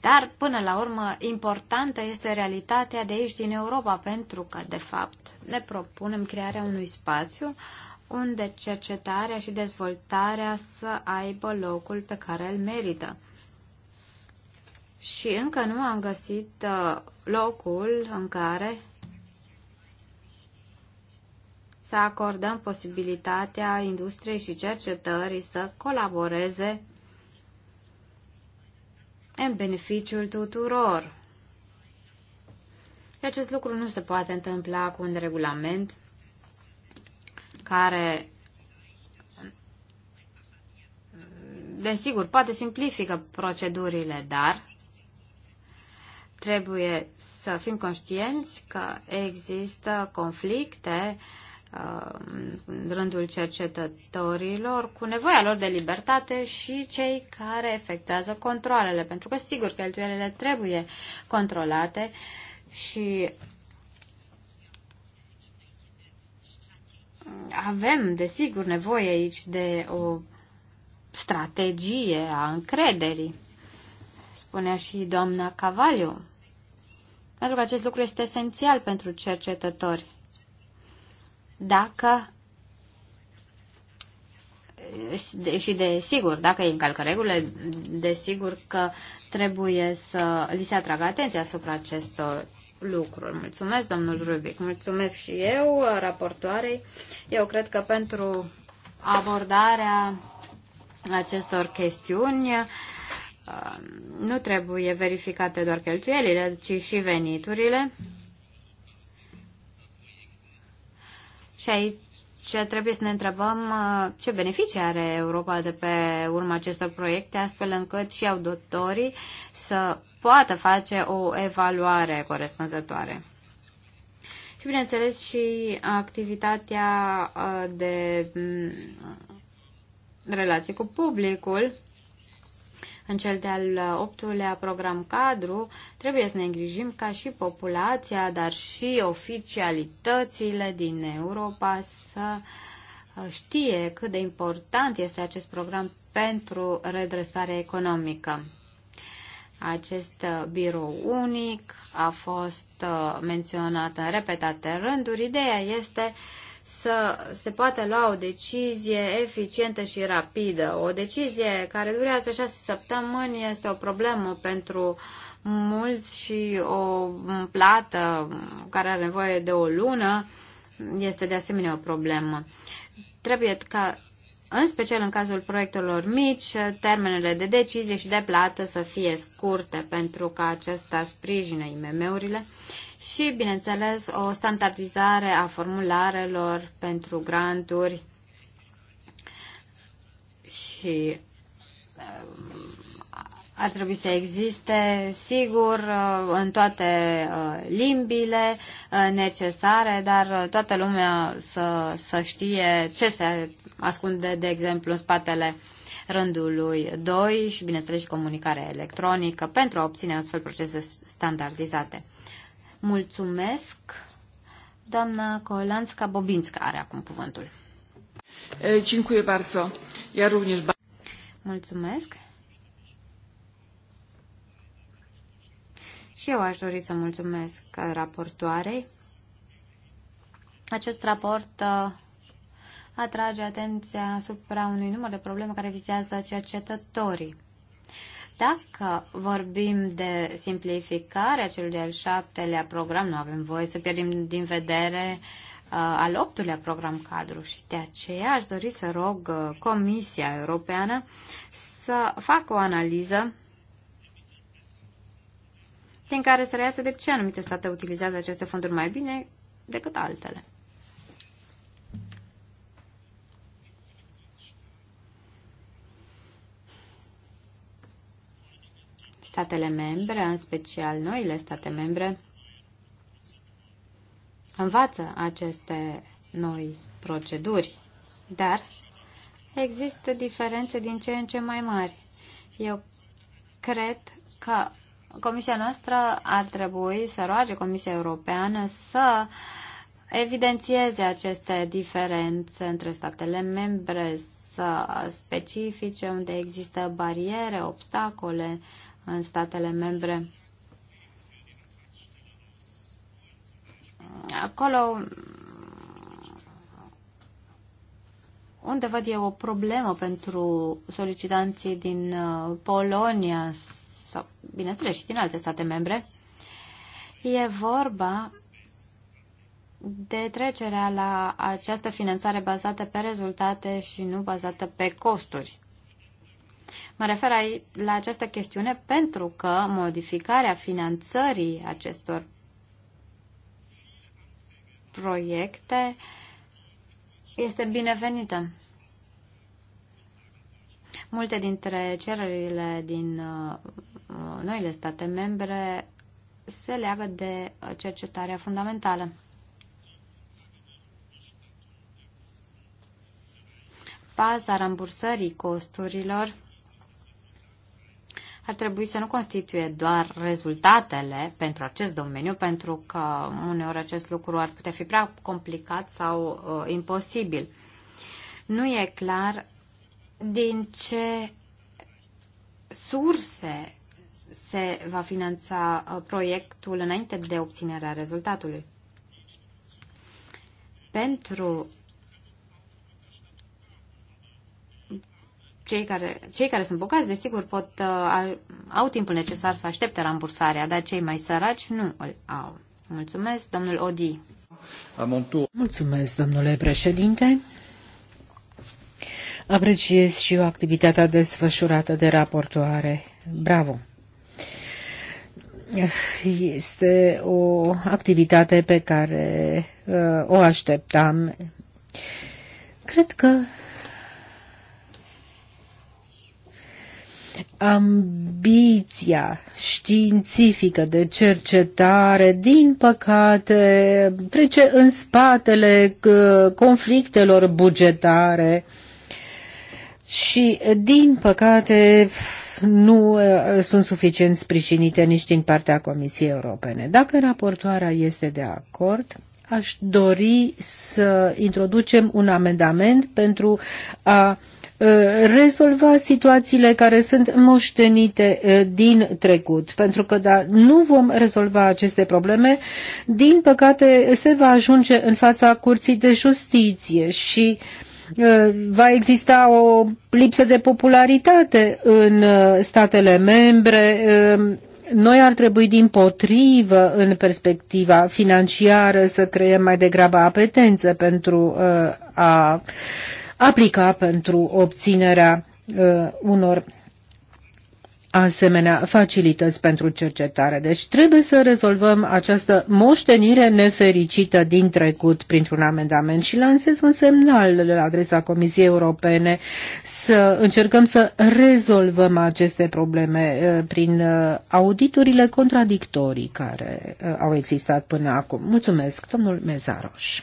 Dar, până la urmă, importantă este realitatea de aici, din Europa, pentru că, de fapt, ne propunem crearea unui spațiu unde cercetarea și dezvoltarea să aibă locul pe care îl merită. Și încă nu am găsit uh, locul în care să acordăm posibilitatea industriei și cercetării să colaboreze în beneficiul tuturor. acest lucru nu se poate întâmpla cu un regulament care, desigur, poate simplifică procedurile, dar trebuie să fim conștienți că există conflicte uh, Uh, în rândul cercetătorilor cu nevoia lor de libertate și cei care efectuează controlele, pentru că sigur cheltuielile trebuie controlate și avem, desigur, nevoie aici de o strategie a încrederii, spunea și doamna Cavaliu, pentru că acest lucru este esențial pentru cercetători dacă și de sigur, dacă îi încalcă regulile, de sigur că trebuie să li se atragă atenția asupra acestor lucruri. Mulțumesc, domnul Rubic. Mulțumesc și eu, raportoarei. Eu cred că pentru abordarea acestor chestiuni uh, nu trebuie verificate doar cheltuielile, ci și veniturile. Și aici trebuie să ne întrebăm uh, ce beneficii are Europa de pe urma acestor proiecte, astfel încât și auditorii să poată face o evaluare corespunzătoare. Și bineînțeles și activitatea uh, de mm, relații cu publicul, în cel de-al uh, optulea program cadru trebuie să ne îngrijim ca și populația, dar și oficialitățile din Europa să uh, știe cât de important este acest program pentru redresarea economică. Acest uh, birou unic a fost menționat în repetate rânduri. Ideea este uh, să se poată lua o decizie eficientă și rapidă. O decizie care durează șase săptămâni este o problemă pentru mulți și o plată care are nevoie de o lună este de asemenea o problemă. Trebuie ca în special în cazul proiectelor mici, termenele de decizie și de plată să fie scurte pentru ca acesta sprijine IMM-urile și, bineînțeles, o standardizare a formularelor pentru granturi și ar trebui să existe, sigur, uh, în toate uh, limbile uh, necesare, dar toată lumea să, să știe ce se ascunde, de exemplu, în spatele rândului 2 și, bineînțeles, și comunicare electronică pentru a obține astfel procese standardizate. Mulțumesc! Doamna Colanska Bobinska are acum cuvântul. Dziękuję bardzo. Ja również Mulțumesc. Și eu aș dori să mulțumesc raportoarei. Acest raport uh, atrage atenția asupra unui număr de probleme care vizează cercetătorii. Dacă vorbim de simplificarea celui de-al șaptelea program, nu avem voie să pierdem din vedere uh, al optulea program cadru și de aceea aș dori să rog uh, Comisia Europeană să facă o analiză din care să reiasă de ce anumite state utilizează aceste fonduri mai bine decât altele. Statele membre, în special noile state membre, învață aceste noi proceduri, dar există diferențe din ce în ce mai mari. Eu cred că Comisia noastră ar trebui să roage Comisia Europeană să evidențieze aceste diferențe între statele membre, să specifice unde există bariere, obstacole în statele membre. Acolo unde văd eu o problemă pentru solicitanții din uh, Polonia sau bineînțeles și din alte state membre, e vorba de trecerea la această finanțare bazată pe rezultate și nu bazată pe costuri. Mă refer la această chestiune pentru că modificarea finanțării acestor proiecte este binevenită. Multe dintre cererile din uh, Uh, noile state membre se leagă de uh, cercetarea fundamentală. Paza rambursării costurilor ar trebui să nu constituie doar rezultatele pentru acest domeniu, pentru că uneori acest lucru ar putea fi prea complicat sau uh, imposibil. Nu e clar din ce surse se va finanța uh, proiectul înainte de obținerea rezultatului. Pentru cei care, cei care sunt bogați, desigur, pot, uh, au timpul necesar să aștepte rambursarea, dar cei mai săraci nu îl au. Mulțumesc, domnul Odi. Mulțumesc, domnule președinte. Apreciez și eu activitatea desfășurată de raportoare. Bravo! este o activitate pe care uh, o așteptam. Cred că ambiția științifică de cercetare, din păcate, trece în spatele uh, conflictelor bugetare uh, și, din păcate, nu uh, sunt suficient sprijinite nici din partea Comisiei Europene. Dacă raportoarea este de acord, aș dori să introducem un amendament pentru a uh, rezolva situațiile care sunt moștenite uh, din trecut, pentru că da, nu vom rezolva aceste probleme, din păcate se va ajunge în fața Curții de Justiție și uh, Uh, va exista o lipsă de popularitate în uh, statele membre. Um, noi ar trebui din potrivă în perspectiva financiară să creăm mai degrabă apetență pentru uh, a aplica pentru obținerea unor asemenea facilități pentru cercetare. Deci trebuie să rezolvăm această moștenire nefericită din trecut printr-un amendament și lansez un semnal la adresa Comisiei Europene să încercăm să rezolvăm aceste probleme uh, prin uh, auditurile contradictorii care uh, au existat până acum. Mulțumesc, domnul Mezaroș.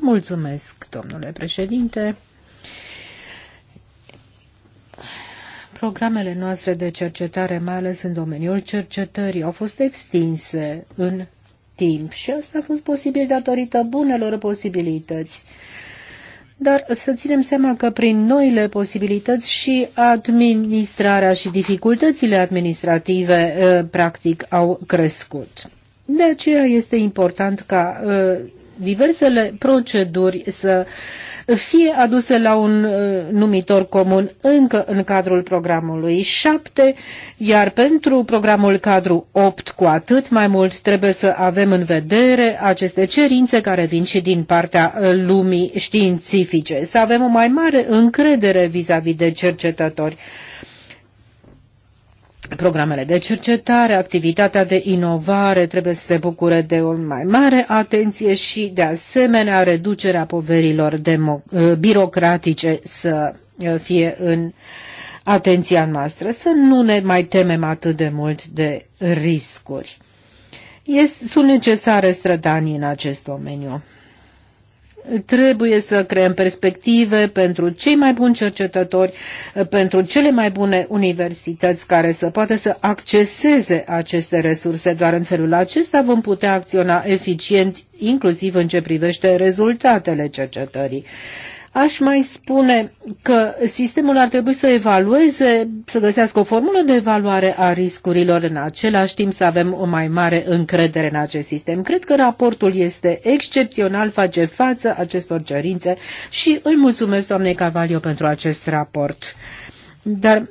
Mulțumesc, domnule președinte. Programele noastre de cercetare, mai ales în domeniul cercetării, au fost extinse în timp și asta a fost posibil datorită bunelor posibilități. Dar să ținem seama că prin noile posibilități și administrarea și dificultățile administrative ă, practic au crescut. De aceea este important ca ă, diversele proceduri să uh, fie aduse la un uh, numitor comun încă în cadrul programului 7, iar pentru programul cadru 8 cu atât mai mult trebuie să avem în vedere aceste cerințe care vin și din partea uh, lumii științifice, să avem o mai mare încredere vis-a-vis de cercetători programele de cercetare, activitatea de inovare trebuie să se bucure de o mai mare atenție și, de asemenea, reducerea poverilor eh, birocratice să eh, fie în atenția noastră, să nu ne mai temem atât de mult de riscuri. Este, sunt necesare strădanii în acest domeniu. Trebuie să creăm perspective pentru cei mai buni cercetători, pentru cele mai bune universități care să poată să acceseze aceste resurse. Doar în felul acesta vom putea acționa eficient, inclusiv în ce privește rezultatele cercetării. Aș mai spune că sistemul ar trebui să evalueze, să găsească o formulă de evaluare a riscurilor în același timp să avem o mai mare încredere în acest sistem. Cred că raportul este excepțional, face față acestor cerințe și îi mulțumesc doamnei Cavalio pentru acest raport. Dar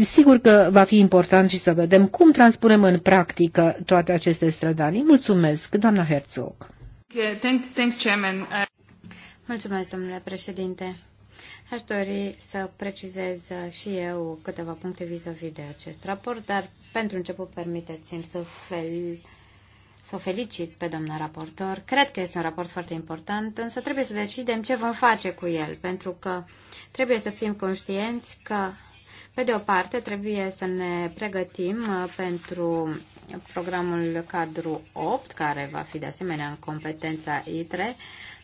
sigur că va fi important și să vedem cum transpunem în practică toate aceste strădanii. Mulțumesc, doamna Herzog. Thanks, Chairman. Mulțumesc, domnule președinte. Aș dori să precizez și eu câteva puncte vis-a-vis -vis de acest raport, dar pentru început permiteți-mi să, fel, să o felicit pe doamna raportor. Cred că este un raport foarte important, însă trebuie să decidem ce vom face cu el, pentru că trebuie să fim conștienți că, pe de o parte, trebuie să ne pregătim uh, pentru programul cadru 8, care va fi de asemenea în competența ITRE,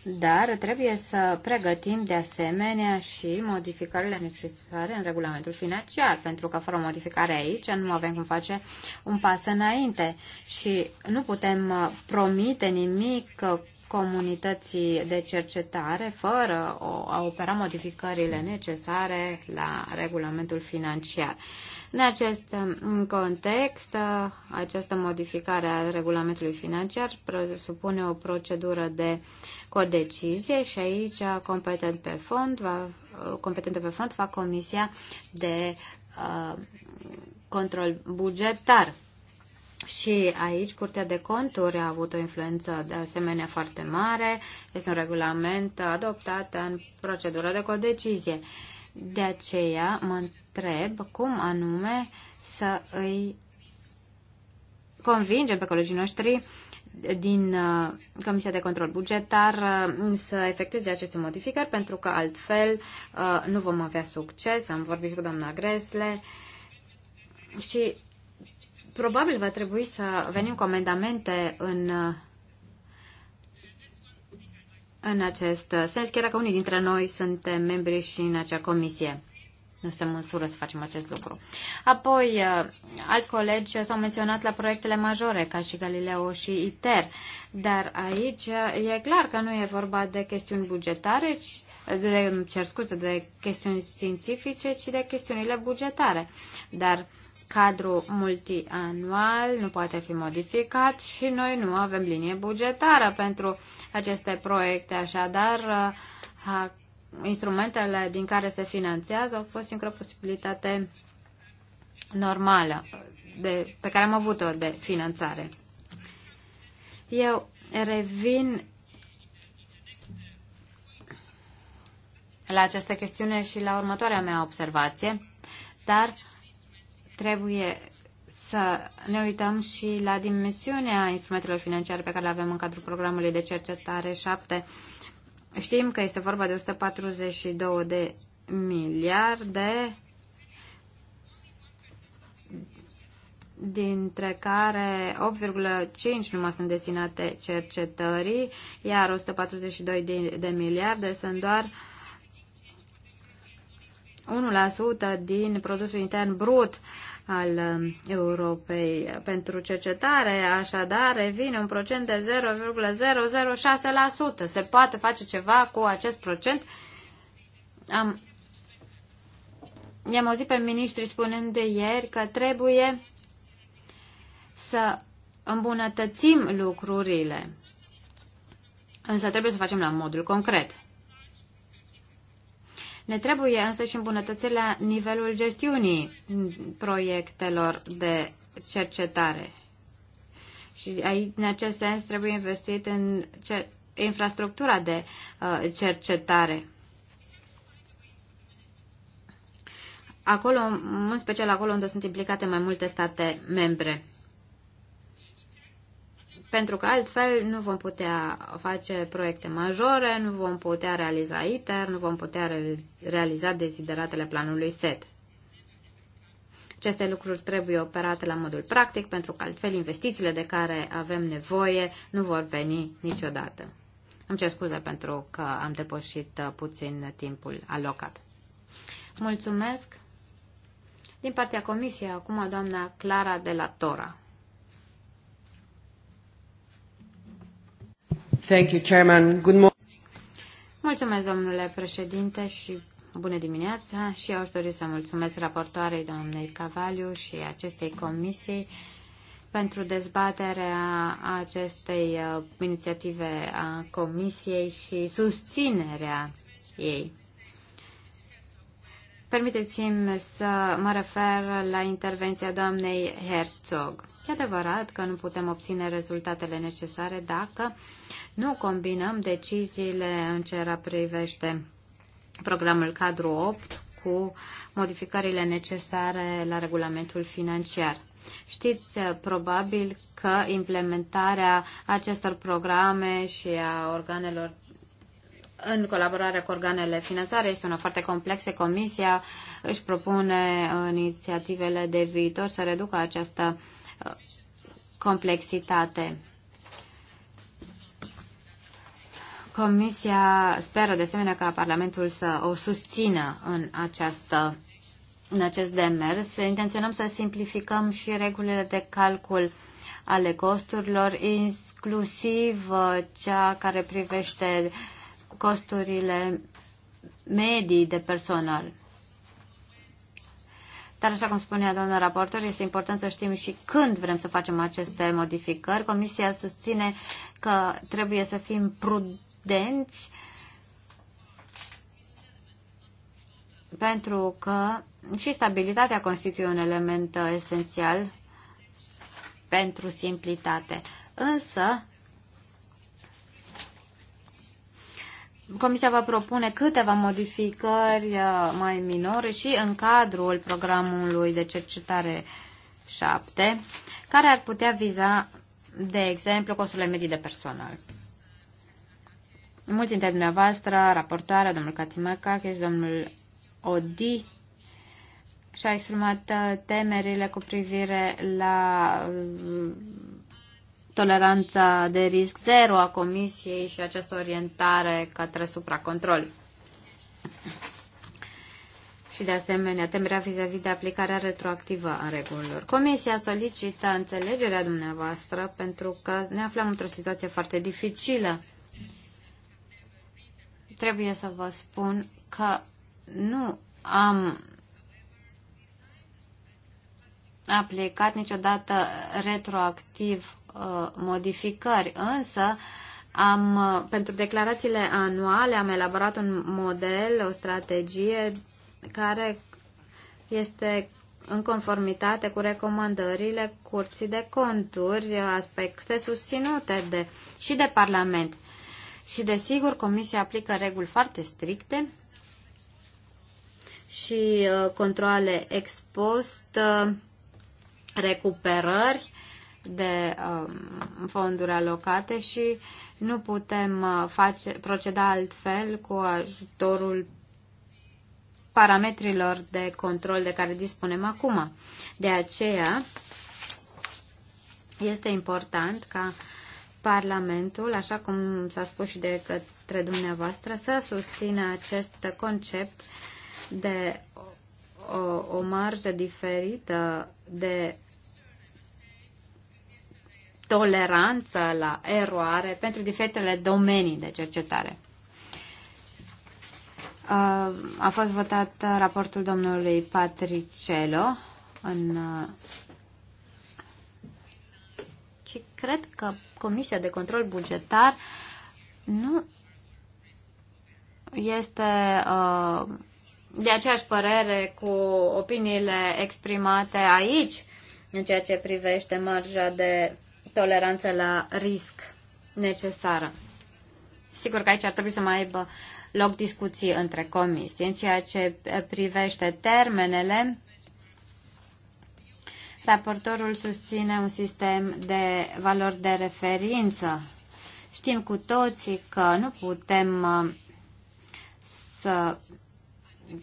dar trebuie să pregătim de asemenea și modificările necesare în regulamentul financiar, pentru că fără o modificare aici nu avem cum face un pas înainte și nu putem promite nimic comunității de cercetare fără a opera modificările necesare la regulamentul financiar. În acest context, această modificare a regulamentului financiar presupune o procedură de codecizie și aici competent pe fond va, competentă pe fond va Comisia de uh, Control Bugetar. Și aici Curtea de Conturi a avut o influență de asemenea foarte mare. Este un regulament adoptat în procedură de codecizie. De aceea mă întreb cum anume să îi convingem pe colegii noștri din uh, Comisia de Control Bugetar uh, să efectueze aceste modificări, pentru că altfel uh, nu vom avea succes. Am vorbit și cu doamna Gresle și Probabil va trebui să venim cu amendamente în, în acest sens, chiar dacă unii dintre noi suntem membri și în acea comisie. Nu suntem în măsură să facem acest lucru. Apoi, eh, alți colegi s-au menționat la proiectele majore, ca și Galileo și ITER, dar aici eh, e clar că nu e vorba de chestiuni bugetare, ci de, cer scuze, de chestiuni științifice, ci de chestiunile bugetare. Dar cadru multianual nu poate fi modificat și noi nu avem linie bugetară pentru aceste proiecte. Așadar, instrumentele din care se finanțează au fost o posibilitate normală de, pe care am avut-o de finanțare. Eu revin la această chestiune și la următoarea mea observație, dar uh, Trebuie să ne uităm și la dimensiunea instrumentelor financiare pe care le avem în cadrul programului de cercetare 7. Știm că este vorba de 142 de miliarde, dintre care 8,5 numai sunt destinate cercetării, iar 142 de, miliarde sunt doar 1% din produsul intern brut al um, Europei pentru cercetare, așadar revine un procent de 0,006%. Se poate face ceva cu acest procent? Am, i-am auzit pe ministri spunând de ieri că trebuie să îmbunătățim lucrurile. Însă trebuie să facem la modul concret. Ne trebuie însă și îmbunătățirea la nivelul gestiunii proiectelor de cercetare. Și aici, în acest sens trebuie investit în infrastructura de uh, cercetare. Acolo, în special acolo unde sunt implicate mai multe state membre pentru că altfel nu vom putea face proiecte majore, nu vom putea realiza ITER, nu vom putea realiza dezideratele planului SET. Aceste lucruri trebuie operate la modul practic, pentru că altfel investițiile de care avem nevoie nu vor veni niciodată. Îmi cer scuze pentru că am depășit uh, puțin timpul alocat. Mulțumesc! Din partea comisiei, acum doamna Clara de la Tora. Thank you, Chairman. Good morning. Mulțumesc, domnule președinte, și bună dimineața. Și eu aș dori să mulțumesc raportoarei doamnei Cavaliu și acestei comisii pentru dezbaterea acestei uh, inițiative a Comisiei și susținerea ei. Permiteți-mi să mă refer la intervenția doamnei Herzog. E adevărat că nu putem obține rezultatele necesare dacă nu combinăm deciziile în ce privește programul cadru 8 cu modificările necesare la regulamentul financiar. Știți uh, probabil că implementarea acestor programe și a organelor în colaborare cu organele finanțare este una foarte complexă. Comisia își propune inițiativele de viitor să reducă această uh, complexitate. Comisia speră de asemenea ca Parlamentul să o susțină în, această, în acest demers. Intenționăm să simplificăm și regulile de calcul ale costurilor, inclusiv uh, cea care privește costurile medii de personal. Dar, așa cum spunea doamna raportor, este important să știm și când vrem să facem aceste modificări. Comisia susține că trebuie să fim prudenți pentru că și stabilitatea constituie un element esențial pentru simplitate. Însă, Comisia va propune câteva modificări uh, mai minore și în cadrul programului de cercetare 7, care ar putea viza, de exemplu, costurile medii de personal. Mulți dintre dumneavoastră, raportoarea, domnul Katsimakakis, domnul Odi, și-a exprimat uh, temerile cu privire la uh, toleranța de risc zero a Comisiei și această orientare către supracontrol. Și de asemenea, temerea vis-a-vis -vis de aplicarea retroactivă a regulilor. Comisia solicită înțelegerea dumneavoastră pentru că ne aflăm într-o situație foarte dificilă. Trebuie să vă spun că nu am aplicat niciodată retroactiv Uh, modificări, însă am, uh, pentru declarațiile anuale am elaborat un model, o strategie care este în conformitate cu recomandările Curții de Conturi, aspecte susținute de, și de Parlament. Și desigur, Comisia aplică reguli foarte stricte și uh, controle ex post, uh, recuperări de um, fonduri alocate și nu putem uh, face, proceda altfel cu ajutorul parametrilor de control de care dispunem acum. De aceea este important ca Parlamentul, așa cum s-a spus și de către dumneavoastră, să susțină acest concept de o, o marjă diferită de toleranță la eroare pentru diferitele domenii de cercetare. Uh, a fost votat raportul domnului Patricello în uh, și cred că Comisia de Control Bugetar nu este uh, de aceeași părere cu opiniile exprimate aici în ceea ce privește marja de toleranță la risc necesară. Sigur că aici ar trebui să mai aibă loc discuții între comisii. În ceea ce privește termenele, raportorul susține un sistem de valori de referință. Știm cu toții că nu putem uh, să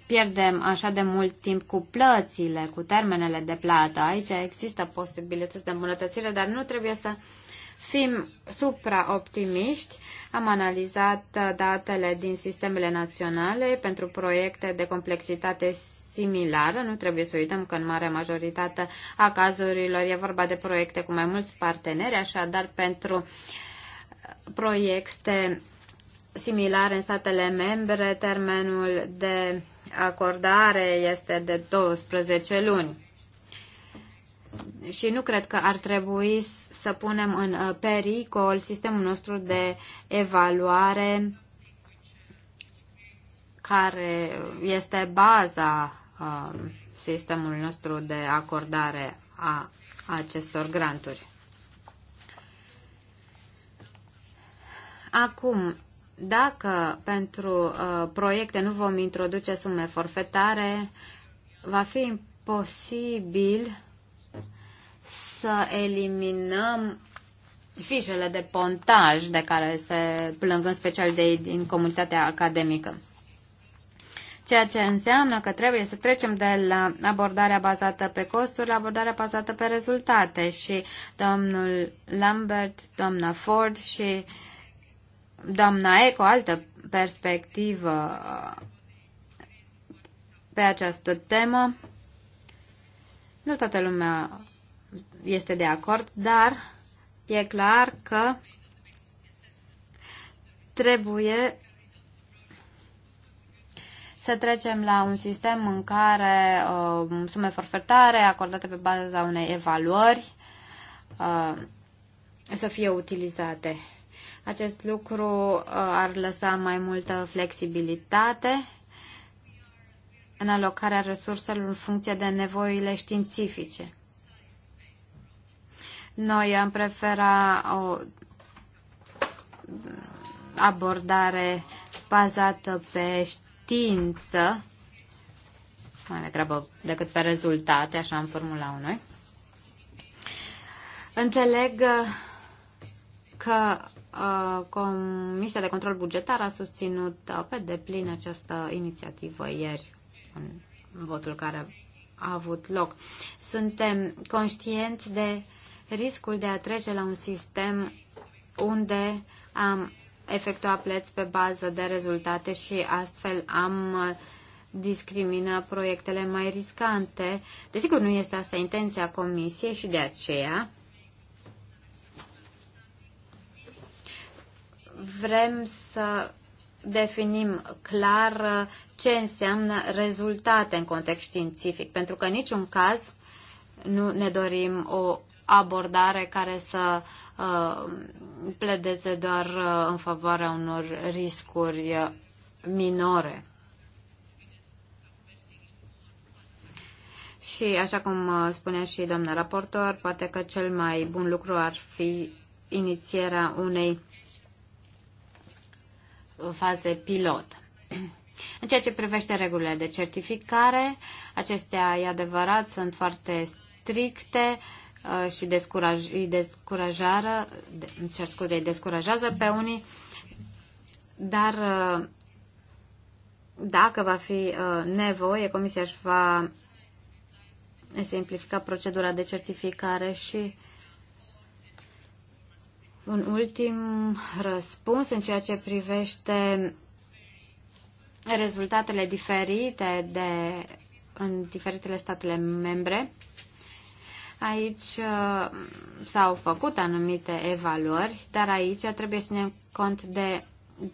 pierdem așa de mult timp cu plățile, cu termenele de plată. Aici există posibilități de îmbunătățire, dar nu trebuie să fim supraoptimiști. Am analizat uh, datele din sistemele naționale pentru proiecte de complexitate similară. Nu trebuie să uităm că în mare majoritate a cazurilor e vorba de proiecte cu mai mulți parteneri, așadar pentru uh, proiecte similare în statele membre, termenul de acordare este de 12 luni. Și nu cred că ar trebui să punem în uh, pericol sistemul nostru de evaluare care este baza uh, sistemului nostru de acordare a acestor granturi. Acum, dacă pentru uh, proiecte nu vom introduce sume forfetare, va fi imposibil să eliminăm fișele de pontaj de care se plâng în special de din comunitatea academică. Ceea ce înseamnă că trebuie să trecem de la abordarea bazată pe costuri la abordarea bazată pe rezultate și domnul Lambert, doamna Ford și uh, doamna Eco, altă perspectivă uh, pe această temă. Nu toată lumea este de acord, dar e clar că trebuie să trecem la un sistem în care uh, sume forfetare acordate pe baza unei evaluări uh, să fie utilizate. Acest lucru uh, ar lăsa mai multă flexibilitate în alocarea resurselor în funcție de nevoile științifice. Noi am prefera o abordare bazată pe știință, mai degrabă decât pe rezultate, așa am formulat noi. Înțeleg uh, că Uh, Comisia de Control Bugetar a susținut uh, pe deplin această inițiativă ieri în votul care a avut loc. Suntem conștienți de riscul de a trece la un sistem unde am efectuat plăți pe bază de rezultate și astfel am uh, discrimina proiectele mai riscante. Desigur, nu este asta intenția Comisiei și de aceea vrem să definim clar uh, ce înseamnă rezultate în context științific, pentru că în niciun caz nu ne dorim o abordare care să uh, pledeze doar uh, în favoarea unor riscuri uh, minore. Și așa cum uh, spunea și doamna raportor, poate că cel mai bun lucru ar fi inițierea unei faze pilot. [CLEARS THROAT] În ceea ce privește regulile de certificare, acestea, e adevărat, sunt foarte stricte uh, și descuraj, îi cer scuze, îi descurajează pe unii, dar uh, dacă va fi uh, nevoie, Comisia își va simplifica procedura de certificare și uh, un ultim răspuns în ceea ce privește rezultatele diferite de, în diferitele statele membre. Aici uh, s-au făcut anumite evaluări, dar aici trebuie să ne cont de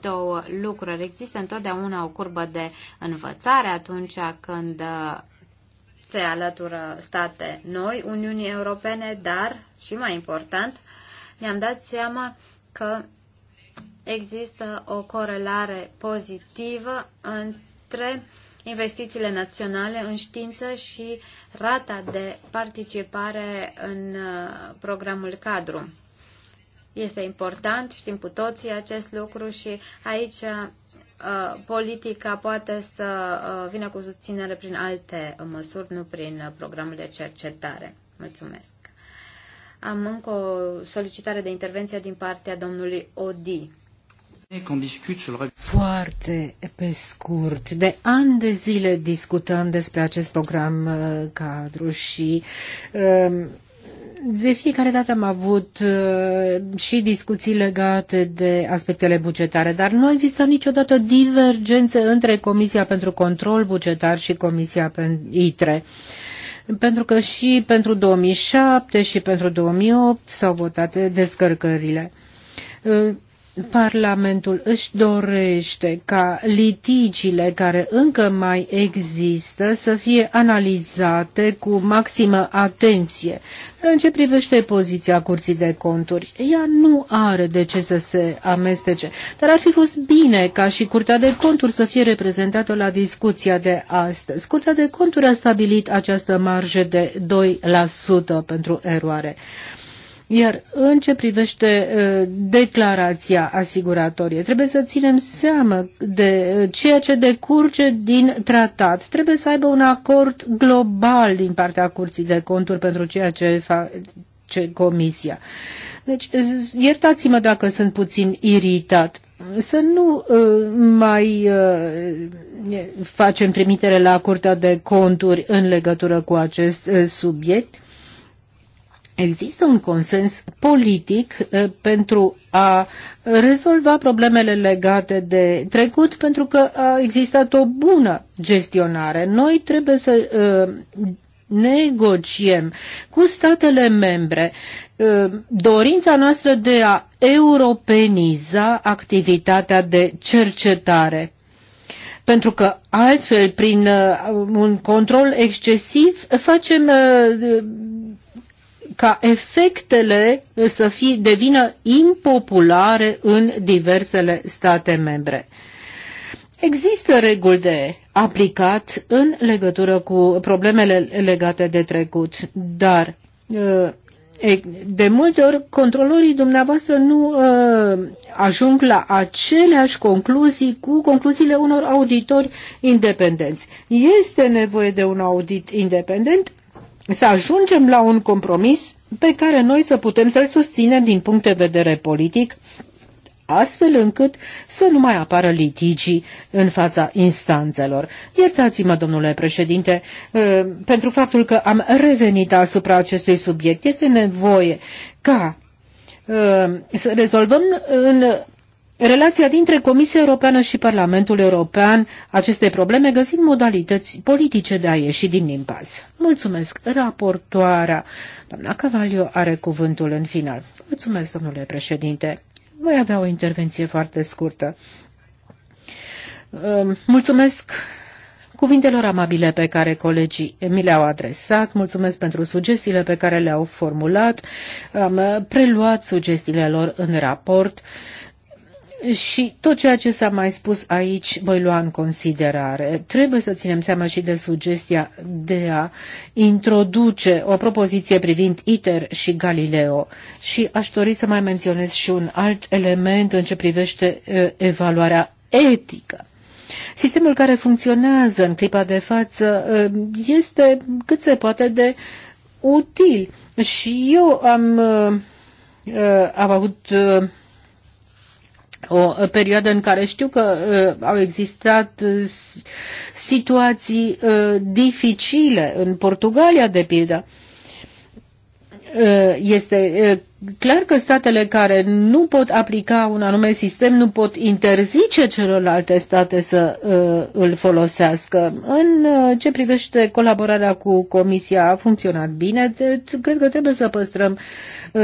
două lucruri. Există întotdeauna o curbă de învățare atunci când uh, se alătură state noi Uniunii Europene, dar și mai important, ne-am dat seama că există o corelare pozitivă între investițiile naționale în știință și rata de participare în uh, programul cadru. Este important, știm cu toții acest lucru și aici uh, politica poate să uh, vină cu susținere prin alte măsuri, nu prin programul de cercetare. Mulțumesc! Am încă o solicitare de intervenție din partea domnului Odi. Foarte pe scurt, de ani de zile discutăm despre acest program uh, cadru și um, de fiecare dată am avut uh, și discuții legate de aspectele bugetare, dar nu există niciodată divergențe între Comisia pentru Control Bugetar și Comisia pentru ITRE. Uh, pentru că și pentru 2007 și pentru 2008 s-au votat descărcările. Parlamentul își dorește ca litigiile care încă mai există să fie analizate cu maximă atenție. În ce privește poziția Curții de Conturi, ea nu are de ce să se amestece, dar ar fi fost bine ca și Curtea de Conturi să fie reprezentată la discuția de astăzi. Curtea de Conturi a stabilit această marjă de 2% pentru eroare. Iar în ce privește declarația asiguratorie, trebuie să ținem seama de ceea ce decurge din tratat. Trebuie să aibă un acord global din partea Curții de Conturi pentru ceea ce face Comisia. Deci, iertați-mă dacă sunt puțin iritat să nu uh, mai uh, facem trimitere la Curtea de Conturi în legătură cu acest uh, subiect, Există un consens politic pentru a rezolva problemele legate de trecut, pentru că a existat o bună gestionare. Noi trebuie să negociem cu statele membre dorința noastră de a europeniza activitatea de cercetare pentru că altfel, prin un control excesiv, facem ca efectele să fie, devină impopulare în diversele state membre. Există reguli de aplicat în legătură cu problemele legate de trecut, dar uh, de multe ori controlorii dumneavoastră nu uh, ajung la aceleași concluzii cu concluziile unor auditori independenți. Este nevoie de un audit independent să ajungem la un compromis pe care noi să putem să-l susținem din punct de vedere politic, astfel încât să nu mai apară litigii în fața instanțelor. Iertați-mă, domnule președinte, ă, pentru faptul că am revenit asupra acestui subiect. Este nevoie ca ă, să rezolvăm în relația dintre Comisia Europeană și Parlamentul European, aceste probleme găsind modalități politice de a ieși din impas. Mulțumesc, raportoarea. Doamna Cavalio are cuvântul în final. Mulțumesc, domnule președinte. Voi avea o intervenție foarte scurtă. Mulțumesc cuvintelor amabile pe care colegii mi le-au adresat, mulțumesc pentru sugestiile pe care le-au formulat, am preluat sugestiile lor în raport și tot ceea ce s-a mai spus aici voi lua în considerare. Trebuie să ținem seama și de sugestia de a introduce o propoziție privind ITER și Galileo. Și aș dori să mai menționez și un alt element în ce privește evaluarea etică. Sistemul care funcționează în clipa de față este cât se poate de util. Și eu am, am avut o perioadă în care știu că uh, au existat uh, situații uh, dificile în Portugalia, de pildă. Uh, Uh, este uh, clar că statele care nu pot aplica un anume sistem nu pot interzice celorlalte state să uh, îl folosească. În ce privește colaborarea cu Comisia a funcționat bine, cred că trebuie să păstrăm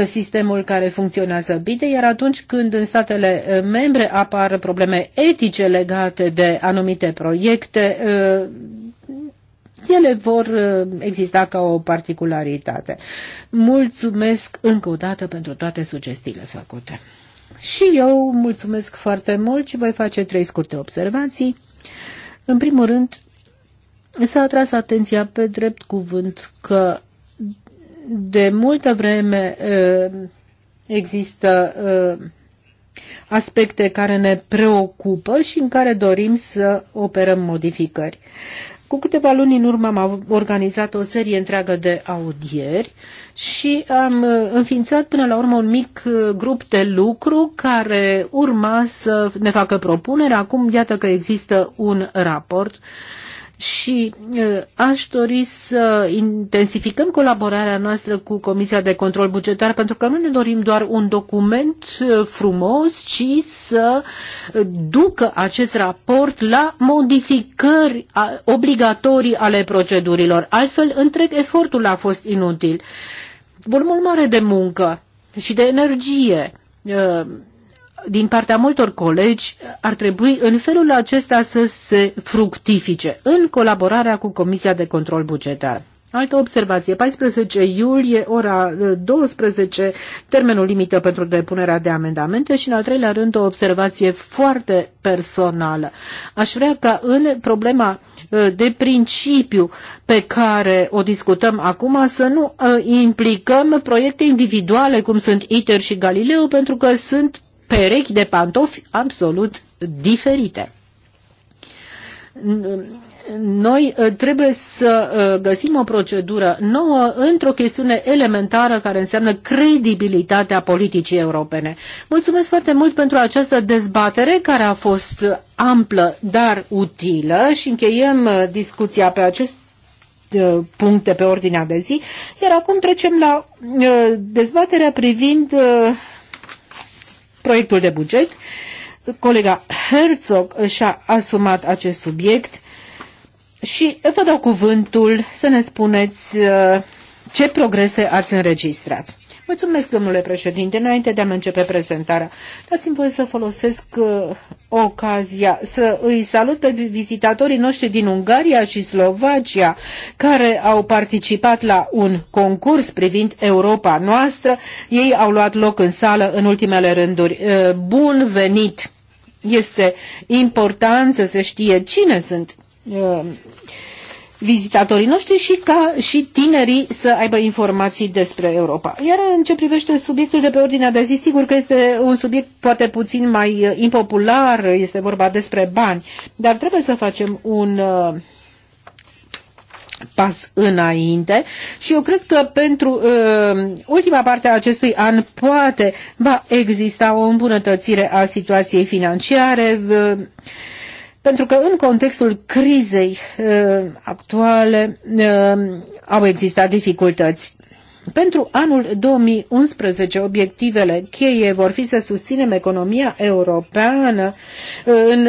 sistemul care funcționează bine, iar atunci când în statele membre apar probleme etice legate de anumite proiecte, ele vor uh, exista ca o particularitate. Mulțumesc încă o dată pentru toate sugestiile făcute. Și eu mulțumesc foarte mult și voi face trei scurte observații. În primul rând, s-a atras atenția pe drept cuvânt că de multă vreme uh, există uh, aspecte care ne preocupă și în care dorim să operăm modificări. Cu câteva luni în urmă am organizat o serie întreagă de audieri și am uh, înființat până la urmă un mic uh, grup de lucru care urma să ne facă propuneri. Acum iată că există un raport și aș dori să intensificăm colaborarea noastră cu Comisia de Control Bugetar, pentru că nu ne dorim doar un document frumos, ci să ducă acest raport la modificări obligatorii ale procedurilor. Altfel, întreg efortul a fost inutil. mult mare de muncă și de energie din partea multor colegi ar trebui în felul acesta să se fructifice în colaborarea cu Comisia de Control Bugetar. Altă observație, 14 iulie, ora 12, uh, termenul limită pentru depunerea de amendamente și, în al treilea rând, o observație foarte personală. Aș vrea ca în problema uh, de principiu pe care o discutăm acum să nu uh, implicăm proiecte individuale, cum sunt ITER și Galileo, pentru că sunt perechi de pantofi absolut diferite. Noi uh, trebuie să uh, găsim o procedură nouă într-o chestiune elementară care înseamnă credibilitatea politicii europene. Mulțumesc foarte mult pentru această dezbatere care a fost amplă, dar utilă și încheiem uh, discuția pe acest puncte pe ordinea de zi, iar acum trecem la dezbaterea privind proiectul de buget. Colega Herzog și-a asumat acest subiect și vă dau cuvântul să ne spuneți uh, ce progrese ați înregistrat. Mulțumesc, domnule președinte. Înainte de a începe prezentarea, dați-mi voie să folosesc uh, ocazia să îi salut pe vizitatorii noștri din Ungaria și Slovacia, care au participat la un concurs privind Europa noastră. Ei au luat loc în sală în ultimele rânduri. Uh, bun venit! Este important să se știe cine sunt uh, vizitatorii noștri și ca și tinerii să aibă informații despre Europa. Iar în ce privește subiectul de pe ordinea de zi, sigur că este un subiect poate puțin mai uh, impopular, este vorba despre bani, dar trebuie să facem un uh, pas înainte și eu cred că pentru uh, ultima parte a acestui an poate va exista o îmbunătățire a situației financiare. Uh, pentru că în contextul crizei uh, actuale uh, au existat dificultăți. Pentru anul 2011, obiectivele cheie vor fi să susținem economia europeană uh, în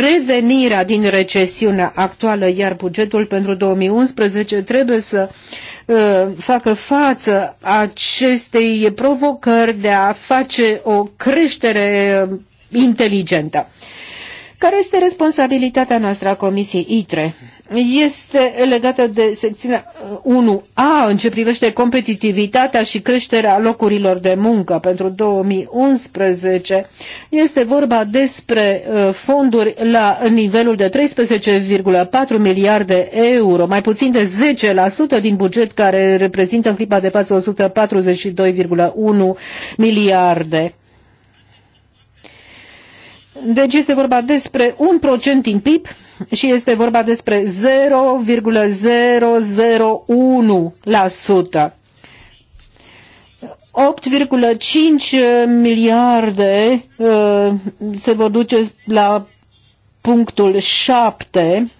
revenirea din recesiunea actuală, iar bugetul pentru 2011 trebuie să facă față acestei provocări de a face o creștere inteligentă. Care este responsabilitatea noastră a Comisiei ITRE? Este legată de secțiunea 1A uh, în ce privește competitivitatea și creșterea locurilor de muncă pentru 2011. Este vorba despre uh, fonduri la nivelul de 13,4 miliarde euro, mai puțin de 10% din buget care reprezintă în clipa de față 142,1 miliarde deci este vorba despre un procent din PIB și este vorba despre 0,001%. 8,5 miliarde uh, se vor duce la punctul 7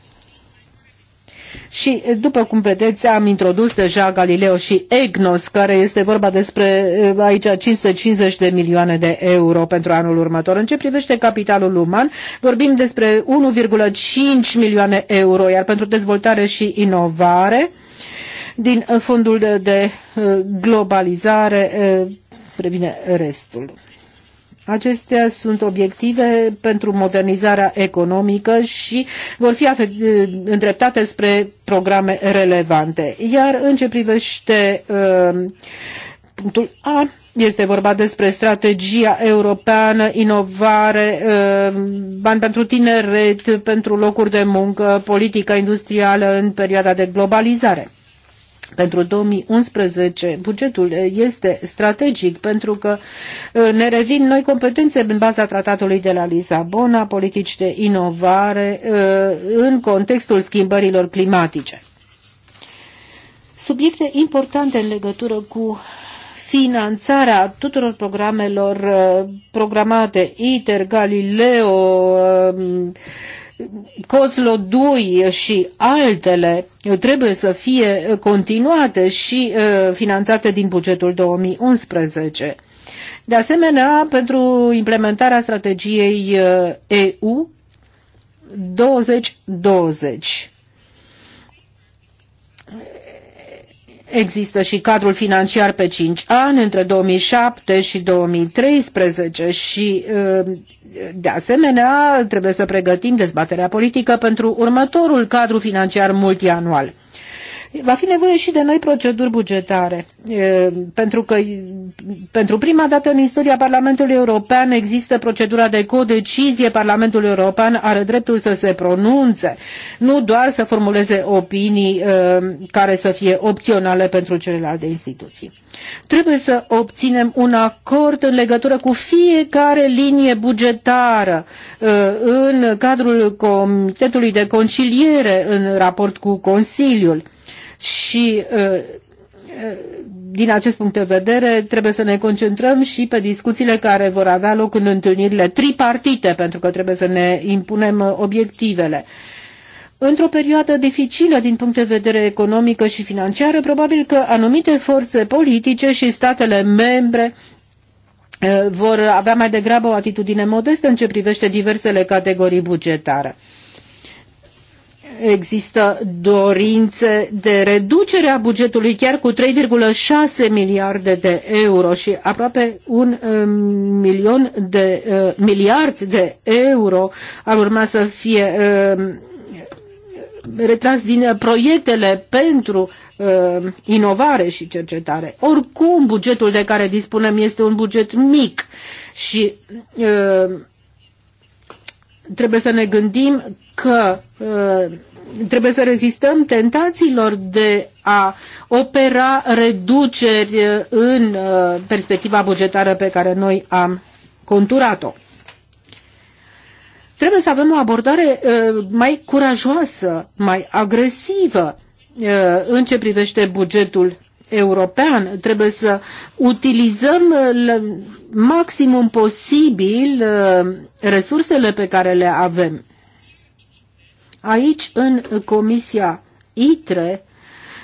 și, după cum vedeți, am introdus deja Galileo și EGNOS, care este vorba despre aici 550 de milioane de euro pentru anul următor. În ce privește capitalul uman, vorbim despre 1,5 milioane euro, iar pentru dezvoltare și inovare, din fondul de globalizare previne restul. Acestea sunt obiective pentru modernizarea economică și vor fi îndreptate spre programe relevante. Iar în ce privește uh, punctul A, este vorba despre strategia europeană, inovare, uh, bani pentru tineret, pentru locuri de muncă, politică industrială în perioada de globalizare pentru 2011 bugetul este strategic pentru că ă, ne revin noi competențe în baza tratatului de la Lisabona, politici de inovare ă, în contextul schimbărilor climatice. Subiecte importante în legătură cu finanțarea tuturor programelor ă, programate ITER, Galileo, Coslodui și altele trebuie să fie continuate și uh, finanțate din bugetul 2011. De asemenea, pentru implementarea strategiei uh, EU 2020 Există și cadrul financiar pe 5 ani, între 2007 și 2013 și, uh, de asemenea, trebuie să pregătim dezbaterea politică pentru următorul cadru financiar multianual. Va fi nevoie și de noi proceduri bugetare, pentru că pentru prima dată în istoria Parlamentului European există procedura de codecizie. Parlamentul European are dreptul să se pronunțe, nu doar să formuleze opinii care să fie opționale pentru celelalte instituții. Trebuie să obținem un acord în legătură cu fiecare linie bugetară în cadrul Comitetului de Conciliere în raport cu Consiliul. Și uh, uh, din acest punct de vedere, trebuie să ne concentrăm și pe discuțiile care vor avea loc în întâlnirile tripartite, pentru că trebuie să ne impunem obiectivele. Într-o perioadă dificilă din punct de vedere economică și financiară, probabil că anumite forțe politice și statele membre uh, vor avea mai degrabă o atitudine modestă în ce privește diversele categorii bugetare există dorințe de reducere a bugetului chiar cu 3,6 miliarde de euro și aproape un uh, milion de uh, miliard de euro ar urma să fie uh, retras din uh, proiectele pentru uh, inovare și cercetare. Oricum, bugetul de care dispunem este un buget mic și uh, trebuie să ne gândim că Uh, trebuie să rezistăm tentațiilor de a opera reduceri uh, în uh, perspectiva bugetară pe care noi am conturat-o. Trebuie să avem o abordare mai curajoasă, mai agresivă în ce privește bugetul european. Trebuie să utilizăm maximum posibil resursele pe care le avem Aici, în Comisia ITRE,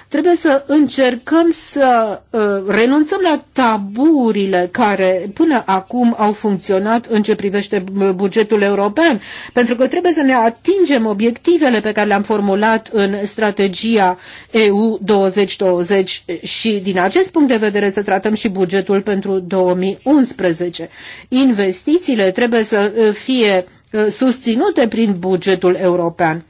trebuie să încercăm să uh, renunțăm la taburile care până acum au funcționat în ce privește bugetul european, pentru că trebuie să ne atingem obiectivele pe care le-am formulat în strategia EU 2020 și din acest punct de vedere să tratăm și bugetul pentru 2011. Investițiile trebuie să uh, fie Uh, susținute prin bugetul european.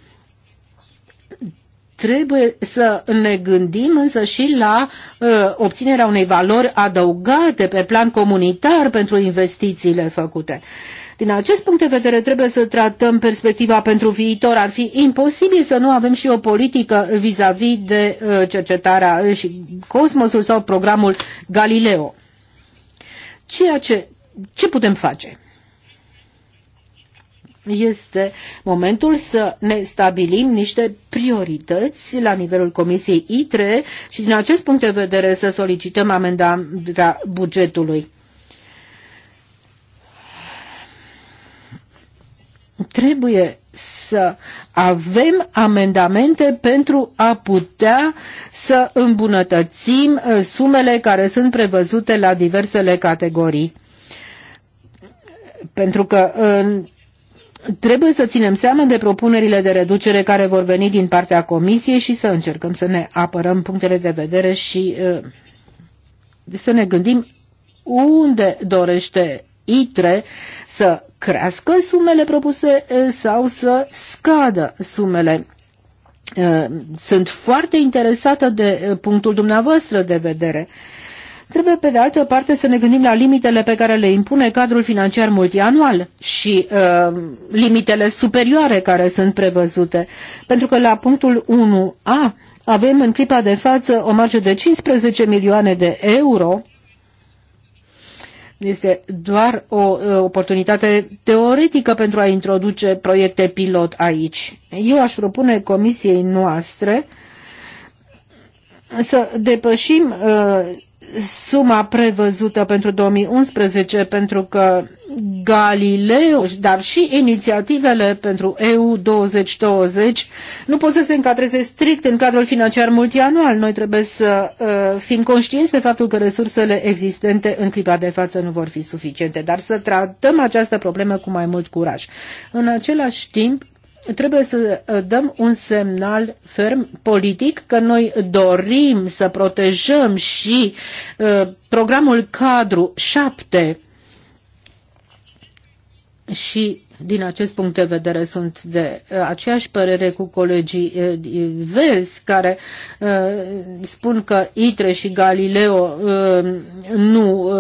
Trebuie să ne gândim însă și la uh, obținerea unei valori adăugate pe plan comunitar pentru investițiile făcute. Din acest punct de vedere trebuie să tratăm perspectiva pentru viitor. Ar fi imposibil să nu avem și o politică vis-a-vis -vis de uh, cercetarea uh, și cosmosul sau programul Galileo. Ceea ce, ce putem face? este momentul să ne stabilim niște priorități la nivelul Comisiei ITRE și din acest punct de vedere să solicităm amendarea bugetului. Trebuie să avem amendamente pentru a putea să îmbunătățim uh, sumele care sunt prevăzute la diversele categorii pentru că uh, trebuie să ținem seama de propunerile de reducere care vor veni din partea Comisiei și să încercăm să ne apărăm punctele de vedere și uh, să ne gândim unde dorește ITRE să crească sumele propuse uh, sau să scadă sumele. Uh, sunt foarte interesată de punctul dumneavoastră de vedere Trebuie, pe de altă parte, să ne gândim la limitele pe care le impune cadrul financiar multianual și uh, limitele superioare care sunt prevăzute. Pentru că la punctul 1a avem în clipa de față o marjă de 15 milioane de euro este doar o uh, oportunitate teoretică pentru a introduce proiecte pilot aici. Eu aș propune comisiei noastre să depășim uh, suma prevăzută pentru 2011 pentru că Galileo, dar și inițiativele pentru EU 2020 nu pot să se încadreze strict în cadrul financiar multianual. Noi trebuie să uh, fim conștienți de faptul că resursele existente în clipa de față nu vor fi suficiente, dar să tratăm această problemă cu mai mult curaj. În același timp, trebuie să uh, dăm un semnal ferm politic că noi dorim să protejăm și uh, programul cadru 7 și din acest punct de vedere sunt de uh, aceeași părere cu colegii uh, verzi care uh, spun că ITRE și Galileo uh, nu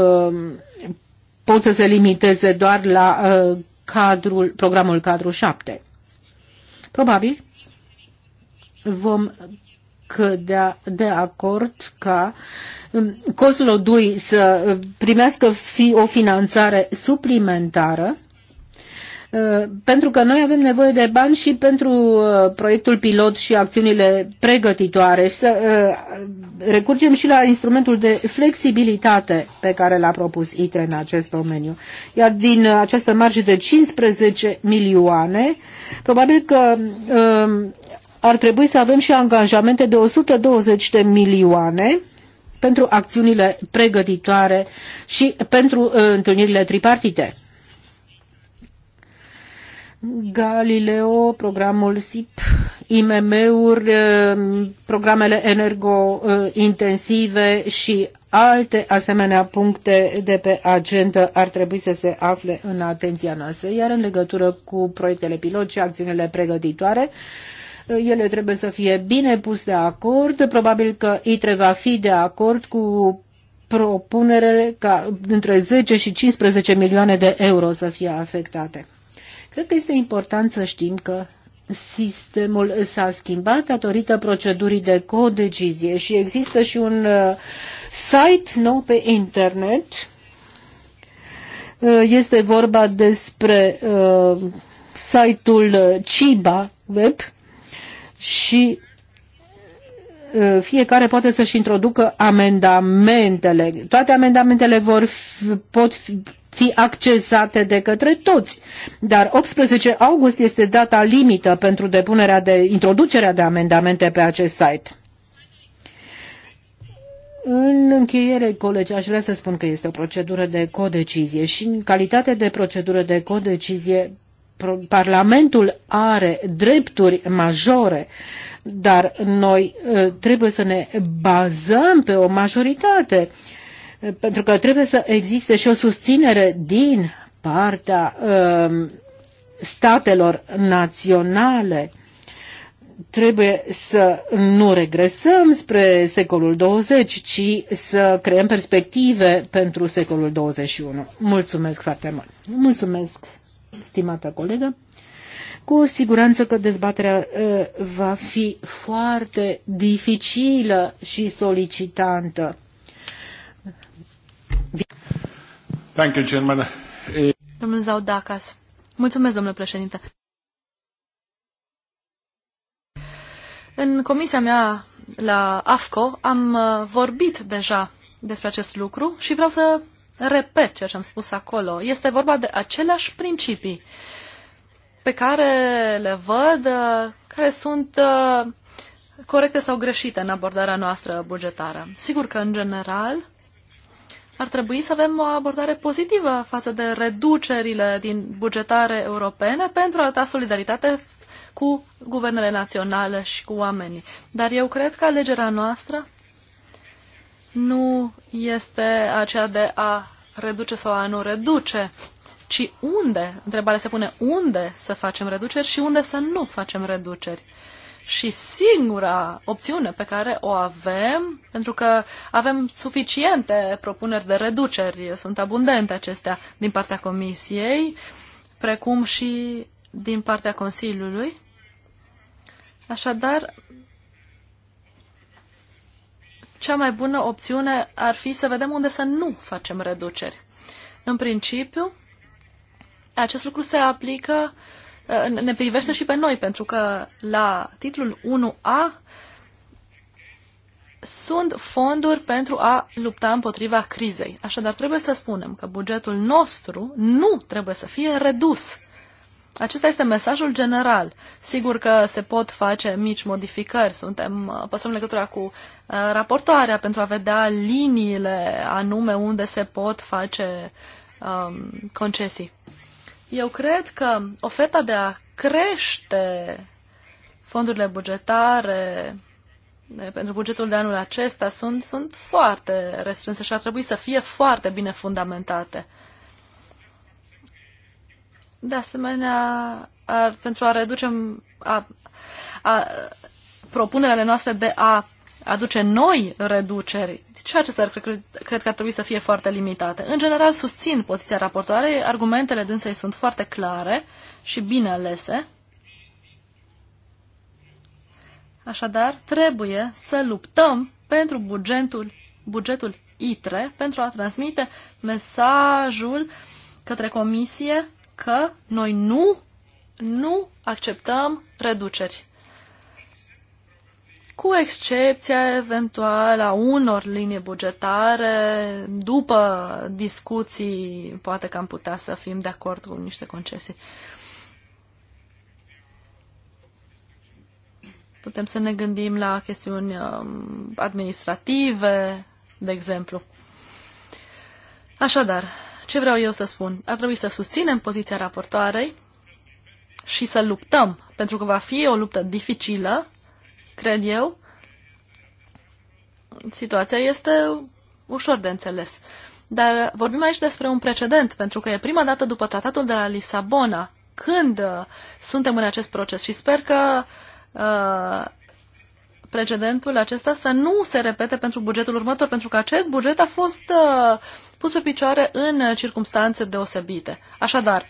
pot să se limiteze doar la cadrul, programul cadru 7. Probabil vom cădea de acord ca 2 um, să primească fi o finanțare suplimentară Uh, pentru că noi avem nevoie de bani și pentru uh, proiectul pilot și acțiunile pregătitoare și să uh, recurgem și la instrumentul de flexibilitate pe care l-a propus ITRE în acest domeniu. Iar din această marjă de 15 milioane, probabil că um, ar trebui să avem și angajamente de 120 de milioane pentru acțiunile pregătitoare și pentru întâlnirile tripartite. Galileo, programul SIP, IMM-uri, eh, programele energo-intensive și alte asemenea puncte de pe agenda ar trebui să se afle în atenția noastră. Iar în legătură cu proiectele pilot și acțiunile pregătitoare, eh, ele trebuie să fie bine pus de acord. Probabil că ITRE va fi de acord cu propunere ca între 10 și 15 milioane de euro să fie afectate. Cred că este important să știm că sistemul s-a schimbat datorită procedurii de codecizie și există și un uh, site nou pe internet. Uh, este vorba despre uh, site-ul Ciba Web și Eh, fiecare poate să-și introducă amendamentele. Toate amendamentele vor fi, pot fi, fi accesate de către toți. Dar 18 august este data limită pentru depunerea de introducerea de amendamente pe acest site. În încheiere, colegi, aș vrea să spun că este o procedură de codecizie și în calitate de procedură de codecizie Parlamentul are drepturi majore uh, dar noi ă, trebuie să ne bazăm pe o majoritate, ă, pentru că trebuie să existe și o susținere din partea ă, statelor naționale trebuie să nu regresăm spre secolul 20, ci să creăm perspective pentru secolul 21. Mulțumesc foarte mult. Mulțumesc, stimată colegă. Cu siguranță că dezbaterea ă, va fi foarte dificilă și solicitantă. Thank you, Chairman. Eh, Domnul Zaudacas. Mulțumesc, domnule președinte. În comisia mea la AFCO am ă, vorbit deja despre acest lucru și vreau să repet ceea ce am spus acolo. Este vorba de aceleași principii pe care le văd, uh, care sunt uh, corecte sau greșite în abordarea noastră bugetară. Sigur că, în general, ar trebui să avem o abordare pozitivă față de reducerile din bugetare europene pentru a arăta solidaritate cu guvernele naționale și cu oamenii. Dar eu cred că alegerea noastră nu este aceea de a reduce sau a nu reduce, ci unde, întrebarea se pune unde să facem reduceri și unde să nu facem reduceri. Și singura opțiune pe care o avem, pentru că avem suficiente propuneri de reduceri, sunt abundente acestea din partea Comisiei, precum și din partea Consiliului. Așadar, cea mai bună opțiune ar fi să vedem unde să nu facem reduceri. În principiu, acest lucru se aplică, uh, ne privește și pe noi, pentru că la titlul 1A sunt fonduri pentru a lupta împotriva crizei. Așadar, trebuie să spunem că bugetul nostru nu trebuie să fie redus. Acesta este mesajul general. Sigur că se pot face mici modificări. Suntem, uh, păstrăm legătura cu uh, raportoarea pentru a vedea liniile anume unde se pot face um, concesii. Eu cred că oferta de a crește fondurile bugetare pentru bugetul de anul acesta sunt, sunt foarte restrânse și ar trebui să fie foarte bine fundamentate. De asemenea, ar, pentru a reduce a, a, propunerele noastre de a aduce noi reduceri, deci acestea cred, cred că ar trebui să fie foarte limitate. În general, susțin poziția raportoarei, argumentele dânsei sunt foarte clare și bine alese. Așadar, trebuie să luptăm pentru bugetul, bugetul ITRE, pentru a transmite mesajul către comisie că noi nu, nu acceptăm reduceri cu excepția eventuală a unor linii bugetare, după discuții, poate că am putea să fim de acord cu niște concesii. Putem să ne gândim la chestiuni um, administrative, de exemplu. Așadar, ce vreau eu să spun? A trebui să susținem poziția raportoarei și să luptăm, pentru că va fi o luptă dificilă, cred eu, situația este ușor de înțeles. Dar vorbim aici despre un precedent, pentru că e prima dată după tratatul de la Lisabona când uh, suntem în acest proces și sper că uh, precedentul acesta să nu se repete pentru bugetul următor, pentru că acest buget a fost uh, pus pe picioare în circunstanțe deosebite. Așadar,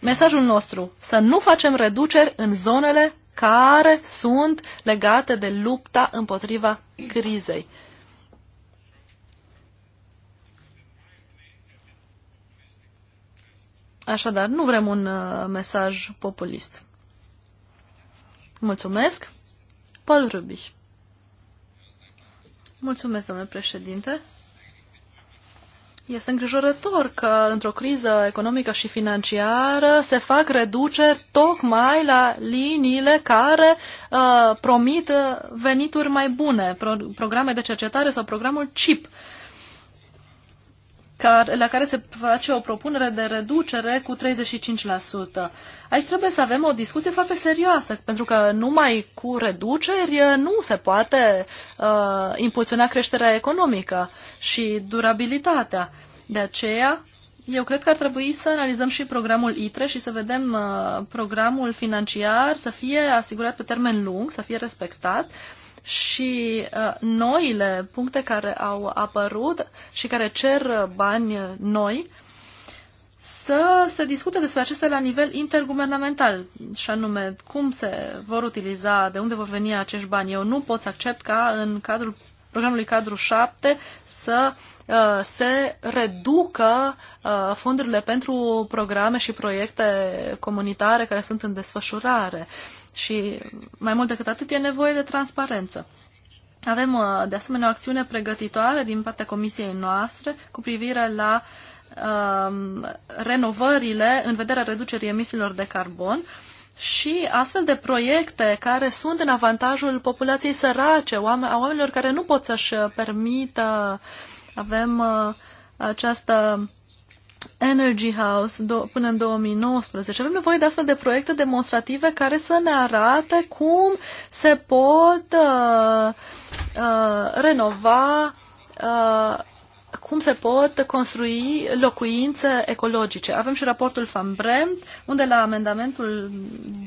mesajul nostru, să nu facem reduceri în zonele care sunt legate de lupta împotriva crizei. Așadar, nu vrem un uh, mesaj populist. Mulțumesc. Paul Rubiș. Mulțumesc, domnule președinte. Este îngrijorător că într-o criză economică și financiară se fac reduceri tocmai la liniile care uh, promit venituri mai bune, pro- programe de cercetare sau programul CIP. Uh, care, la care se face o propunere de reducere cu 35%. Aici trebuie să avem o discuție foarte serioasă, pentru că numai cu reduceri nu se poate uh, impulsiona creșterea economică și durabilitatea. De aceea, eu cred că ar trebui să analizăm și programul ITRE și să vedem uh, programul financiar să fie asigurat pe termen lung, să fie respectat și uh, noile puncte care au apărut și care cer bani noi să se discute despre acestea la nivel interguvernamental și anume cum se vor utiliza, de unde vor veni acești bani. Eu nu pot să accept ca în cadrul programului cadru 7 să uh, se reducă uh, fondurile pentru programe și proiecte comunitare care sunt în desfășurare. Uh, și mai mult decât atât e nevoie de transparență. Avem uh, de asemenea o acțiune pregătitoare din partea comisiei noastre cu privire la um, renovările în vederea reducerii emisiilor de carbon și astfel de proiecte care sunt în avantajul populației sărace, oameni, a oamenilor care nu pot să-și permită. Avem uh, această Energy House do- până în 2019. Avem nevoie de astfel de proiecte demonstrative care să ne arate cum se pot uh, uh, renova, uh, cum se pot construi locuințe ecologice. Avem și raportul Van Bremt, unde la amendamentul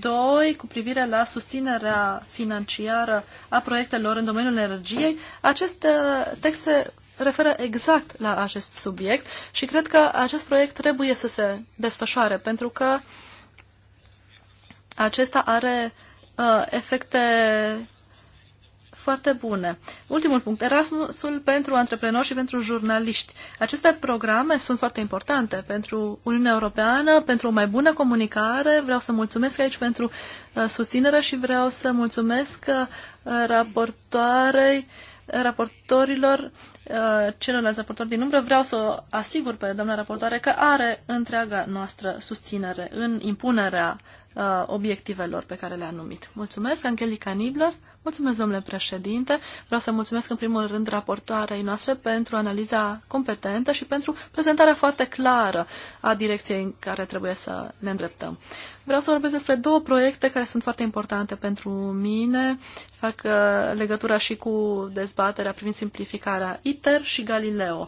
2 cu privire la susținerea financiară a proiectelor în domeniul energiei, aceste uh, texte referă exact la acest subiect și cred că acest proiect trebuie să se desfășoare pentru că acesta are uh, efecte foarte bune. Ultimul punct, Erasmusul pentru antreprenori și pentru jurnaliști. Aceste programe sunt foarte importante pentru Uniunea Europeană, pentru o mai bună comunicare. Vreau să mulțumesc aici pentru uh, susținere și vreau să mulțumesc uh, raportoarei, raportorilor Uh, celor raportori din umbră, vreau să o asigur pe doamna raportoare că are întreaga noastră susținere în impunerea uh, obiectivelor pe care le-a numit. Mulțumesc, Angelica Nibler. Mulțumesc, domnule președinte. Vreau să mulțumesc în primul rând raportoarei noastre pentru analiza competentă și pentru prezentarea foarte clară a direcției în care trebuie să ne îndreptăm. Vreau să vorbesc despre două proiecte care sunt foarte importante pentru mine. Fac uh, legătura și cu dezbaterea privind simplificarea ITER și Galileo.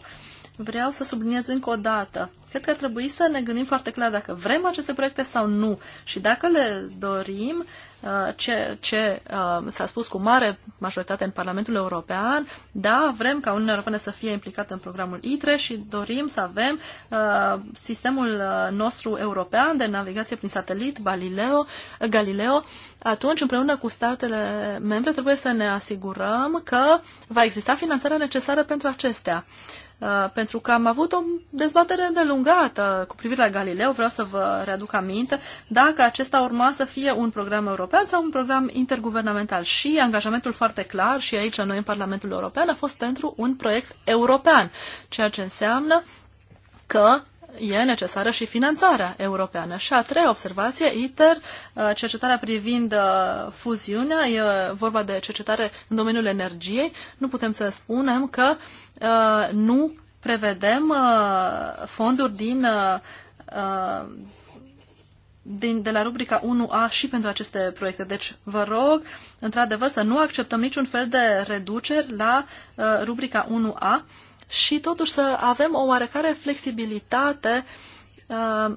Vreau să subliniez încă o dată. Cred că ar trebui să ne gândim foarte clar dacă vrem aceste proiecte sau nu. Și dacă le dorim, Uh, ce, ce uh, s-a spus cu mare majoritate în Parlamentul European. Da, vrem ca Uniunea Europeană să fie implicată în programul ITRE și dorim să avem uh, sistemul nostru european de navigație prin satelit, Galileo, Galileo. Atunci, împreună cu statele membre, trebuie să ne asigurăm că va exista finanțarea necesară pentru acestea. Uh, pentru că am avut o dezbatere îndelungată cu privire la Galileo, vreau să vă readuc aminte, dacă acesta urma să fie un program european sau un program interguvernamental. Și angajamentul foarte clar, și aici la noi în Parlamentul European, a fost pentru un proiect european, ceea ce înseamnă că e necesară și finanțarea europeană. Și a treia observație, ITER, uh, cercetarea privind uh, fuziunea, e vorba de cercetare în domeniul energiei. Nu putem să spunem că uh, nu prevedem fonduri din, din, de la rubrica 1A și pentru aceste proiecte. Deci vă rog, într-adevăr, să nu acceptăm niciun fel de reduceri la rubrica 1A și totuși să avem o oarecare flexibilitate uh,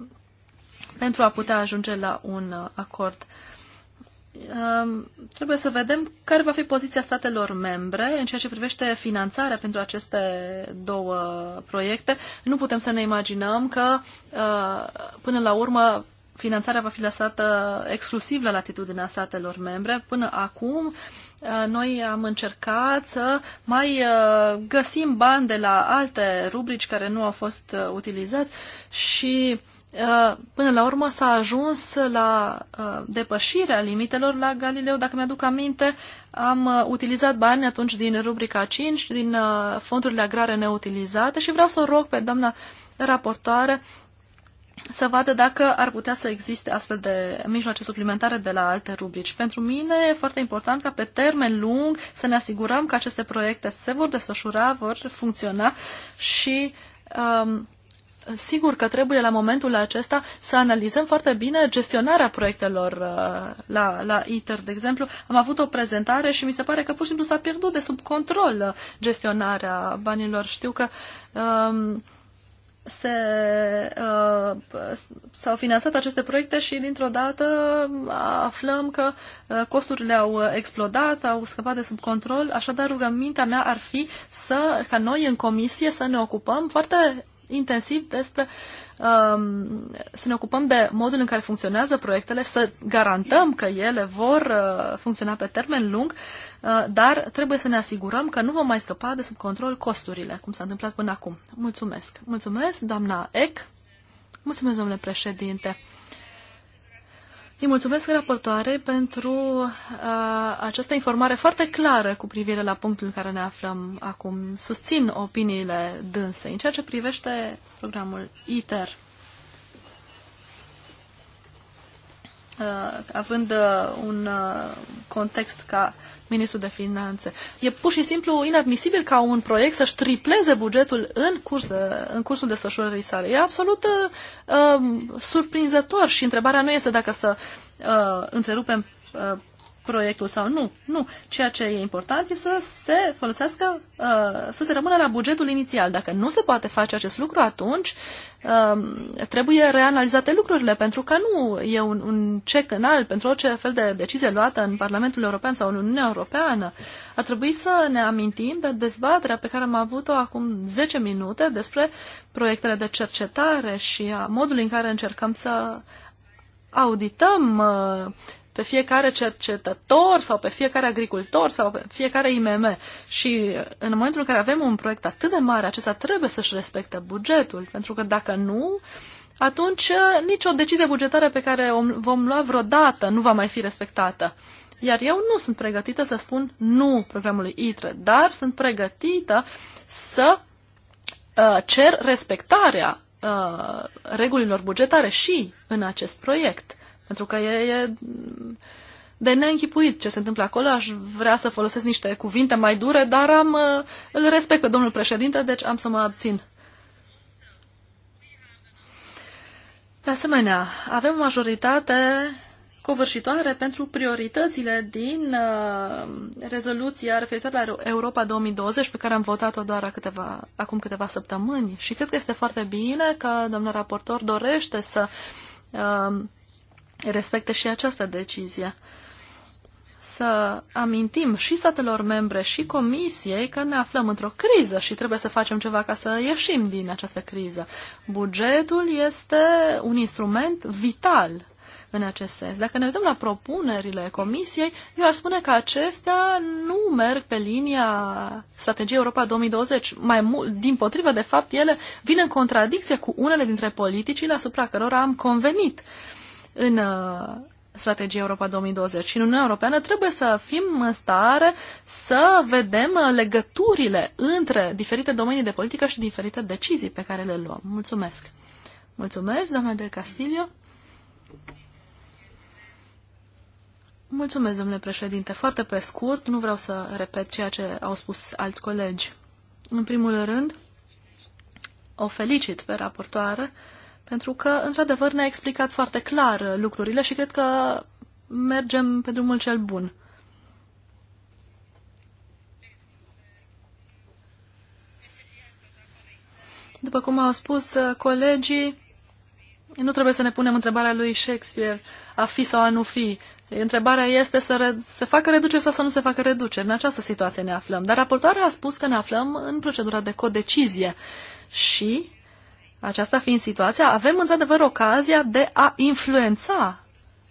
pentru a putea ajunge la un uh, acord. Uh, trebuie să vedem care va fi poziția statelor membre în ceea ce privește finanțarea pentru aceste două proiecte. Nu putem să ne imaginăm că uh, până la urmă finanțarea va fi lăsată exclusiv la latitudinea statelor membre. Până acum, uh, noi am încercat să mai uh, găsim bani de la alte rubrici care nu au fost uh, utilizați și până la urmă s-a ajuns la depășirea limitelor la Galileo. Dacă mi-aduc aminte, am utilizat bani atunci din rubrica 5, din fondurile agrare neutilizate și vreau să o rog pe doamna raportoare să vadă dacă ar putea să existe astfel de mijloace suplimentare de la alte rubrici. Pentru mine e foarte important ca pe termen lung să ne asigurăm că aceste proiecte se vor desfășura, vor funcționa și um, sigur că trebuie la momentul acesta să analizăm foarte bine gestionarea proiectelor uh, la, la ITER, de exemplu. Am avut o prezentare și mi se pare că pur și simplu s-a pierdut de sub control uh, gestionarea banilor. Știu că um, se, uh, s-au finanțat aceste proiecte și dintr-o dată aflăm că uh, costurile au explodat, au scăpat de sub control, așadar rugămintea mea ar fi să, ca noi în comisie să ne ocupăm foarte intensiv despre um, să ne ocupăm de modul în care funcționează proiectele, să garantăm că ele vor uh, funcționa pe termen lung Uh, dar trebuie să ne asigurăm că nu vom mai scăpa de sub control costurile, cum s-a întâmplat până acum. Mulțumesc! Mulțumesc, doamna Eck! Mulțumesc, domnule președinte! Îi mulțumesc raportoare pentru a, uh, această informare foarte clară cu privire la punctul în care ne aflăm acum. Susțin opiniile dânse în ceea ce privește programul ITER. Uh, având uh, un uh, context ca ministrul de finanțe. E pur și simplu inadmisibil ca un proiect să-și tripleze bugetul în, curs, în cursul desfășurării sale. E absolut uh, um, surprinzător și întrebarea nu este dacă să uh, întrerupem uh, proiectul sau nu. Nu. Ceea ce e important e să se folosească, uh, să se rămână la bugetul inițial. Dacă nu se poate face acest lucru, atunci um, trebuie reanalizate lucrurile, pentru că nu e un, un cec alt pentru orice fel de decizie luată în Parlamentul European sau în Uniunea Europeană. Ar trebui să ne amintim de dezbaterea pe care am avut-o acum 10 minute despre proiectele de cercetare și a modului în care încercăm să audităm uh, pe fiecare cercetător sau pe fiecare agricultor sau pe fiecare IMM. Și uh, în momentul în care avem un proiect atât de mare, acesta trebuie să-și respecte bugetul, pentru că dacă nu, atunci uh, nicio decizie bugetară pe care o vom lua vreodată nu va mai fi respectată. Iar eu nu sunt pregătită să spun nu programului ITRE, dar sunt pregătită să uh, cer respectarea uh, regulilor bugetare și în acest proiect. Pentru că e, e de neînchipuit ce se întâmplă acolo. Aș vrea să folosesc niște cuvinte mai dure, dar am, uh, îl respect pe domnul președinte, deci am să mă abțin. De asemenea, avem o majoritate covârșitoare pentru prioritățile din uh, rezoluția referitoare la Europa 2020, pe care am votat-o doar câteva, acum câteva săptămâni. Și cred că este foarte bine că domnul raportor dorește să uh, respecte și această decizie. Să amintim și statelor membre și comisiei că ne aflăm într-o criză și trebuie să facem ceva ca să ieșim din această criză. Bugetul este un instrument vital în acest sens. Dacă ne uităm la propunerile Comisiei, eu aș spune că acestea nu merg pe linia strategiei Europa 2020. Mai mult, din potrivă, de fapt, ele vin în contradicție cu unele dintre politicile asupra cărora am convenit. Uh, în uh, strategia Europa 2020 și în Uniunea Europeană trebuie să fim în stare să vedem uh, legăturile între diferite domenii de politică și diferite decizii pe care le luăm. Mulțumesc! Mulțumesc, doamna del Castillo! Mulțumesc, domnule președinte. Foarte pe scurt, nu vreau să repet ceea ce au spus alți colegi. În primul rând, o felicit pe raportoare pentru că, într-adevăr, ne-a explicat foarte clar lucrurile și cred că mergem pe drumul cel bun. După cum au spus colegii, nu trebuie să ne punem întrebarea lui Shakespeare, a fi sau a nu fi. Întrebarea este să se facă reducere sau să nu se facă reducere. În această situație ne aflăm. Dar raportoarea a spus că ne aflăm în procedura de codecizie și aceasta fiind situația, avem într-adevăr ocazia de a influența,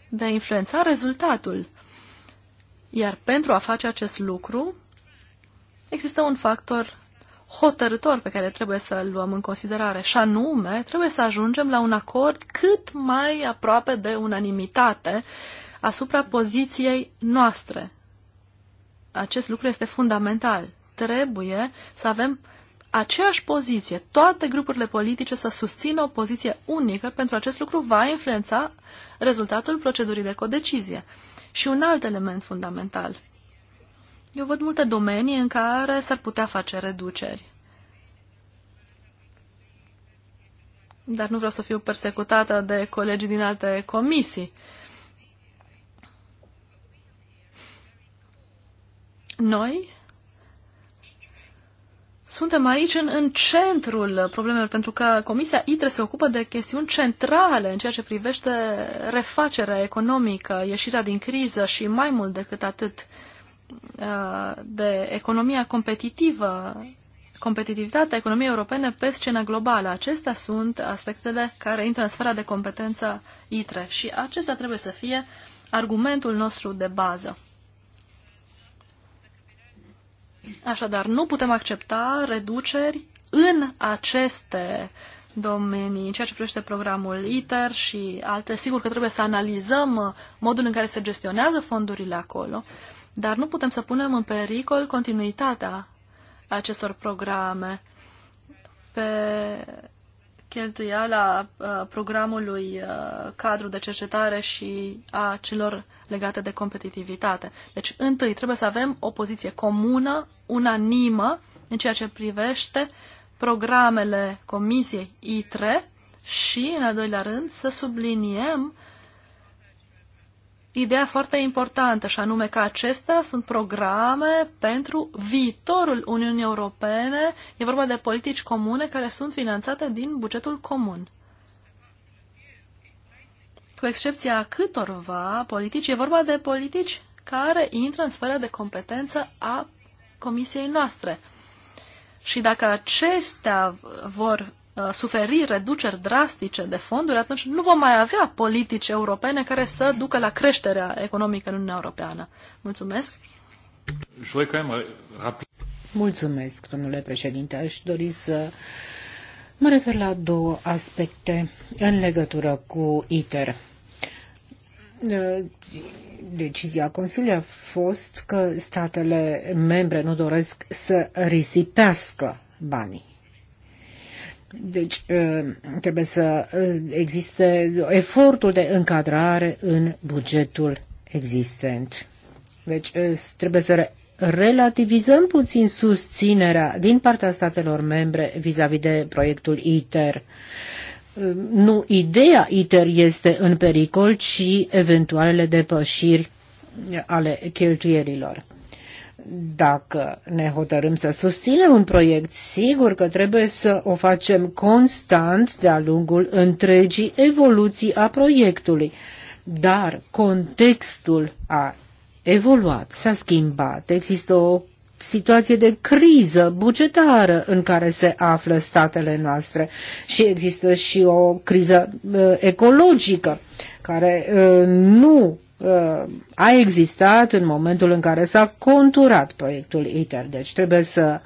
de a influența rezultatul. Iar pentru a face acest lucru, există un factor hotărător pe care trebuie să-l luăm în considerare, și anume, trebuie să ajungem la un acord cât mai aproape de unanimitate asupra poziției noastre. Acest lucru este fundamental. Trebuie să avem aceeași poziție, toate grupurile politice să susțină o poziție unică pentru acest lucru va influența rezultatul procedurii de codecizie. Și un alt element fundamental. Eu văd multe domenii în care s-ar putea face reduceri. Dar nu vreau să fiu persecutată de colegii din alte comisii. Noi suntem aici în, în centrul problemelor, pentru că Comisia ITRE se ocupă de chestiuni centrale în ceea ce privește refacerea economică, ieșirea din criză și mai mult decât atât uh, de economia competitivă, competitivitatea economiei europene pe scena globală. Acestea sunt aspectele care intră în sfera de competență ITRE și acestea trebuie să fie argumentul nostru de bază. Așadar, nu putem accepta reduceri în aceste domenii, în ceea ce privește programul ITER și alte. Sigur că trebuie să analizăm modul în care se gestionează fondurile acolo, dar nu putem să punem în pericol continuitatea acestor programe pe cheltuiala uh, programului uh, cadru de cercetare și a celor legate de competitivitate. Deci, întâi, trebuie să avem o poziție comună, unanimă, în ceea ce privește programele Comisiei ITRE și, în al doilea rând, să subliniem ideea foarte importantă, și anume că acestea sunt programe pentru viitorul Uniunii Europene. E vorba de politici comune care sunt finanțate din bugetul comun excepția câtorva politici, e vorba de politici care intră în sfera de competență a comisiei noastre. Și dacă acestea vor uh, suferi reduceri drastice de fonduri, atunci nu vom mai avea politici europene care să ducă la creșterea economică în Uniunea Europeană. Mulțumesc! Mulțumesc, domnule președinte. Aș dori să mă refer la două aspecte în legătură cu ITER. Uh, decizia Consiliului a fost că statele membre nu doresc să risipească banii. Deci uh, trebuie să uh, existe efortul de încadrare în bugetul existent. Deci trebuie să relativizăm puțin susținerea din partea statelor membre vis-a-vis -vis de proiectul ITER nu ideea ITER este în pericol, ci eventualele depășiri ale cheltuielilor. Dacă ne hotărâm să susținem un proiect, sigur că trebuie să o facem constant de-a lungul întregii evoluții a proiectului. Dar contextul a evoluat, s-a schimbat, există o situație de criză bugetară în care se află statele noastre și există și o criză uh, ecologică care uh, nu uh, a existat în momentul în care s-a conturat proiectul ITER. Deci trebuie să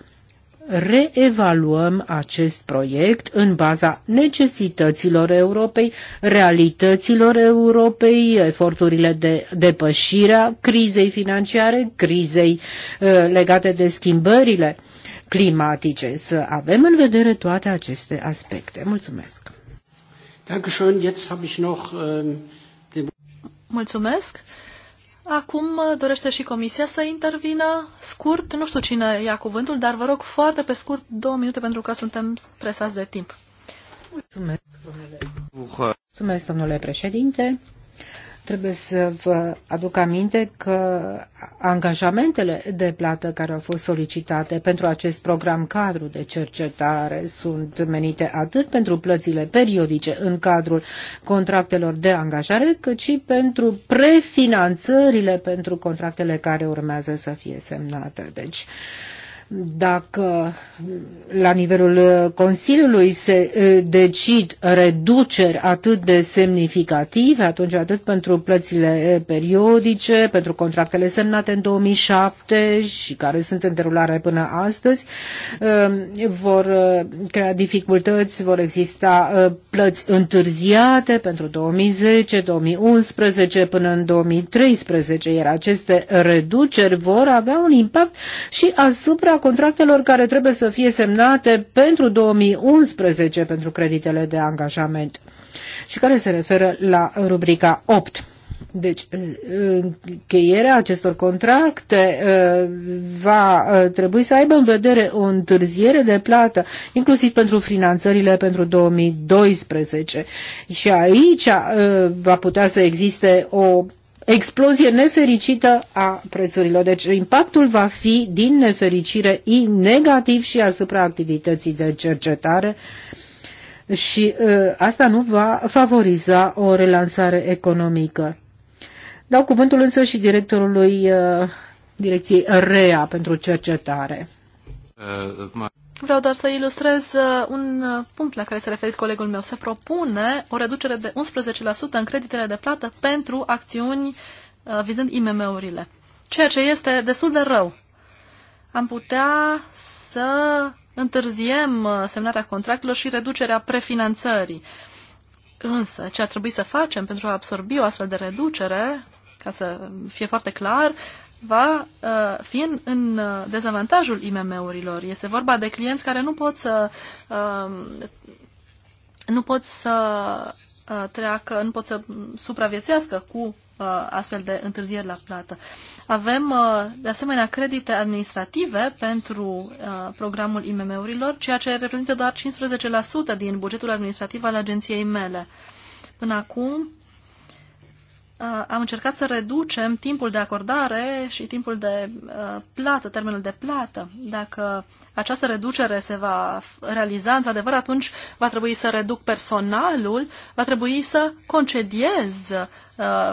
reevaluăm acest proiect în baza necesităților Europei, realităților Europei, eforturile de depășire a crizei financiare, crizei uh, legate de schimbările climatice. Să avem în vedere toate aceste aspecte. Mulțumesc! Dankeschön. Jetzt habe ich noch, ähm, Mulțumesc. Acum uh, dorește și Comisia să intervină. Scurt, nu știu cine ia cuvântul, dar vă rog foarte pe scurt două minute pentru că suntem presați de timp. Mulțumesc, domnule, Mulțumesc, domnule președinte. Trebuie să vă aduc aminte că angajamentele de plată care au fost solicitate pentru acest program cadru de cercetare sunt menite atât pentru plățile periodice în cadrul contractelor de angajare, cât și pentru prefinanțările pentru contractele care urmează să fie semnate. Deci, uh, dacă la nivelul Consiliului se decid reduceri atât de semnificative, atunci atât pentru plățile periodice, pentru contractele semnate în 2007 și care sunt în derulare până astăzi, vor crea dificultăți, vor exista plăți întârziate pentru 2010, 2011 până în 2013, iar aceste reduceri vor avea un impact și asupra contractelor care trebuie să fie semnate pentru 2011 pentru creditele de angajament și care se referă la rubrica 8. Deci, încheierea acestor contracte uh, va uh, trebui să aibă în vedere o întârziere de plată, inclusiv pentru finanțările pentru 2012. Și aici uh, va putea să existe o explozie nefericită a prețurilor. Deci impactul va fi, din nefericire, negativ și asupra activității de cercetare și uh, asta nu va favoriza o relansare economică. Dau cuvântul însă și directorului uh, direcției REA pentru cercetare. Uh, Vreau doar să ilustrez uh, un uh, punct la care s-a referit colegul meu. Se propune o reducere de 11% în creditele de plată pentru acțiuni uh, vizând IMM-urile, ceea ce este destul de rău. Am putea să întârziem semnarea contractelor și reducerea prefinanțării. Însă, ce ar trebui să facem pentru a absorbi o astfel de reducere, ca să fie foarte clar, va uh, fi în, în uh, dezavantajul IMM-urilor. Este vorba de clienți care nu pot să uh, nu pot să uh, treacă, nu pot să supraviețuiască cu uh, astfel de întârzieri la plată. Avem, uh, de asemenea, credite administrative pentru uh, programul IMM-urilor, ceea ce reprezintă doar 15% din bugetul administrativ al agenției mele. Până acum, am încercat să reducem timpul de acordare și timpul de plată, termenul de plată. Dacă această reducere se va realiza, într-adevăr, atunci va trebui să reduc personalul, va trebui să concediez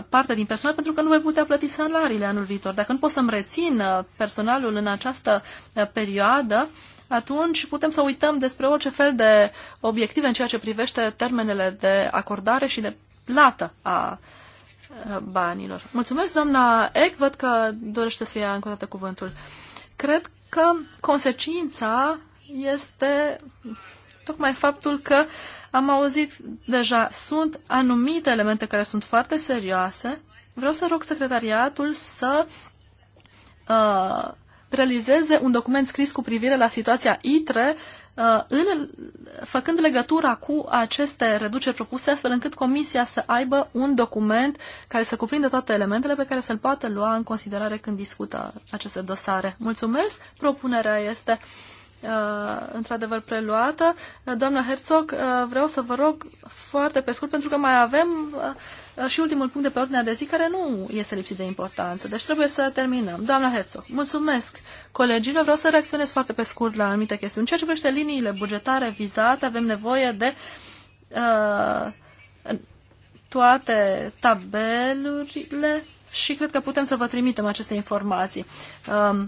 parte din personal pentru că nu voi putea plăti salariile anul viitor. Dacă nu pot să-mi rețin personalul în această perioadă, atunci putem să uităm despre orice fel de obiective în ceea ce privește termenele de acordare și de plată a uh, banilor. Mulțumesc, doamna Eck, văd că dorește să ia încă o dată cuvântul. Cred că consecința este tocmai faptul că am auzit deja, sunt anumite elemente care sunt foarte serioase. Vreau să rog secretariatul să uh, realizeze un document scris cu privire la situația ITRE Uh, în, făcând legătura cu aceste reduceri propuse, astfel încât Comisia să aibă un document care să cuprindă toate elementele pe care să-l poată lua în considerare când discută aceste dosare. Mulțumesc! Propunerea este uh, într-adevăr preluată. Doamna Herzog, uh, vreau să vă rog foarte pe scurt, pentru că mai avem Uh, și ultimul punct de pe ordinea de zi care nu este lipsit de importanță. Deci trebuie să terminăm. Doamna Herzog, mulțumesc colegilor. Vreau să reacționez foarte pe scurt la anumite chestiuni. Ceea ce privește liniile bugetare vizate, avem nevoie de uh, toate tabelurile și cred că putem să vă trimitem aceste informații. Uh,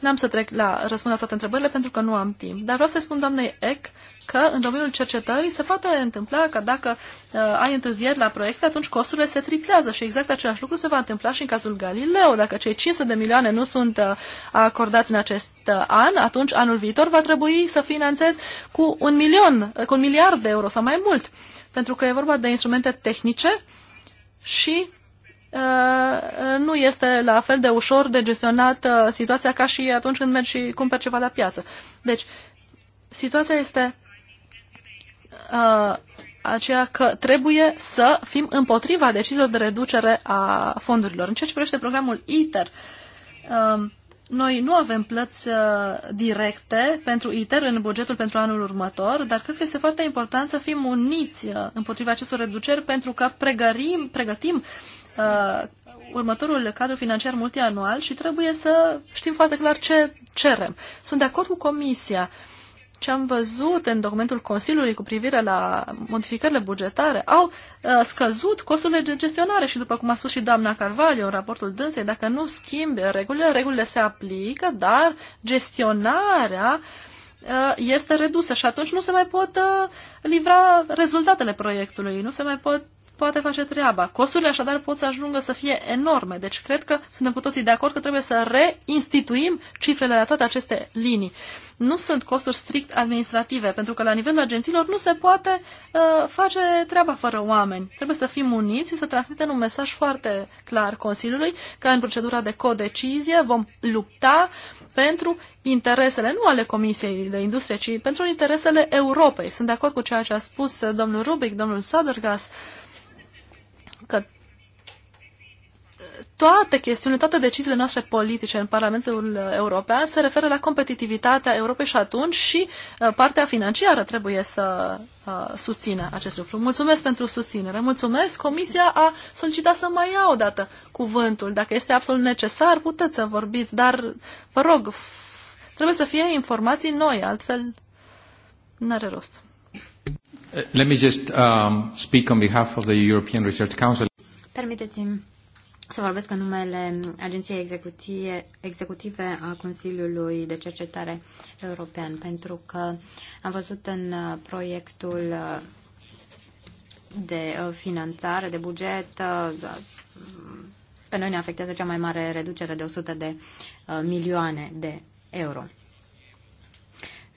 N-am să trec la răspund la toate întrebările pentru că nu am timp. Dar vreau să spun doamnei Eck că în domeniul cercetării se poate întâmpla că dacă uh, ai întârzieri la proiecte, atunci costurile se triplează și exact același lucru se va întâmpla și în cazul Galileo. Dacă cei 500 de milioane nu sunt uh, acordați în acest uh, an, atunci anul viitor va trebui să finanțezi cu un milion, uh, cu un miliard de euro sau mai mult. Pentru că e vorba de instrumente tehnice și Uh, nu este la fel de ușor de gestionat uh, situația ca și atunci când mergi și cumperi ceva la piață. Deci, situația este uh, aceea că trebuie să fim împotriva deciziilor de reducere a fondurilor. În ceea ce privește programul ITER, um, noi nu avem plăți directe pentru ITER în bugetul pentru anul următor, dar cred că este foarte important să fim uniți împotriva acestor reduceri pentru că pregărim, pregătim uh, următorul cadru financiar multianual și trebuie să știm foarte clar ce cerem. Sunt de acord cu Comisia. Ce am văzut în documentul Consiliului cu privire la modificările bugetare au uh, scăzut costurile de gestionare și, după cum a spus și doamna Carvalho în raportul dânsei, dacă nu schimbe regulile, regulile se aplică, dar gestionarea uh, este redusă și atunci nu se mai pot uh, livra rezultatele proiectului, nu se mai pot poate face treaba. Costurile așadar pot să ajungă să fie enorme. Deci cred că suntem cu toții de acord că trebuie să reinstituim cifrele la toate aceste linii. Nu sunt costuri strict administrative, pentru că la nivelul agențiilor nu se poate uh, face treaba fără oameni. Trebuie să fim uniți și să transmitem un mesaj foarte clar Consiliului că în procedura de codecizie vom lupta pentru interesele, nu ale Comisiei de Industrie, ci pentru interesele Europei. Sunt de acord cu ceea ce a spus domnul Rubic, domnul Sodergas, uh, că toate chestiunile, toate deciziile noastre politice în Parlamentul European se referă la competitivitatea Europei și atunci și uh, partea financiară trebuie să uh, susțină acest lucru. Mulțumesc pentru susținere. Mulțumesc. Comisia a solicitat să mai ia o dată cuvântul. Dacă este absolut necesar, puteți să vorbiți, dar vă rog, trebuie să fie informații noi, altfel n-are rost. Uh, let me just um, speak on behalf of the European Research Council. Permiteți-mi să vorbesc în numele Agenției Executive, Executive a Consiliului de Cercetare European, pentru că am văzut în uh, proiectul uh, de finanțare, de buget, pe noi ne afectează cea mai mare reducere de 100 de milioane de euro.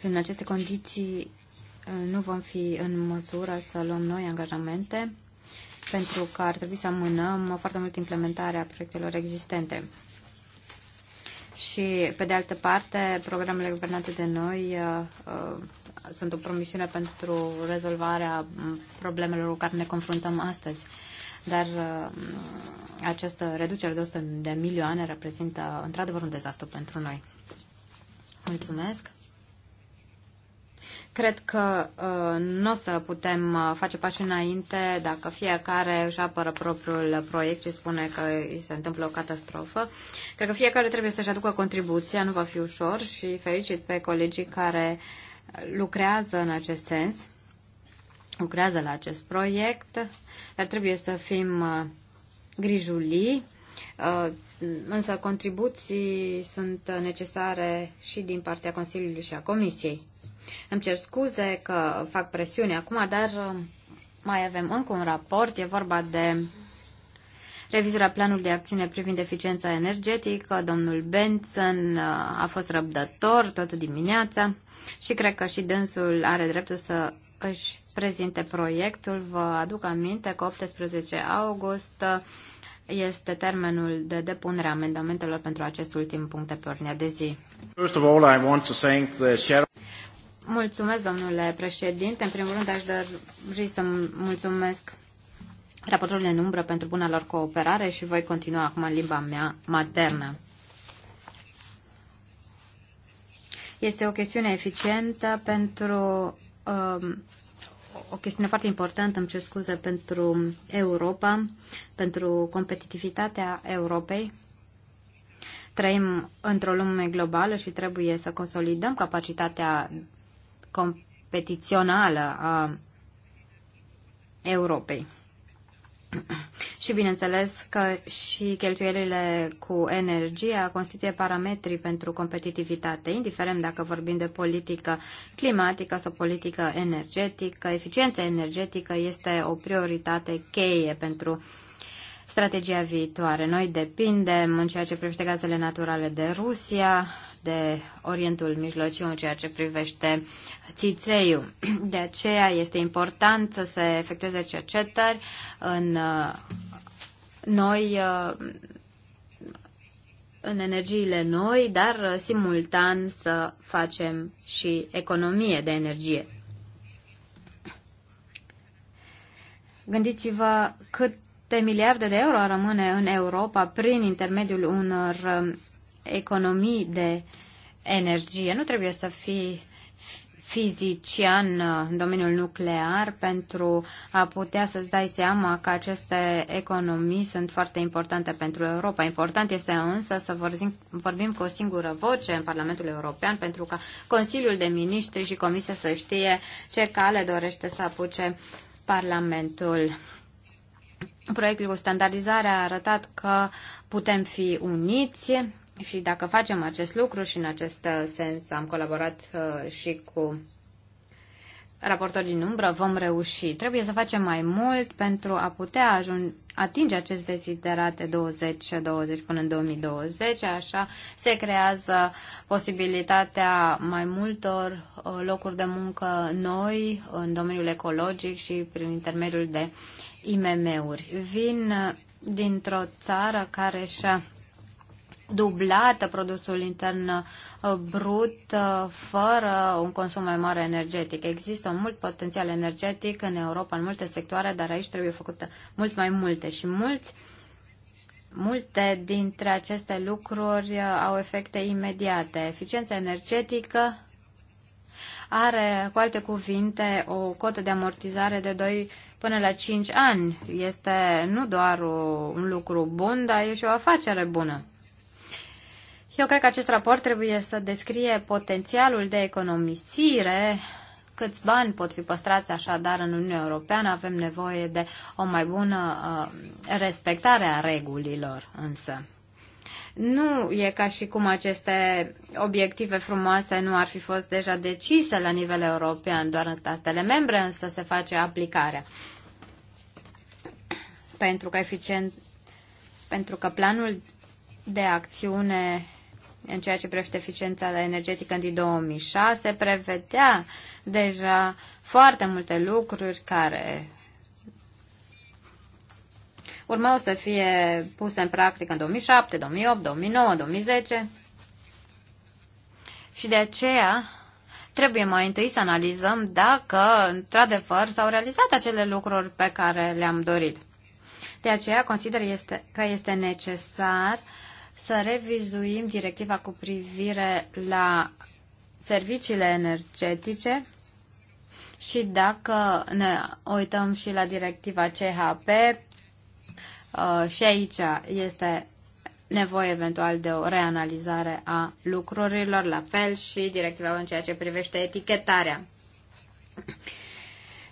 În aceste condiții nu vom fi în măsură să luăm noi angajamente pentru că ar trebui să amânăm foarte mult implementarea proiectelor existente. Și, pe de altă parte, programele guvernate de noi uh, uh sunt o promisiune pentru rezolvarea problemelor cu care ne confruntăm astăzi. Dar uh, această reducere de 100 de milioane reprezintă, într-adevăr, un dezastru pentru noi. Mulțumesc! Cred că uh, nu o să putem uh, face pași înainte dacă fiecare își apără propriul proiect și spune că îi se întâmplă o catastrofă. Cred că fiecare trebuie să-și aducă contribuția, nu va fi ușor și felicit pe colegii care lucrează în acest sens, lucrează la acest proiect, dar trebuie să fim uh, grijulii. Însă contribuții sunt necesare și din partea Consiliului și a Comisiei. Îmi cer scuze că fac presiune acum, dar uh, mai avem încă un raport. E vorba de revizuirea planului de acțiune privind eficiența energetică. Domnul Benson uh, a fost răbdător toată dimineața și cred că și dânsul are dreptul să își prezinte proiectul. Vă aduc aminte că 18 august este termenul de depunere a amendamentelor pentru acest ultim punct de pe ordinea de zi. First of all, I want to thank the Mulțumesc, domnule președinte. În primul rând, aș dori să mulțumesc raportorile în umbră pentru buna lor cooperare și voi continua acum în limba mea maternă. Este o chestiune eficientă pentru um, o chestiune foarte importantă, îmi cer scuze, pentru Europa, pentru competitivitatea Europei. Trăim într-o lume globală și trebuie să consolidăm capacitatea competițională a Europei. [CLEARS THROAT] Și bineînțeles că și cheltuielile cu energia constituie parametri pentru competitivitate, indiferent dacă vorbim de politică climatică sau politică energetică. Eficiența energetică este o prioritate cheie pentru strategia viitoare. Noi depindem în ceea ce privește gazele naturale de Rusia, de Orientul Mijlociu, în ceea ce privește țițeiul. De aceea este important să se efectueze cercetări în uh, noi uh, în energiile noi, dar uh, simultan să facem și economie de energie. Gândiți-vă cât 7 miliarde de euro rămâne în Europa prin intermediul unor um, economii de energie. Nu trebuie să fii fizician uh, în domeniul nuclear pentru a putea să-ți dai seama că aceste economii sunt foarte importante pentru Europa. Important este însă să vorbim, vorbim cu o singură voce în Parlamentul European pentru ca Consiliul de Ministri și Comisia să știe ce cale dorește să apuce Parlamentul Proiectul cu standardizare a arătat că putem fi uniți și dacă facem acest lucru și în acest uh, sens am colaborat uh, și cu raportori din umbră, vom reuși. Trebuie să facem mai mult pentru a putea ajunge, atinge acest desiderat de 20-20 până în 2020. Așa se creează posibilitatea mai multor uh, locuri de muncă noi în domeniul ecologic și prin intermediul de uh, IMM-uri. Vin uh, dintr-o țară care și-a dublat produsul intern uh, brut uh, fără un consum mai mare energetic. Există un mult potențial energetic în Europa, în multe sectoare, dar aici trebuie făcută mult mai multe și mulți Multe dintre aceste lucruri au efecte imediate. Eficiența energetică are, cu alte cuvinte, o cotă de amortizare de 2 până la 5 ani. Este nu doar o, un lucru bun, dar e și o afacere bună. Eu cred că acest raport trebuie să descrie potențialul de economisire câți bani pot fi păstrați așadar în Uniunea Europeană, avem nevoie de o mai bună uh, respectare a regulilor însă. Nu e ca și cum aceste obiective frumoase nu ar fi fost deja decise la nivel european, doar în statele membre însă se face aplicarea. Pentru că, eficient, pentru că planul de acțiune în ceea ce privește eficiența energetică din 2006 prevedea deja foarte multe lucruri care urmau să fie puse în practică în 2007, 2008, 2009, 2010 și de aceea trebuie mai întâi să analizăm dacă într-adevăr s-au realizat acele lucruri pe care le-am dorit. De aceea consider este, că este necesar să revizuim directiva cu privire la serviciile energetice și dacă ne uităm și la directiva CHP Uh, și aici este nevoie eventual de o reanalizare a lucrurilor, la fel și directiva în ceea ce privește etichetarea.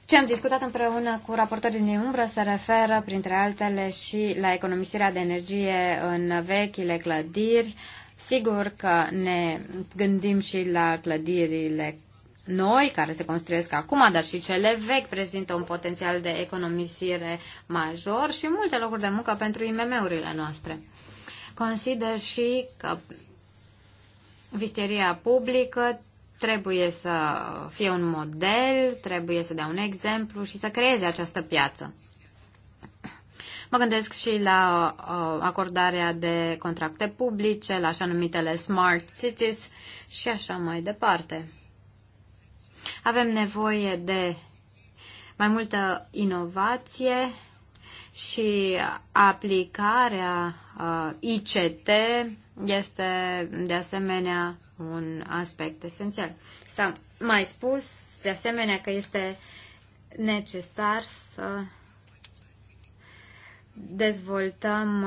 Ce am discutat împreună cu raportorii din umbră se referă, printre altele, și la economisirea de energie în vechile clădiri. Sigur că ne gândim și la clădirile noi care se construiesc acum, dar și cele vechi prezintă un potențial de economisire major și multe locuri de muncă pentru IMM-urile noastre. Consider și că vistieria publică trebuie să fie un model, trebuie să dea un exemplu și să creeze această piață. Mă gândesc și la uh, acordarea de contracte publice, la așa numitele smart cities și așa mai departe. Avem nevoie de mai multă inovație și aplicarea uh, ICT este de asemenea un aspect esențial. S-a mai spus de asemenea că este necesar să dezvoltăm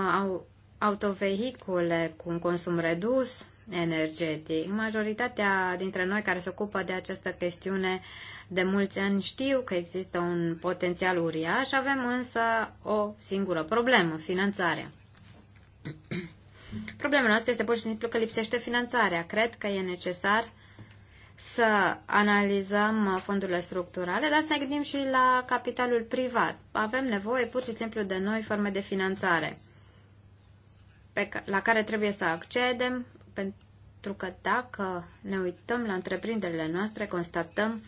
autovehicule cu un consum redus energetic. Majoritatea dintre noi care se ocupă de această chestiune de mulți ani știu că există un potențial uriaș, avem însă o singură problemă, finanțarea. [CLEARS THROAT] Problema noastră este pur și simplu că lipsește finanțarea. Cred că e necesar să analizăm fondurile structurale, dar să ne gândim și la capitalul privat. Avem nevoie pur și simplu de noi forme de finanțare pe, la care trebuie să accedem pentru că dacă ne uităm la întreprinderile noastre, constatăm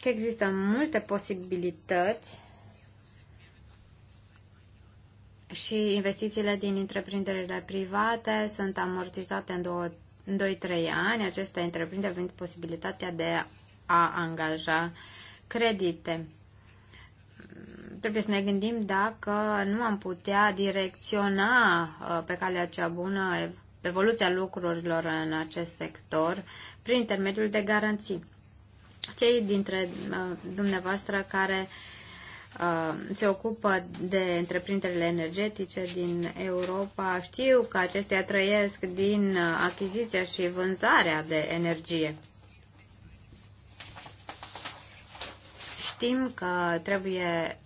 că există multe posibilități și investițiile din întreprinderile private sunt amortizate în, două, în 2-3 ani. Aceste întreprinderi având posibilitatea de a angaja credite trebuie să ne gândim dacă nu am putea direcționa uh, pe calea cea bună evoluția lucrurilor în acest sector prin intermediul de garanții. Cei dintre uh, dumneavoastră care uh, se ocupă de întreprinderile energetice din Europa știu că acestea trăiesc din achiziția și vânzarea de energie. Știm că trebuie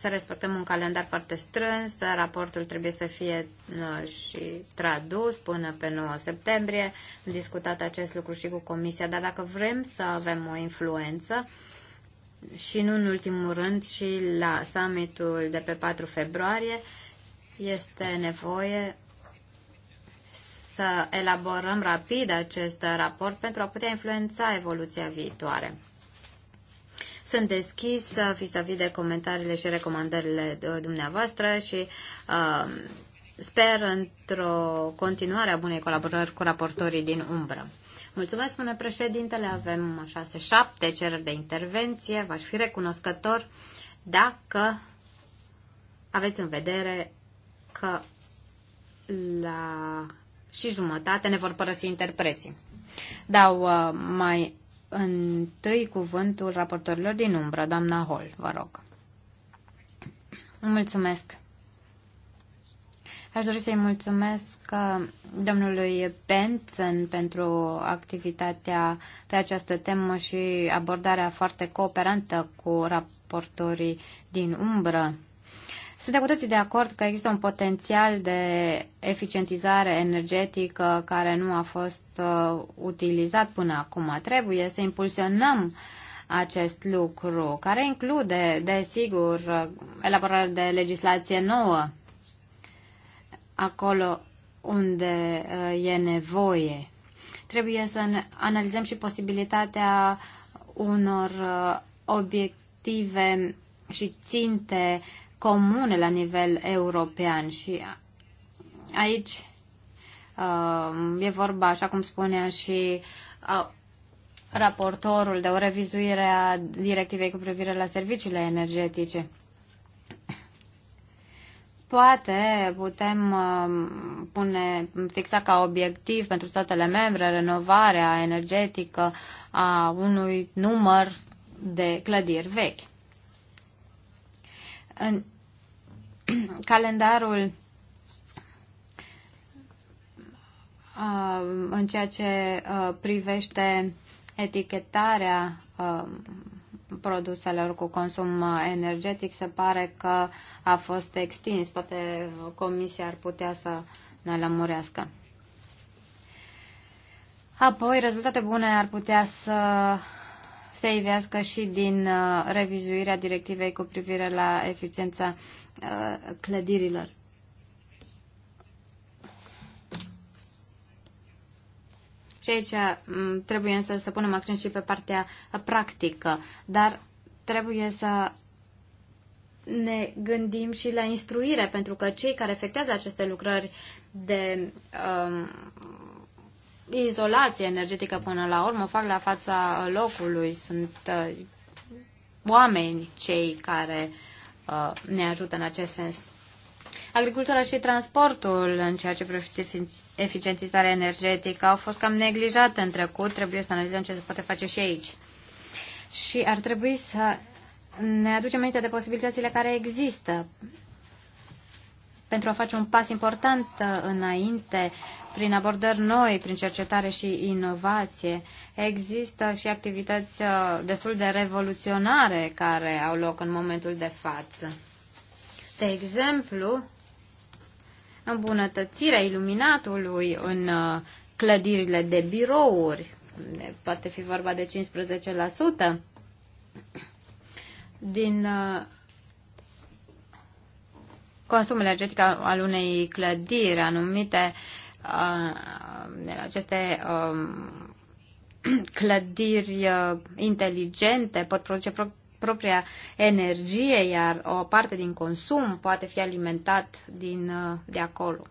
să respectăm un calendar foarte strâns, raportul trebuie să fie uh, și tradus până pe 9 septembrie. Am discutat acest lucru și cu Comisia, dar dacă vrem să avem o influență, și nu în ultimul rând și la summitul de pe 4 februarie este nevoie să elaborăm rapid acest raport pentru a putea influența evoluția viitoare. Sunt deschis uh, vis-a-vis -vis de comentariile și recomandările dumneavoastră și uh, sper într-o continuare a bunei colaborări cu raportorii din umbră. Mulțumesc, spune președintele. Avem 6-7 cereri de intervenție. V-aș fi recunoscător dacă aveți în vedere că la și jumătate ne vor părăsi interpreții. Dau uh, mai întâi cuvântul raportorilor din umbră. Doamna Hall, vă rog. Mulțumesc. Aș dori să-i mulțumesc uh, domnului Benson pentru activitatea pe această temă și abordarea foarte cooperantă cu raportorii din umbră. Suntem cu toții de acord că există un potențial de eficientizare energetică care nu a fost uh, utilizat până acum. Trebuie să impulsionăm acest lucru, care include, desigur, elaborarea de legislație nouă acolo unde uh, e nevoie. Trebuie să analizăm și posibilitatea unor uh, obiective și ținte uh, comune la nivel european și aici uh, e vorba, așa cum spunea și uh, raportorul, de o revizuire a directivei cu privire la serviciile energetice. Poate putem uh, pune, fixa ca obiectiv pentru statele membre renovarea energetică a unui număr de clădiri vechi în [CLEARS THROAT] calendarul uh, în ceea ce uh, privește etichetarea uh, produselor cu consum energetic se pare că a fost extins. Poate comisia ar putea să ne lămurească. Apoi, rezultate bune ar putea să se ivească și din uh, revizuirea directivei cu privire la eficiența uh, clădirilor. Și aici mm, trebuie însă să punem accent și pe partea practică, dar trebuie să ne gândim și la instruire, pentru că cei care efectuează aceste lucrări de um, izolație energetică până la urmă fac la fața locului, sunt uh, oameni cei care uh, ne ajută în acest sens. Agricultura și transportul în ceea ce privește eficientizarea energetică au fost cam neglijate în trecut, trebuie să analizăm ce se poate face și aici. Și ar trebui să ne aducem aminte de posibilitățile care există pentru a face un pas important uh, înainte prin abordări noi, prin cercetare și inovație. Există și activități uh, destul de revoluționare care au loc în momentul de față. De exemplu, îmbunătățirea iluminatului în uh, clădirile de birouri, poate fi vorba de 15%, din consumul energetic al unei clădiri, anumite uh, aceste um, [CLEARS THROAT] uh, clădiri inteligente pot produce pro- propria energie, iar o parte din consum poate fi alimentat din, uh, de acolo.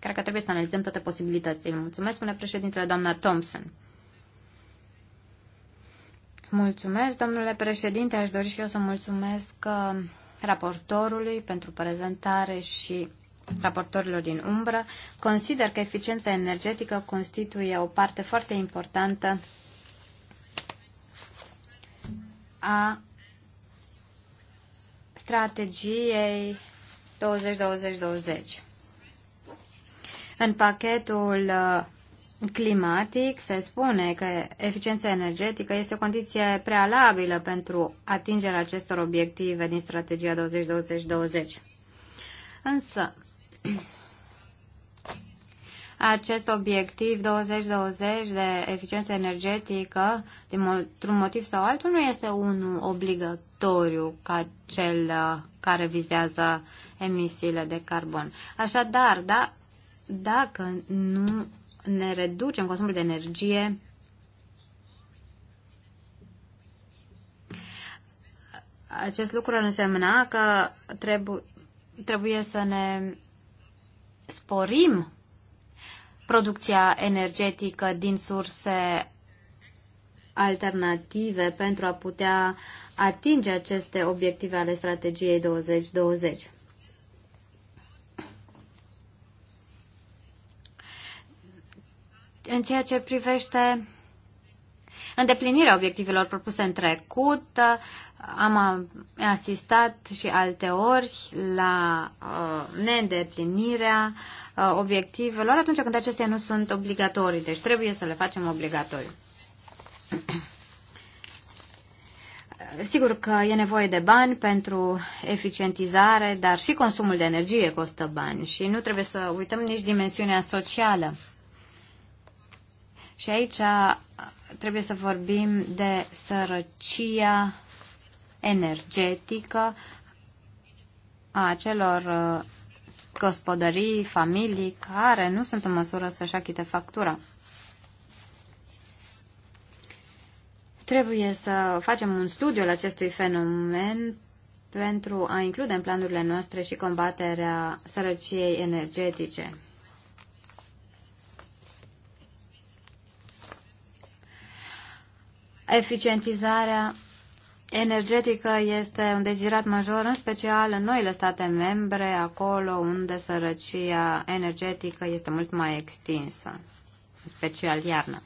Cred că trebuie să analizăm toate posibilitățile. Mulțumesc, spune președintele doamna Thompson. Mulțumesc, domnule președinte. Aș dori și eu să mulțumesc uh, raportorului pentru prezentare și raportorilor din umbră. Consider că eficiența energetică constituie o parte foarte importantă a strategiei 20-20-20. În pachetul uh, climatic, se spune că eficiența energetică este o condiție prealabilă pentru atingerea acestor obiective din strategia 2020-2020. Însă, [CLEARS THROAT] acest obiectiv 2020 de eficiență energetică, dintr-un motiv sau altul, nu este unul obligatoriu ca cel uh, care vizează emisiile de carbon. Așadar, da, dacă nu ne reducem consumul de energie acest lucru ar însemna că trebu- trebuie să ne sporim producția energetică din surse alternative pentru a putea atinge aceste obiective ale strategiei 2020. în ceea ce privește îndeplinirea obiectivelor propuse în trecut, am asistat și alte ori la uh, neîndeplinirea uh, obiectivelor atunci când acestea nu sunt obligatorii. Deci trebuie să le facem obligatorii. [CLEARS THROAT] Sigur că e nevoie de bani pentru eficientizare, dar și consumul de energie costă bani și nu trebuie să uităm nici dimensiunea socială. Și aici trebuie să vorbim de sărăcia energetică a acelor uh, gospodării, familii care nu sunt în măsură să-și achite factura. Trebuie să facem un studiu al acestui fenomen pentru a include în planurile noastre și combaterea sărăciei energetice. Eficientizarea energetică este un dezirat major, în special în noile state membre, acolo unde sărăcia energetică este mult mai extinsă, în special iarna.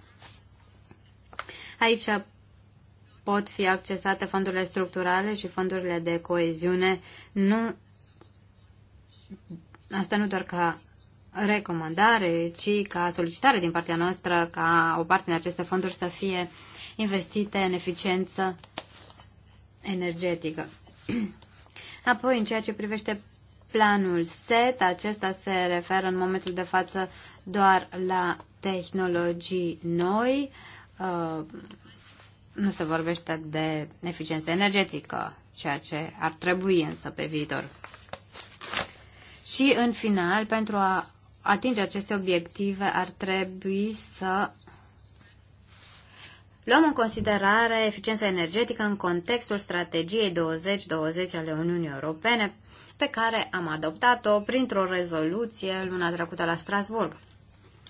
Aici pot fi accesate fondurile structurale și fondurile de coeziune, nu, asta nu doar ca recomandare, ci ca solicitare din partea noastră ca o parte din aceste fonduri să fie uh, investite în eficiență energetică. [CLEARS THROAT] Apoi, în ceea ce privește planul SET, acesta se referă în momentul de față doar la tehnologii noi. Uh, nu se vorbește de eficiență energetică, ceea ce ar trebui însă pe viitor. Și în final, pentru a atinge aceste obiective, ar trebui să Luăm în considerare eficiența energetică în contextul strategiei 2020 ale Uniunii Europene, pe care am adoptat-o printr-o rezoluție luna trecută la Strasburg.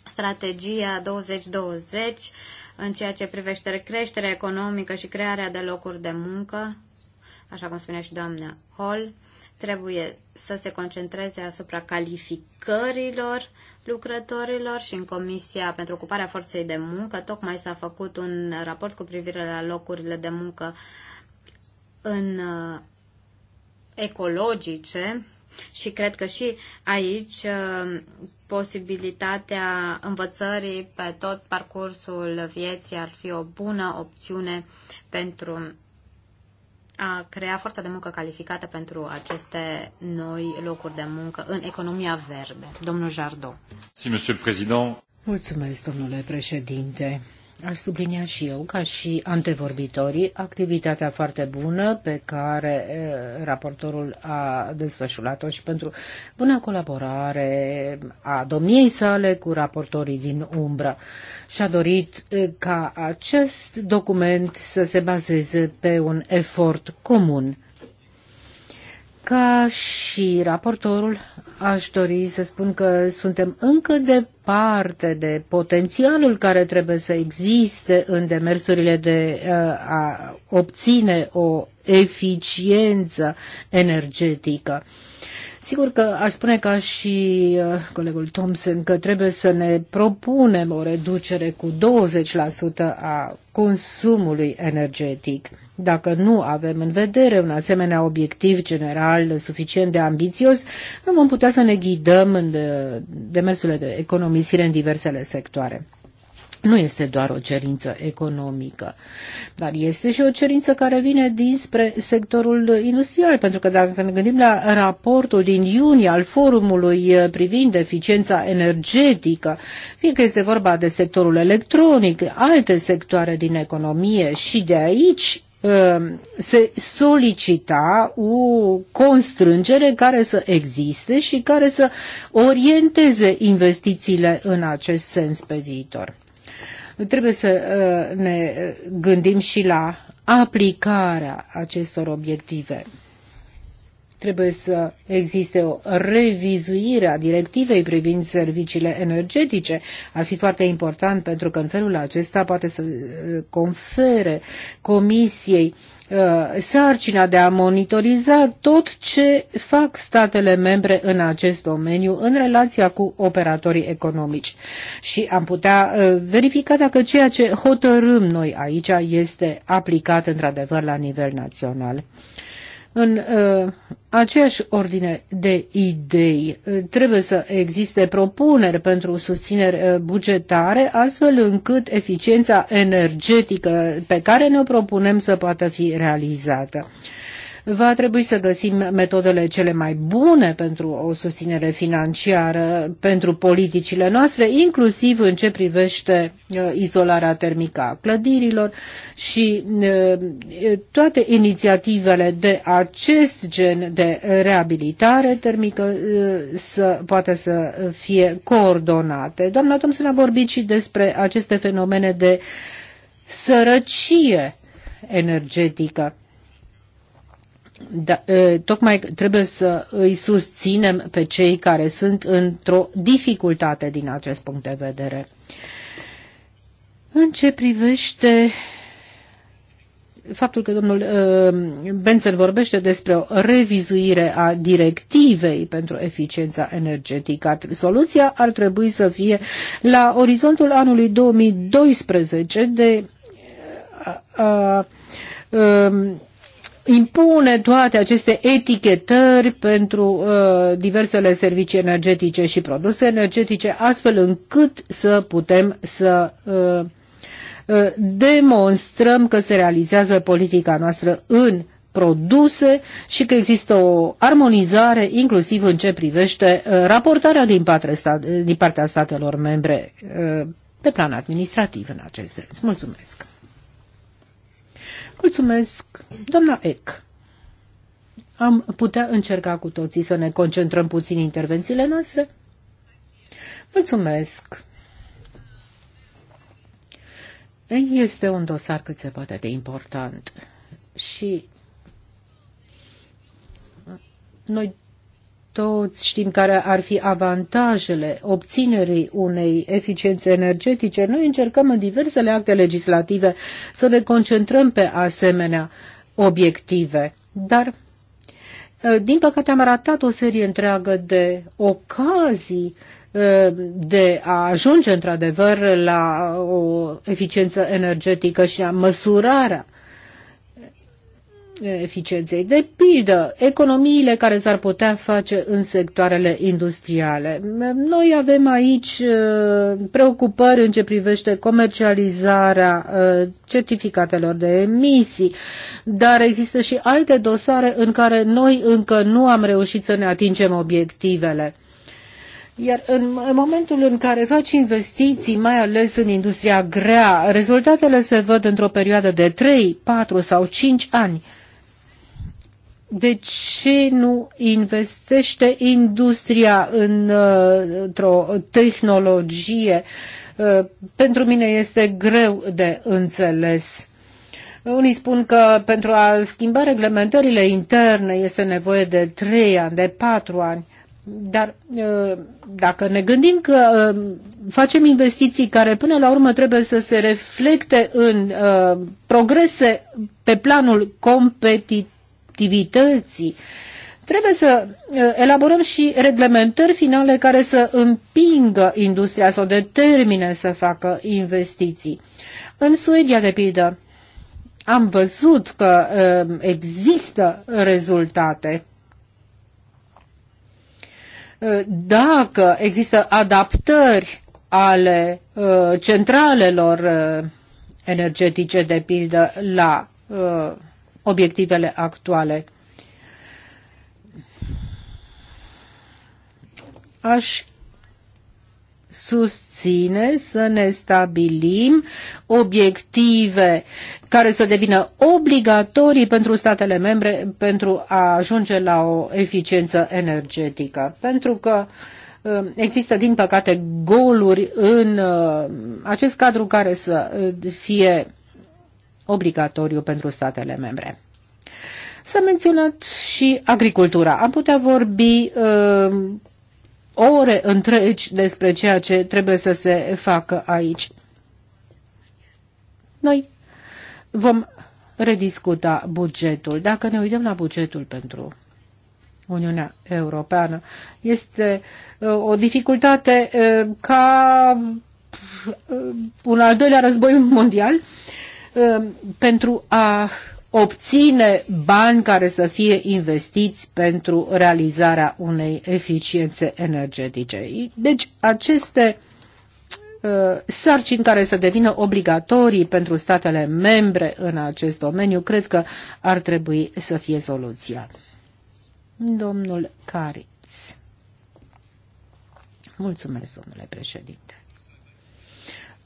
Strategia 2020 în ceea ce privește creșterea economică și crearea de locuri de muncă, așa cum spunea și doamna Hall, trebuie să se concentreze asupra calificărilor lucrătorilor și în Comisia pentru Ocuparea Forței de Muncă tocmai s-a făcut un raport cu privire la locurile de muncă în uh, ecologice și cred că și aici uh, posibilitatea învățării pe tot parcursul vieții ar fi o bună opțiune pentru a crea forța de muncă calificată pentru aceste noi locuri de muncă în economia verde. Domnul Jardot. Mulțumesc, domnule președinte. Aș sublinia și eu, ca și antevorbitorii, activitatea foarte bună pe care raportorul a desfășurat-o și pentru bună colaborare a domniei sale cu raportorii din umbră. Și-a dorit ca acest document să se bazeze pe un efort comun ca și raportorul, aș dori să spun că suntem încă departe de potențialul care trebuie să existe în demersurile de uh, a obține o eficiență energetică. Sigur că aș spune ca și uh, colegul Thompson că trebuie să ne propunem o reducere cu 20% a consumului energetic. Dacă nu avem în vedere un asemenea obiectiv general suficient de ambițios, nu vom putea să ne ghidăm în demersurile de economisire în diversele sectoare. Nu este doar o cerință economică, dar este și o cerință care vine dinspre sectorul industrial, pentru că dacă ne gândim la raportul din iunie al forumului eh, privind eficiența energetică, fie că este vorba de sectorul electronic, alte sectoare din economie și de aici Um, se solicita o constrângere care să existe și care să orienteze investițiile în acest sens pe viitor. Trebuie să uh, ne gândim și la aplicarea acestor obiective. Trebuie să existe o revizuire a directivei privind serviciile energetice. Ar fi foarte important pentru că în felul acesta poate să uh, confere Comisiei uh, sarcina de a monitoriza tot ce fac statele membre în acest domeniu în relația cu operatorii economici. Și am putea uh, verifica dacă ceea ce hotărâm noi aici este aplicat într-adevăr la nivel național. În uh, aceeași ordine de idei, uh, trebuie să existe propuneri pentru susținere uh, bugetare, astfel încât eficiența energetică pe care ne-o propunem să poată fi realizată. Va trebui să găsim metodele cele mai bune pentru o susținere financiară pentru politicile noastre, inclusiv în ce privește uh, izolarea termică a clădirilor și uh, toate inițiativele de acest gen de reabilitare termică uh, să poată să fie coordonate. Doamna Thompson a vorbit și despre aceste fenomene de sărăcie energetică. Da, tocmai trebuie să îi susținem pe cei care sunt într-o dificultate din acest punct de vedere. În ce privește faptul că domnul Benzel vorbește despre o revizuire a directivei pentru eficiența energetică. Soluția ar trebui să fie la orizontul anului 2012 de a, a, a, impune toate aceste etichetări pentru uh, diversele servicii energetice și produse energetice, astfel încât să putem să uh, uh, demonstrăm că se realizează politica noastră în produse și că există o armonizare inclusiv în ce privește uh, raportarea din, partea, din partea statelor membre uh, pe plan administrativ în acest sens. Mulțumesc! Mulțumesc, doamna Eck. Am putea încerca cu toții să ne concentrăm puțin intervențiile noastre? Mulțumesc. Este un dosar cât se poate de important și noi toți știm care ar fi avantajele obținerii unei eficiențe energetice, noi încercăm în diversele acte legislative să ne concentrăm pe asemenea obiective. Dar, ă, din păcate, am ratat o serie întreagă de ocazii ă, de a ajunge într-adevăr la o eficiență energetică și a măsurarea eficienței. De pildă, economiile care s-ar putea face în sectoarele industriale. Noi avem aici uh, preocupări în ce privește comercializarea uh, certificatelor de emisii, dar există și alte dosare în care noi încă nu am reușit să ne atingem obiectivele. Iar în momentul în care faci investiții, mai ales în industria grea, rezultatele se văd într-o perioadă de 3, 4 sau 5 ani de ce nu investește industria în, uh, într-o tehnologie? Uh, pentru mine este greu de înțeles. Unii spun că pentru a schimba reglementările interne este nevoie de 3 ani, de 4 ani. Dar uh, dacă ne gândim că facem investiții care până la urmă trebuie să se reflecte în progrese pe planul competitiv, activității. Trebuie să uh, elaborăm și reglementări finale care să împingă industria, să o determine să facă investiții. În Suedia, de pildă, am văzut că uh, există rezultate uh, dacă există adaptări ale centralelor energetice, de pildă, la obiectivele actuale. Aș susține să ne stabilim obiective care să devină obligatorii pentru statele membre pentru a ajunge la o eficiență energetică. Pentru că um, există, din păcate, goluri în uh, acest cadru care să uh, fie obligatoriu pentru statele membre. S-a menționat și agricultura. Am putea vorbi uh, ore întregi despre ceea ce trebuie să se facă aici. Noi vom rediscuta bugetul. Dacă ne uităm la bugetul pentru Uniunea Europeană, este uh, o dificultate uh, ca uh, un al doilea război mondial Um, pentru a obține bani care să fie investiți pentru realizarea unei eficiențe energetice. Deci aceste uh, sarcini care să devină obligatorii pentru statele membre în acest domeniu, cred că ar trebui să fie soluția. Domnul Cariț. Mulțumesc, domnule președinte.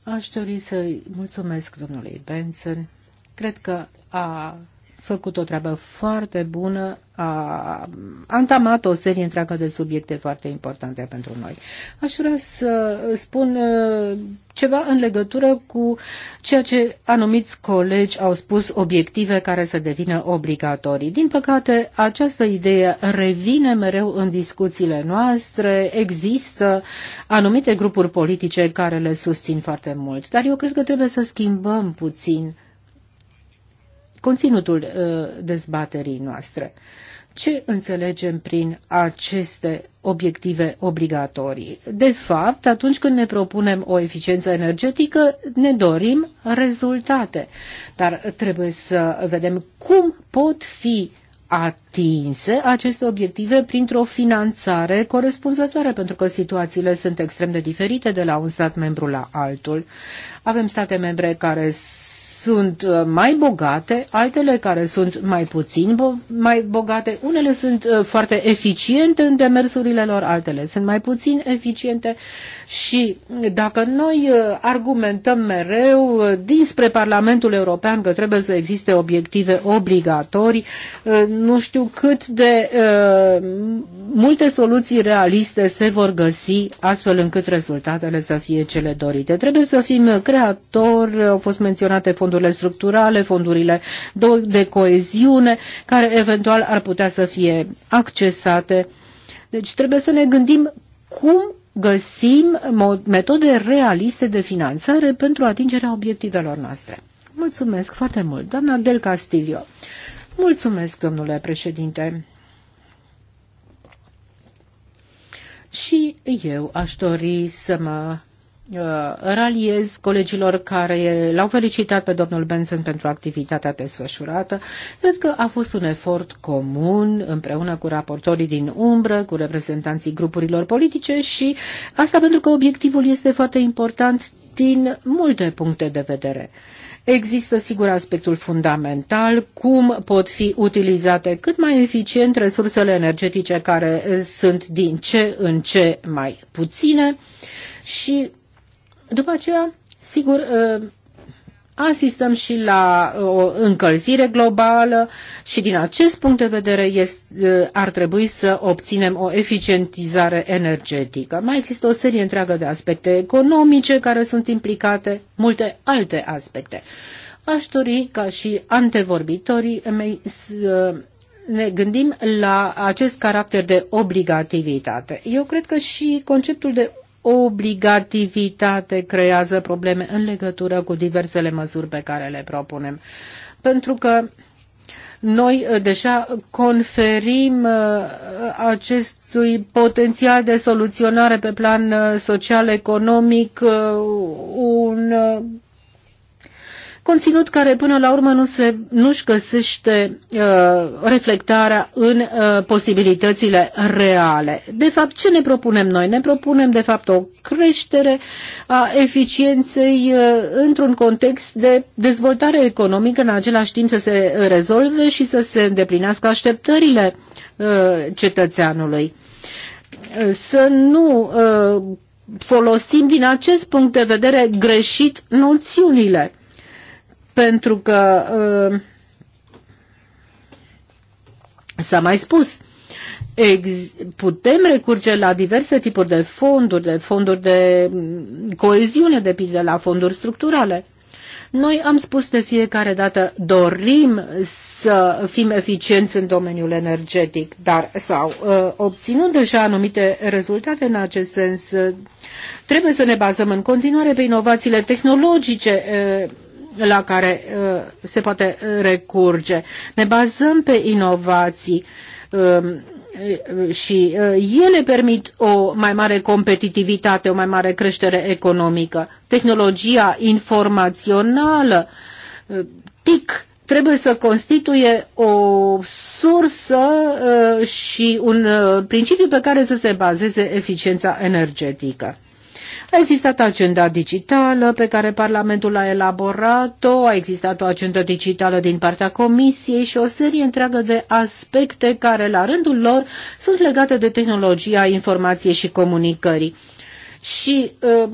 Aș dori să-i mulțumesc domnului Benson. Cred că a făcut o treabă foarte bună, a antamat o serie întreagă de subiecte foarte importante pentru noi. Aș vrea să spun uh, ceva în legătură cu ceea ce anumiți colegi au spus, obiective care să devină obligatorii. Din păcate, această idee revine mereu în discuțiile noastre, există anumite grupuri politice care le susțin foarte mult, dar eu cred că trebuie să schimbăm puțin conținutul uh, dezbaterii noastre. Ce înțelegem prin aceste obiective obligatorii? De fapt, atunci când ne propunem o eficiență energetică, ne dorim rezultate, dar trebuie să vedem cum pot fi atinse aceste obiective printr-o finanțare corespunzătoare, pentru că situațiile sunt extrem de diferite de la un stat membru la altul. Avem state membre care sunt uh, mai bogate, altele care sunt mai puțin bo- mai bogate. Unele sunt uh, foarte eficiente în demersurile lor, altele sunt mai puțin eficiente și dacă noi uh, argumentăm mereu dinspre Parlamentul European că trebuie să existe obiective obligatorii, nu știu cât de multe soluții realiste se vor găsi astfel încât rezultatele să fie cele dorite. Trebuie să fim creatori, au fost menționate fond fondurile structurale, fondurile de coeziune, care eventual ar putea să fie accesate. Deci trebuie să ne gândim cum găsim metode realiste de finanțare pentru atingerea obiectivelor noastre. Mulțumesc foarte mult, doamna Del Castillo. Mulțumesc, domnule președinte. Și eu aș dori să mă Uh, raliez colegilor care l-au felicitat pe domnul Benson pentru activitatea desfășurată. Cred că a fost un efort comun împreună cu raportorii din umbră, cu reprezentanții grupurilor politice și asta pentru că obiectivul este foarte important din multe puncte de vedere. Există, sigur, aspectul fundamental, cum pot fi utilizate cât mai eficient resursele energetice care sunt din ce în ce mai puține și după aceea, sigur, ă, asistăm și la ă, o încălzire globală și din acest punct de vedere este, ă, ar trebui să obținem o eficientizare energetică. Mai există o serie întreagă de aspecte economice care sunt implicate, multe alte aspecte. Aș dori ca și antevorbitorii mei să ne gândim la acest caracter de obligativitate. Eu cred că și conceptul de obligativitate creează probleme în legătură cu diversele măsuri pe care le propunem. Pentru că noi uh, deja conferim uh, acestui potențial de soluționare pe plan uh, social-economic un conținut care până la urmă nu se, nu-și găsește uh, reflectarea în uh, posibilitățile reale. De fapt, ce ne propunem noi? Ne propunem, de fapt, o creștere a eficienței uh, într-un context de dezvoltare economică, în același timp să se rezolve și să se îndeplinească așteptările uh, cetățeanului. Să nu uh, folosim din acest punct de vedere greșit noțiunile pentru că uh, s-a mai spus, Ex- putem recurge la diverse tipuri de fonduri, de fonduri de mm, coeziune, de pildă la fonduri structurale. Noi am spus de fiecare dată, dorim să fim eficienți în domeniul energetic, dar sau uh, obținând deja anumite rezultate în acest sens, trebuie să ne bazăm în continuare pe inovațiile tehnologice uh, la care uh, se poate uh, recurge. Ne bazăm pe inovații um, uh, și ele permit o mai mare competitivitate, o mai mare creștere economică. Tehnologia informațională, TIC, trebuie să constituie o sursă și un principiu pe care să se bazeze eficiența energetică. A existat agenda digitală pe care Parlamentul a elaborat-o, a existat o agenda digitală din partea Comisiei și o serie întreagă de aspecte care, la rândul lor, sunt legate de tehnologia informației și comunicării. Și uh,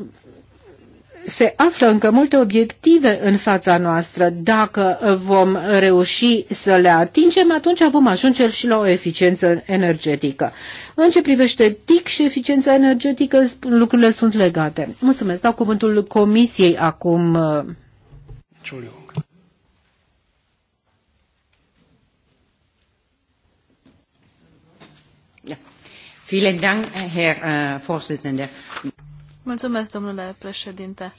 se află încă multe obiective în fața noastră. Dacă vom reuși să le atingem, atunci vom ajunge și la o eficiență energetică. În ce privește TIC și eficiența energetică, lucrurile sunt legate. Mulțumesc. Dau cuvântul Comisiei acum. Uh, Giulio. Vielen Dank, Herr äh, Vorsitzender. Mulțumesc, domnule președinte.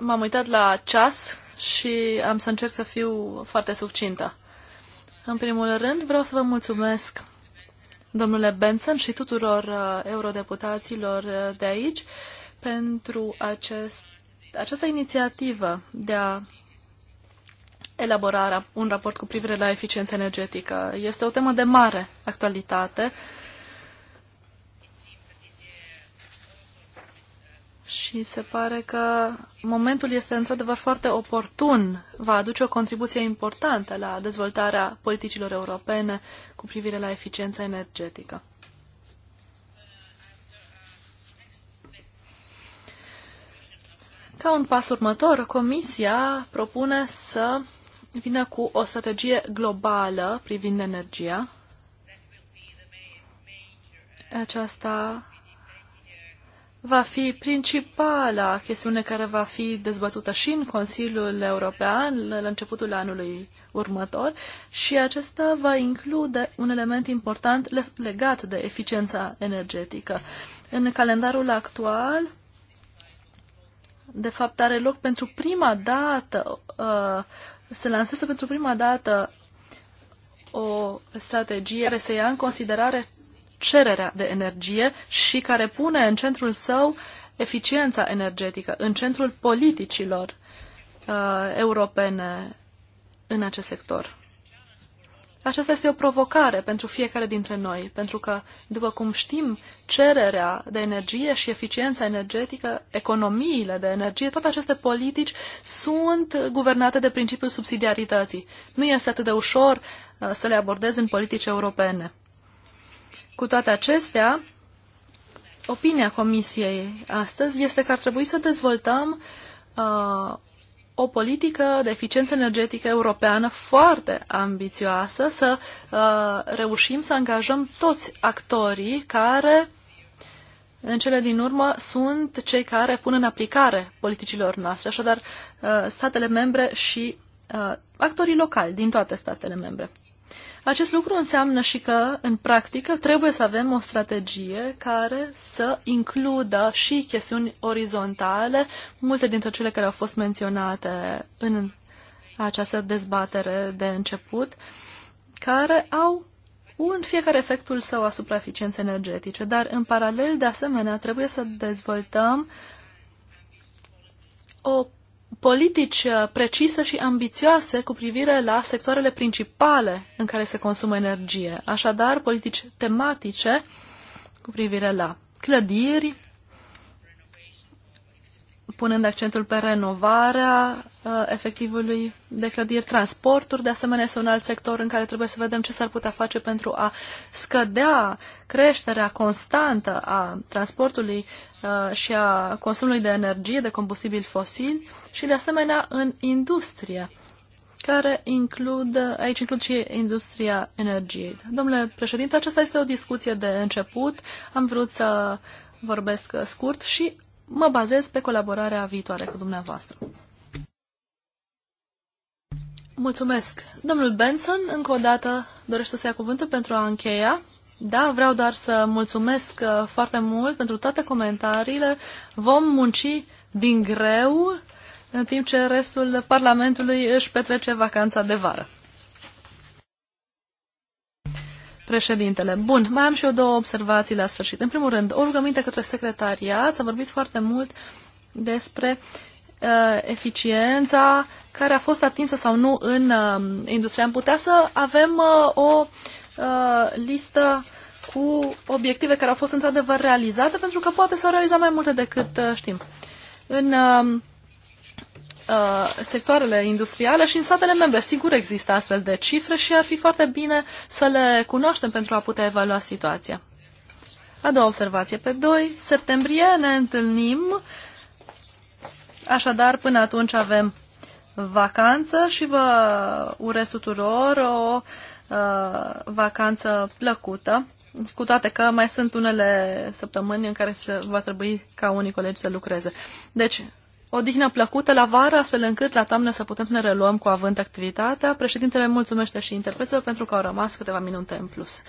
M-am uitat la ceas și am să încerc să fiu foarte succintă. În primul rând, vreau să vă mulțumesc, domnule Benson și tuturor uh, eurodeputaților uh, de aici, pentru acest, această inițiativă de a elabora un raport cu privire la eficiența energetică. Este o temă de mare actualitate. Uh, și se pare că momentul este într-adevăr foarte oportun, va aduce o contribuție importantă la dezvoltarea politicilor europene cu privire la eficiența energetică. Ca un pas următor, Comisia propune să vină cu o strategie globală privind energia. Aceasta va fi principala chestiune care va fi dezbătută și în Consiliul European la începutul anului următor și acesta va include un element important legat de eficiența energetică. În calendarul actual, de fapt, are loc pentru prima dată, uh, se lansează pentru prima dată o strategie care să ia în considerare cererea de energie și care pune în centrul său eficiența energetică, în centrul politicilor uh, europene în acest sector. Aceasta este o provocare pentru fiecare dintre noi, pentru că, după cum știm, cererea de energie și eficiența energetică, economiile de energie, toate aceste politici sunt guvernate de principiul subsidiarității. Nu este atât de ușor uh, să le abordezi în politici europene. Cu toate acestea, opinia Comisiei astăzi este că ar trebui să dezvoltăm uh, o politică de eficiență energetică europeană foarte ambițioasă, să uh, reușim să angajăm toți actorii care, în cele din urmă, sunt cei care pun în aplicare politicilor noastre, așadar uh, statele membre și uh, actorii locali din toate statele membre. Acest lucru înseamnă și că, în practică, trebuie să avem o strategie care să includă și chestiuni orizontale, multe dintre cele care au fost menționate în această dezbatere de început, care au un fiecare efectul său asupra eficienței energetice, dar în paralel, de asemenea, trebuie să dezvoltăm o politici uh, precise și ambițioase cu privire la sectoarele principale în care se consumă energie. Așadar, politici tematice cu privire la clădiri, punând accentul pe renovarea uh, efectivului de clădiri, transporturi, de asemenea este un alt sector în care trebuie să vedem ce s-ar putea face pentru a scădea creșterea constantă a transportului Uh, și a consumului de energie, de combustibil fosil și de asemenea în industria care includ, aici includ și industria energiei. Domnule președinte, aceasta este o discuție de început. Am vrut să vorbesc scurt și mă bazez pe colaborarea viitoare cu dumneavoastră. Mulțumesc. Domnul Benson, încă o dată, dorește să ia cuvântul pentru a încheia. Da, vreau doar să mulțumesc uh, foarte mult pentru toate comentariile. Vom munci din greu în timp ce restul Parlamentului își petrece vacanța de vară. Președintele. Bun, mai am și eu două observații la sfârșit. În primul rând, o rugăminte către secretariat. S-a vorbit foarte mult despre uh, eficiența care a fost atinsă sau nu în uh, industrie. Am putea să avem uh, o uh, Uh, listă cu obiective care au fost într-adevăr realizate, pentru că poate s-au realizat mai multe decât uh, știm. În um, uh, sectoarele industriale și în statele membre. Sigur există astfel de cifre și ar fi foarte bine să le cunoaștem pentru a putea evalua situația. A doua observație. Pe 2 septembrie ne întâlnim, așadar până atunci avem vacanță și vă urez tuturor o Uh, vacanță plăcută, cu toate că mai sunt unele săptămâni în care se, va trebui ca unii colegi să lucreze. Deci, odihnă plăcută la vară, astfel încât la toamnă să putem să ne reluăm cu avânt activitatea. Președintele mulțumește și interpreților pentru că au rămas câteva minute în plus.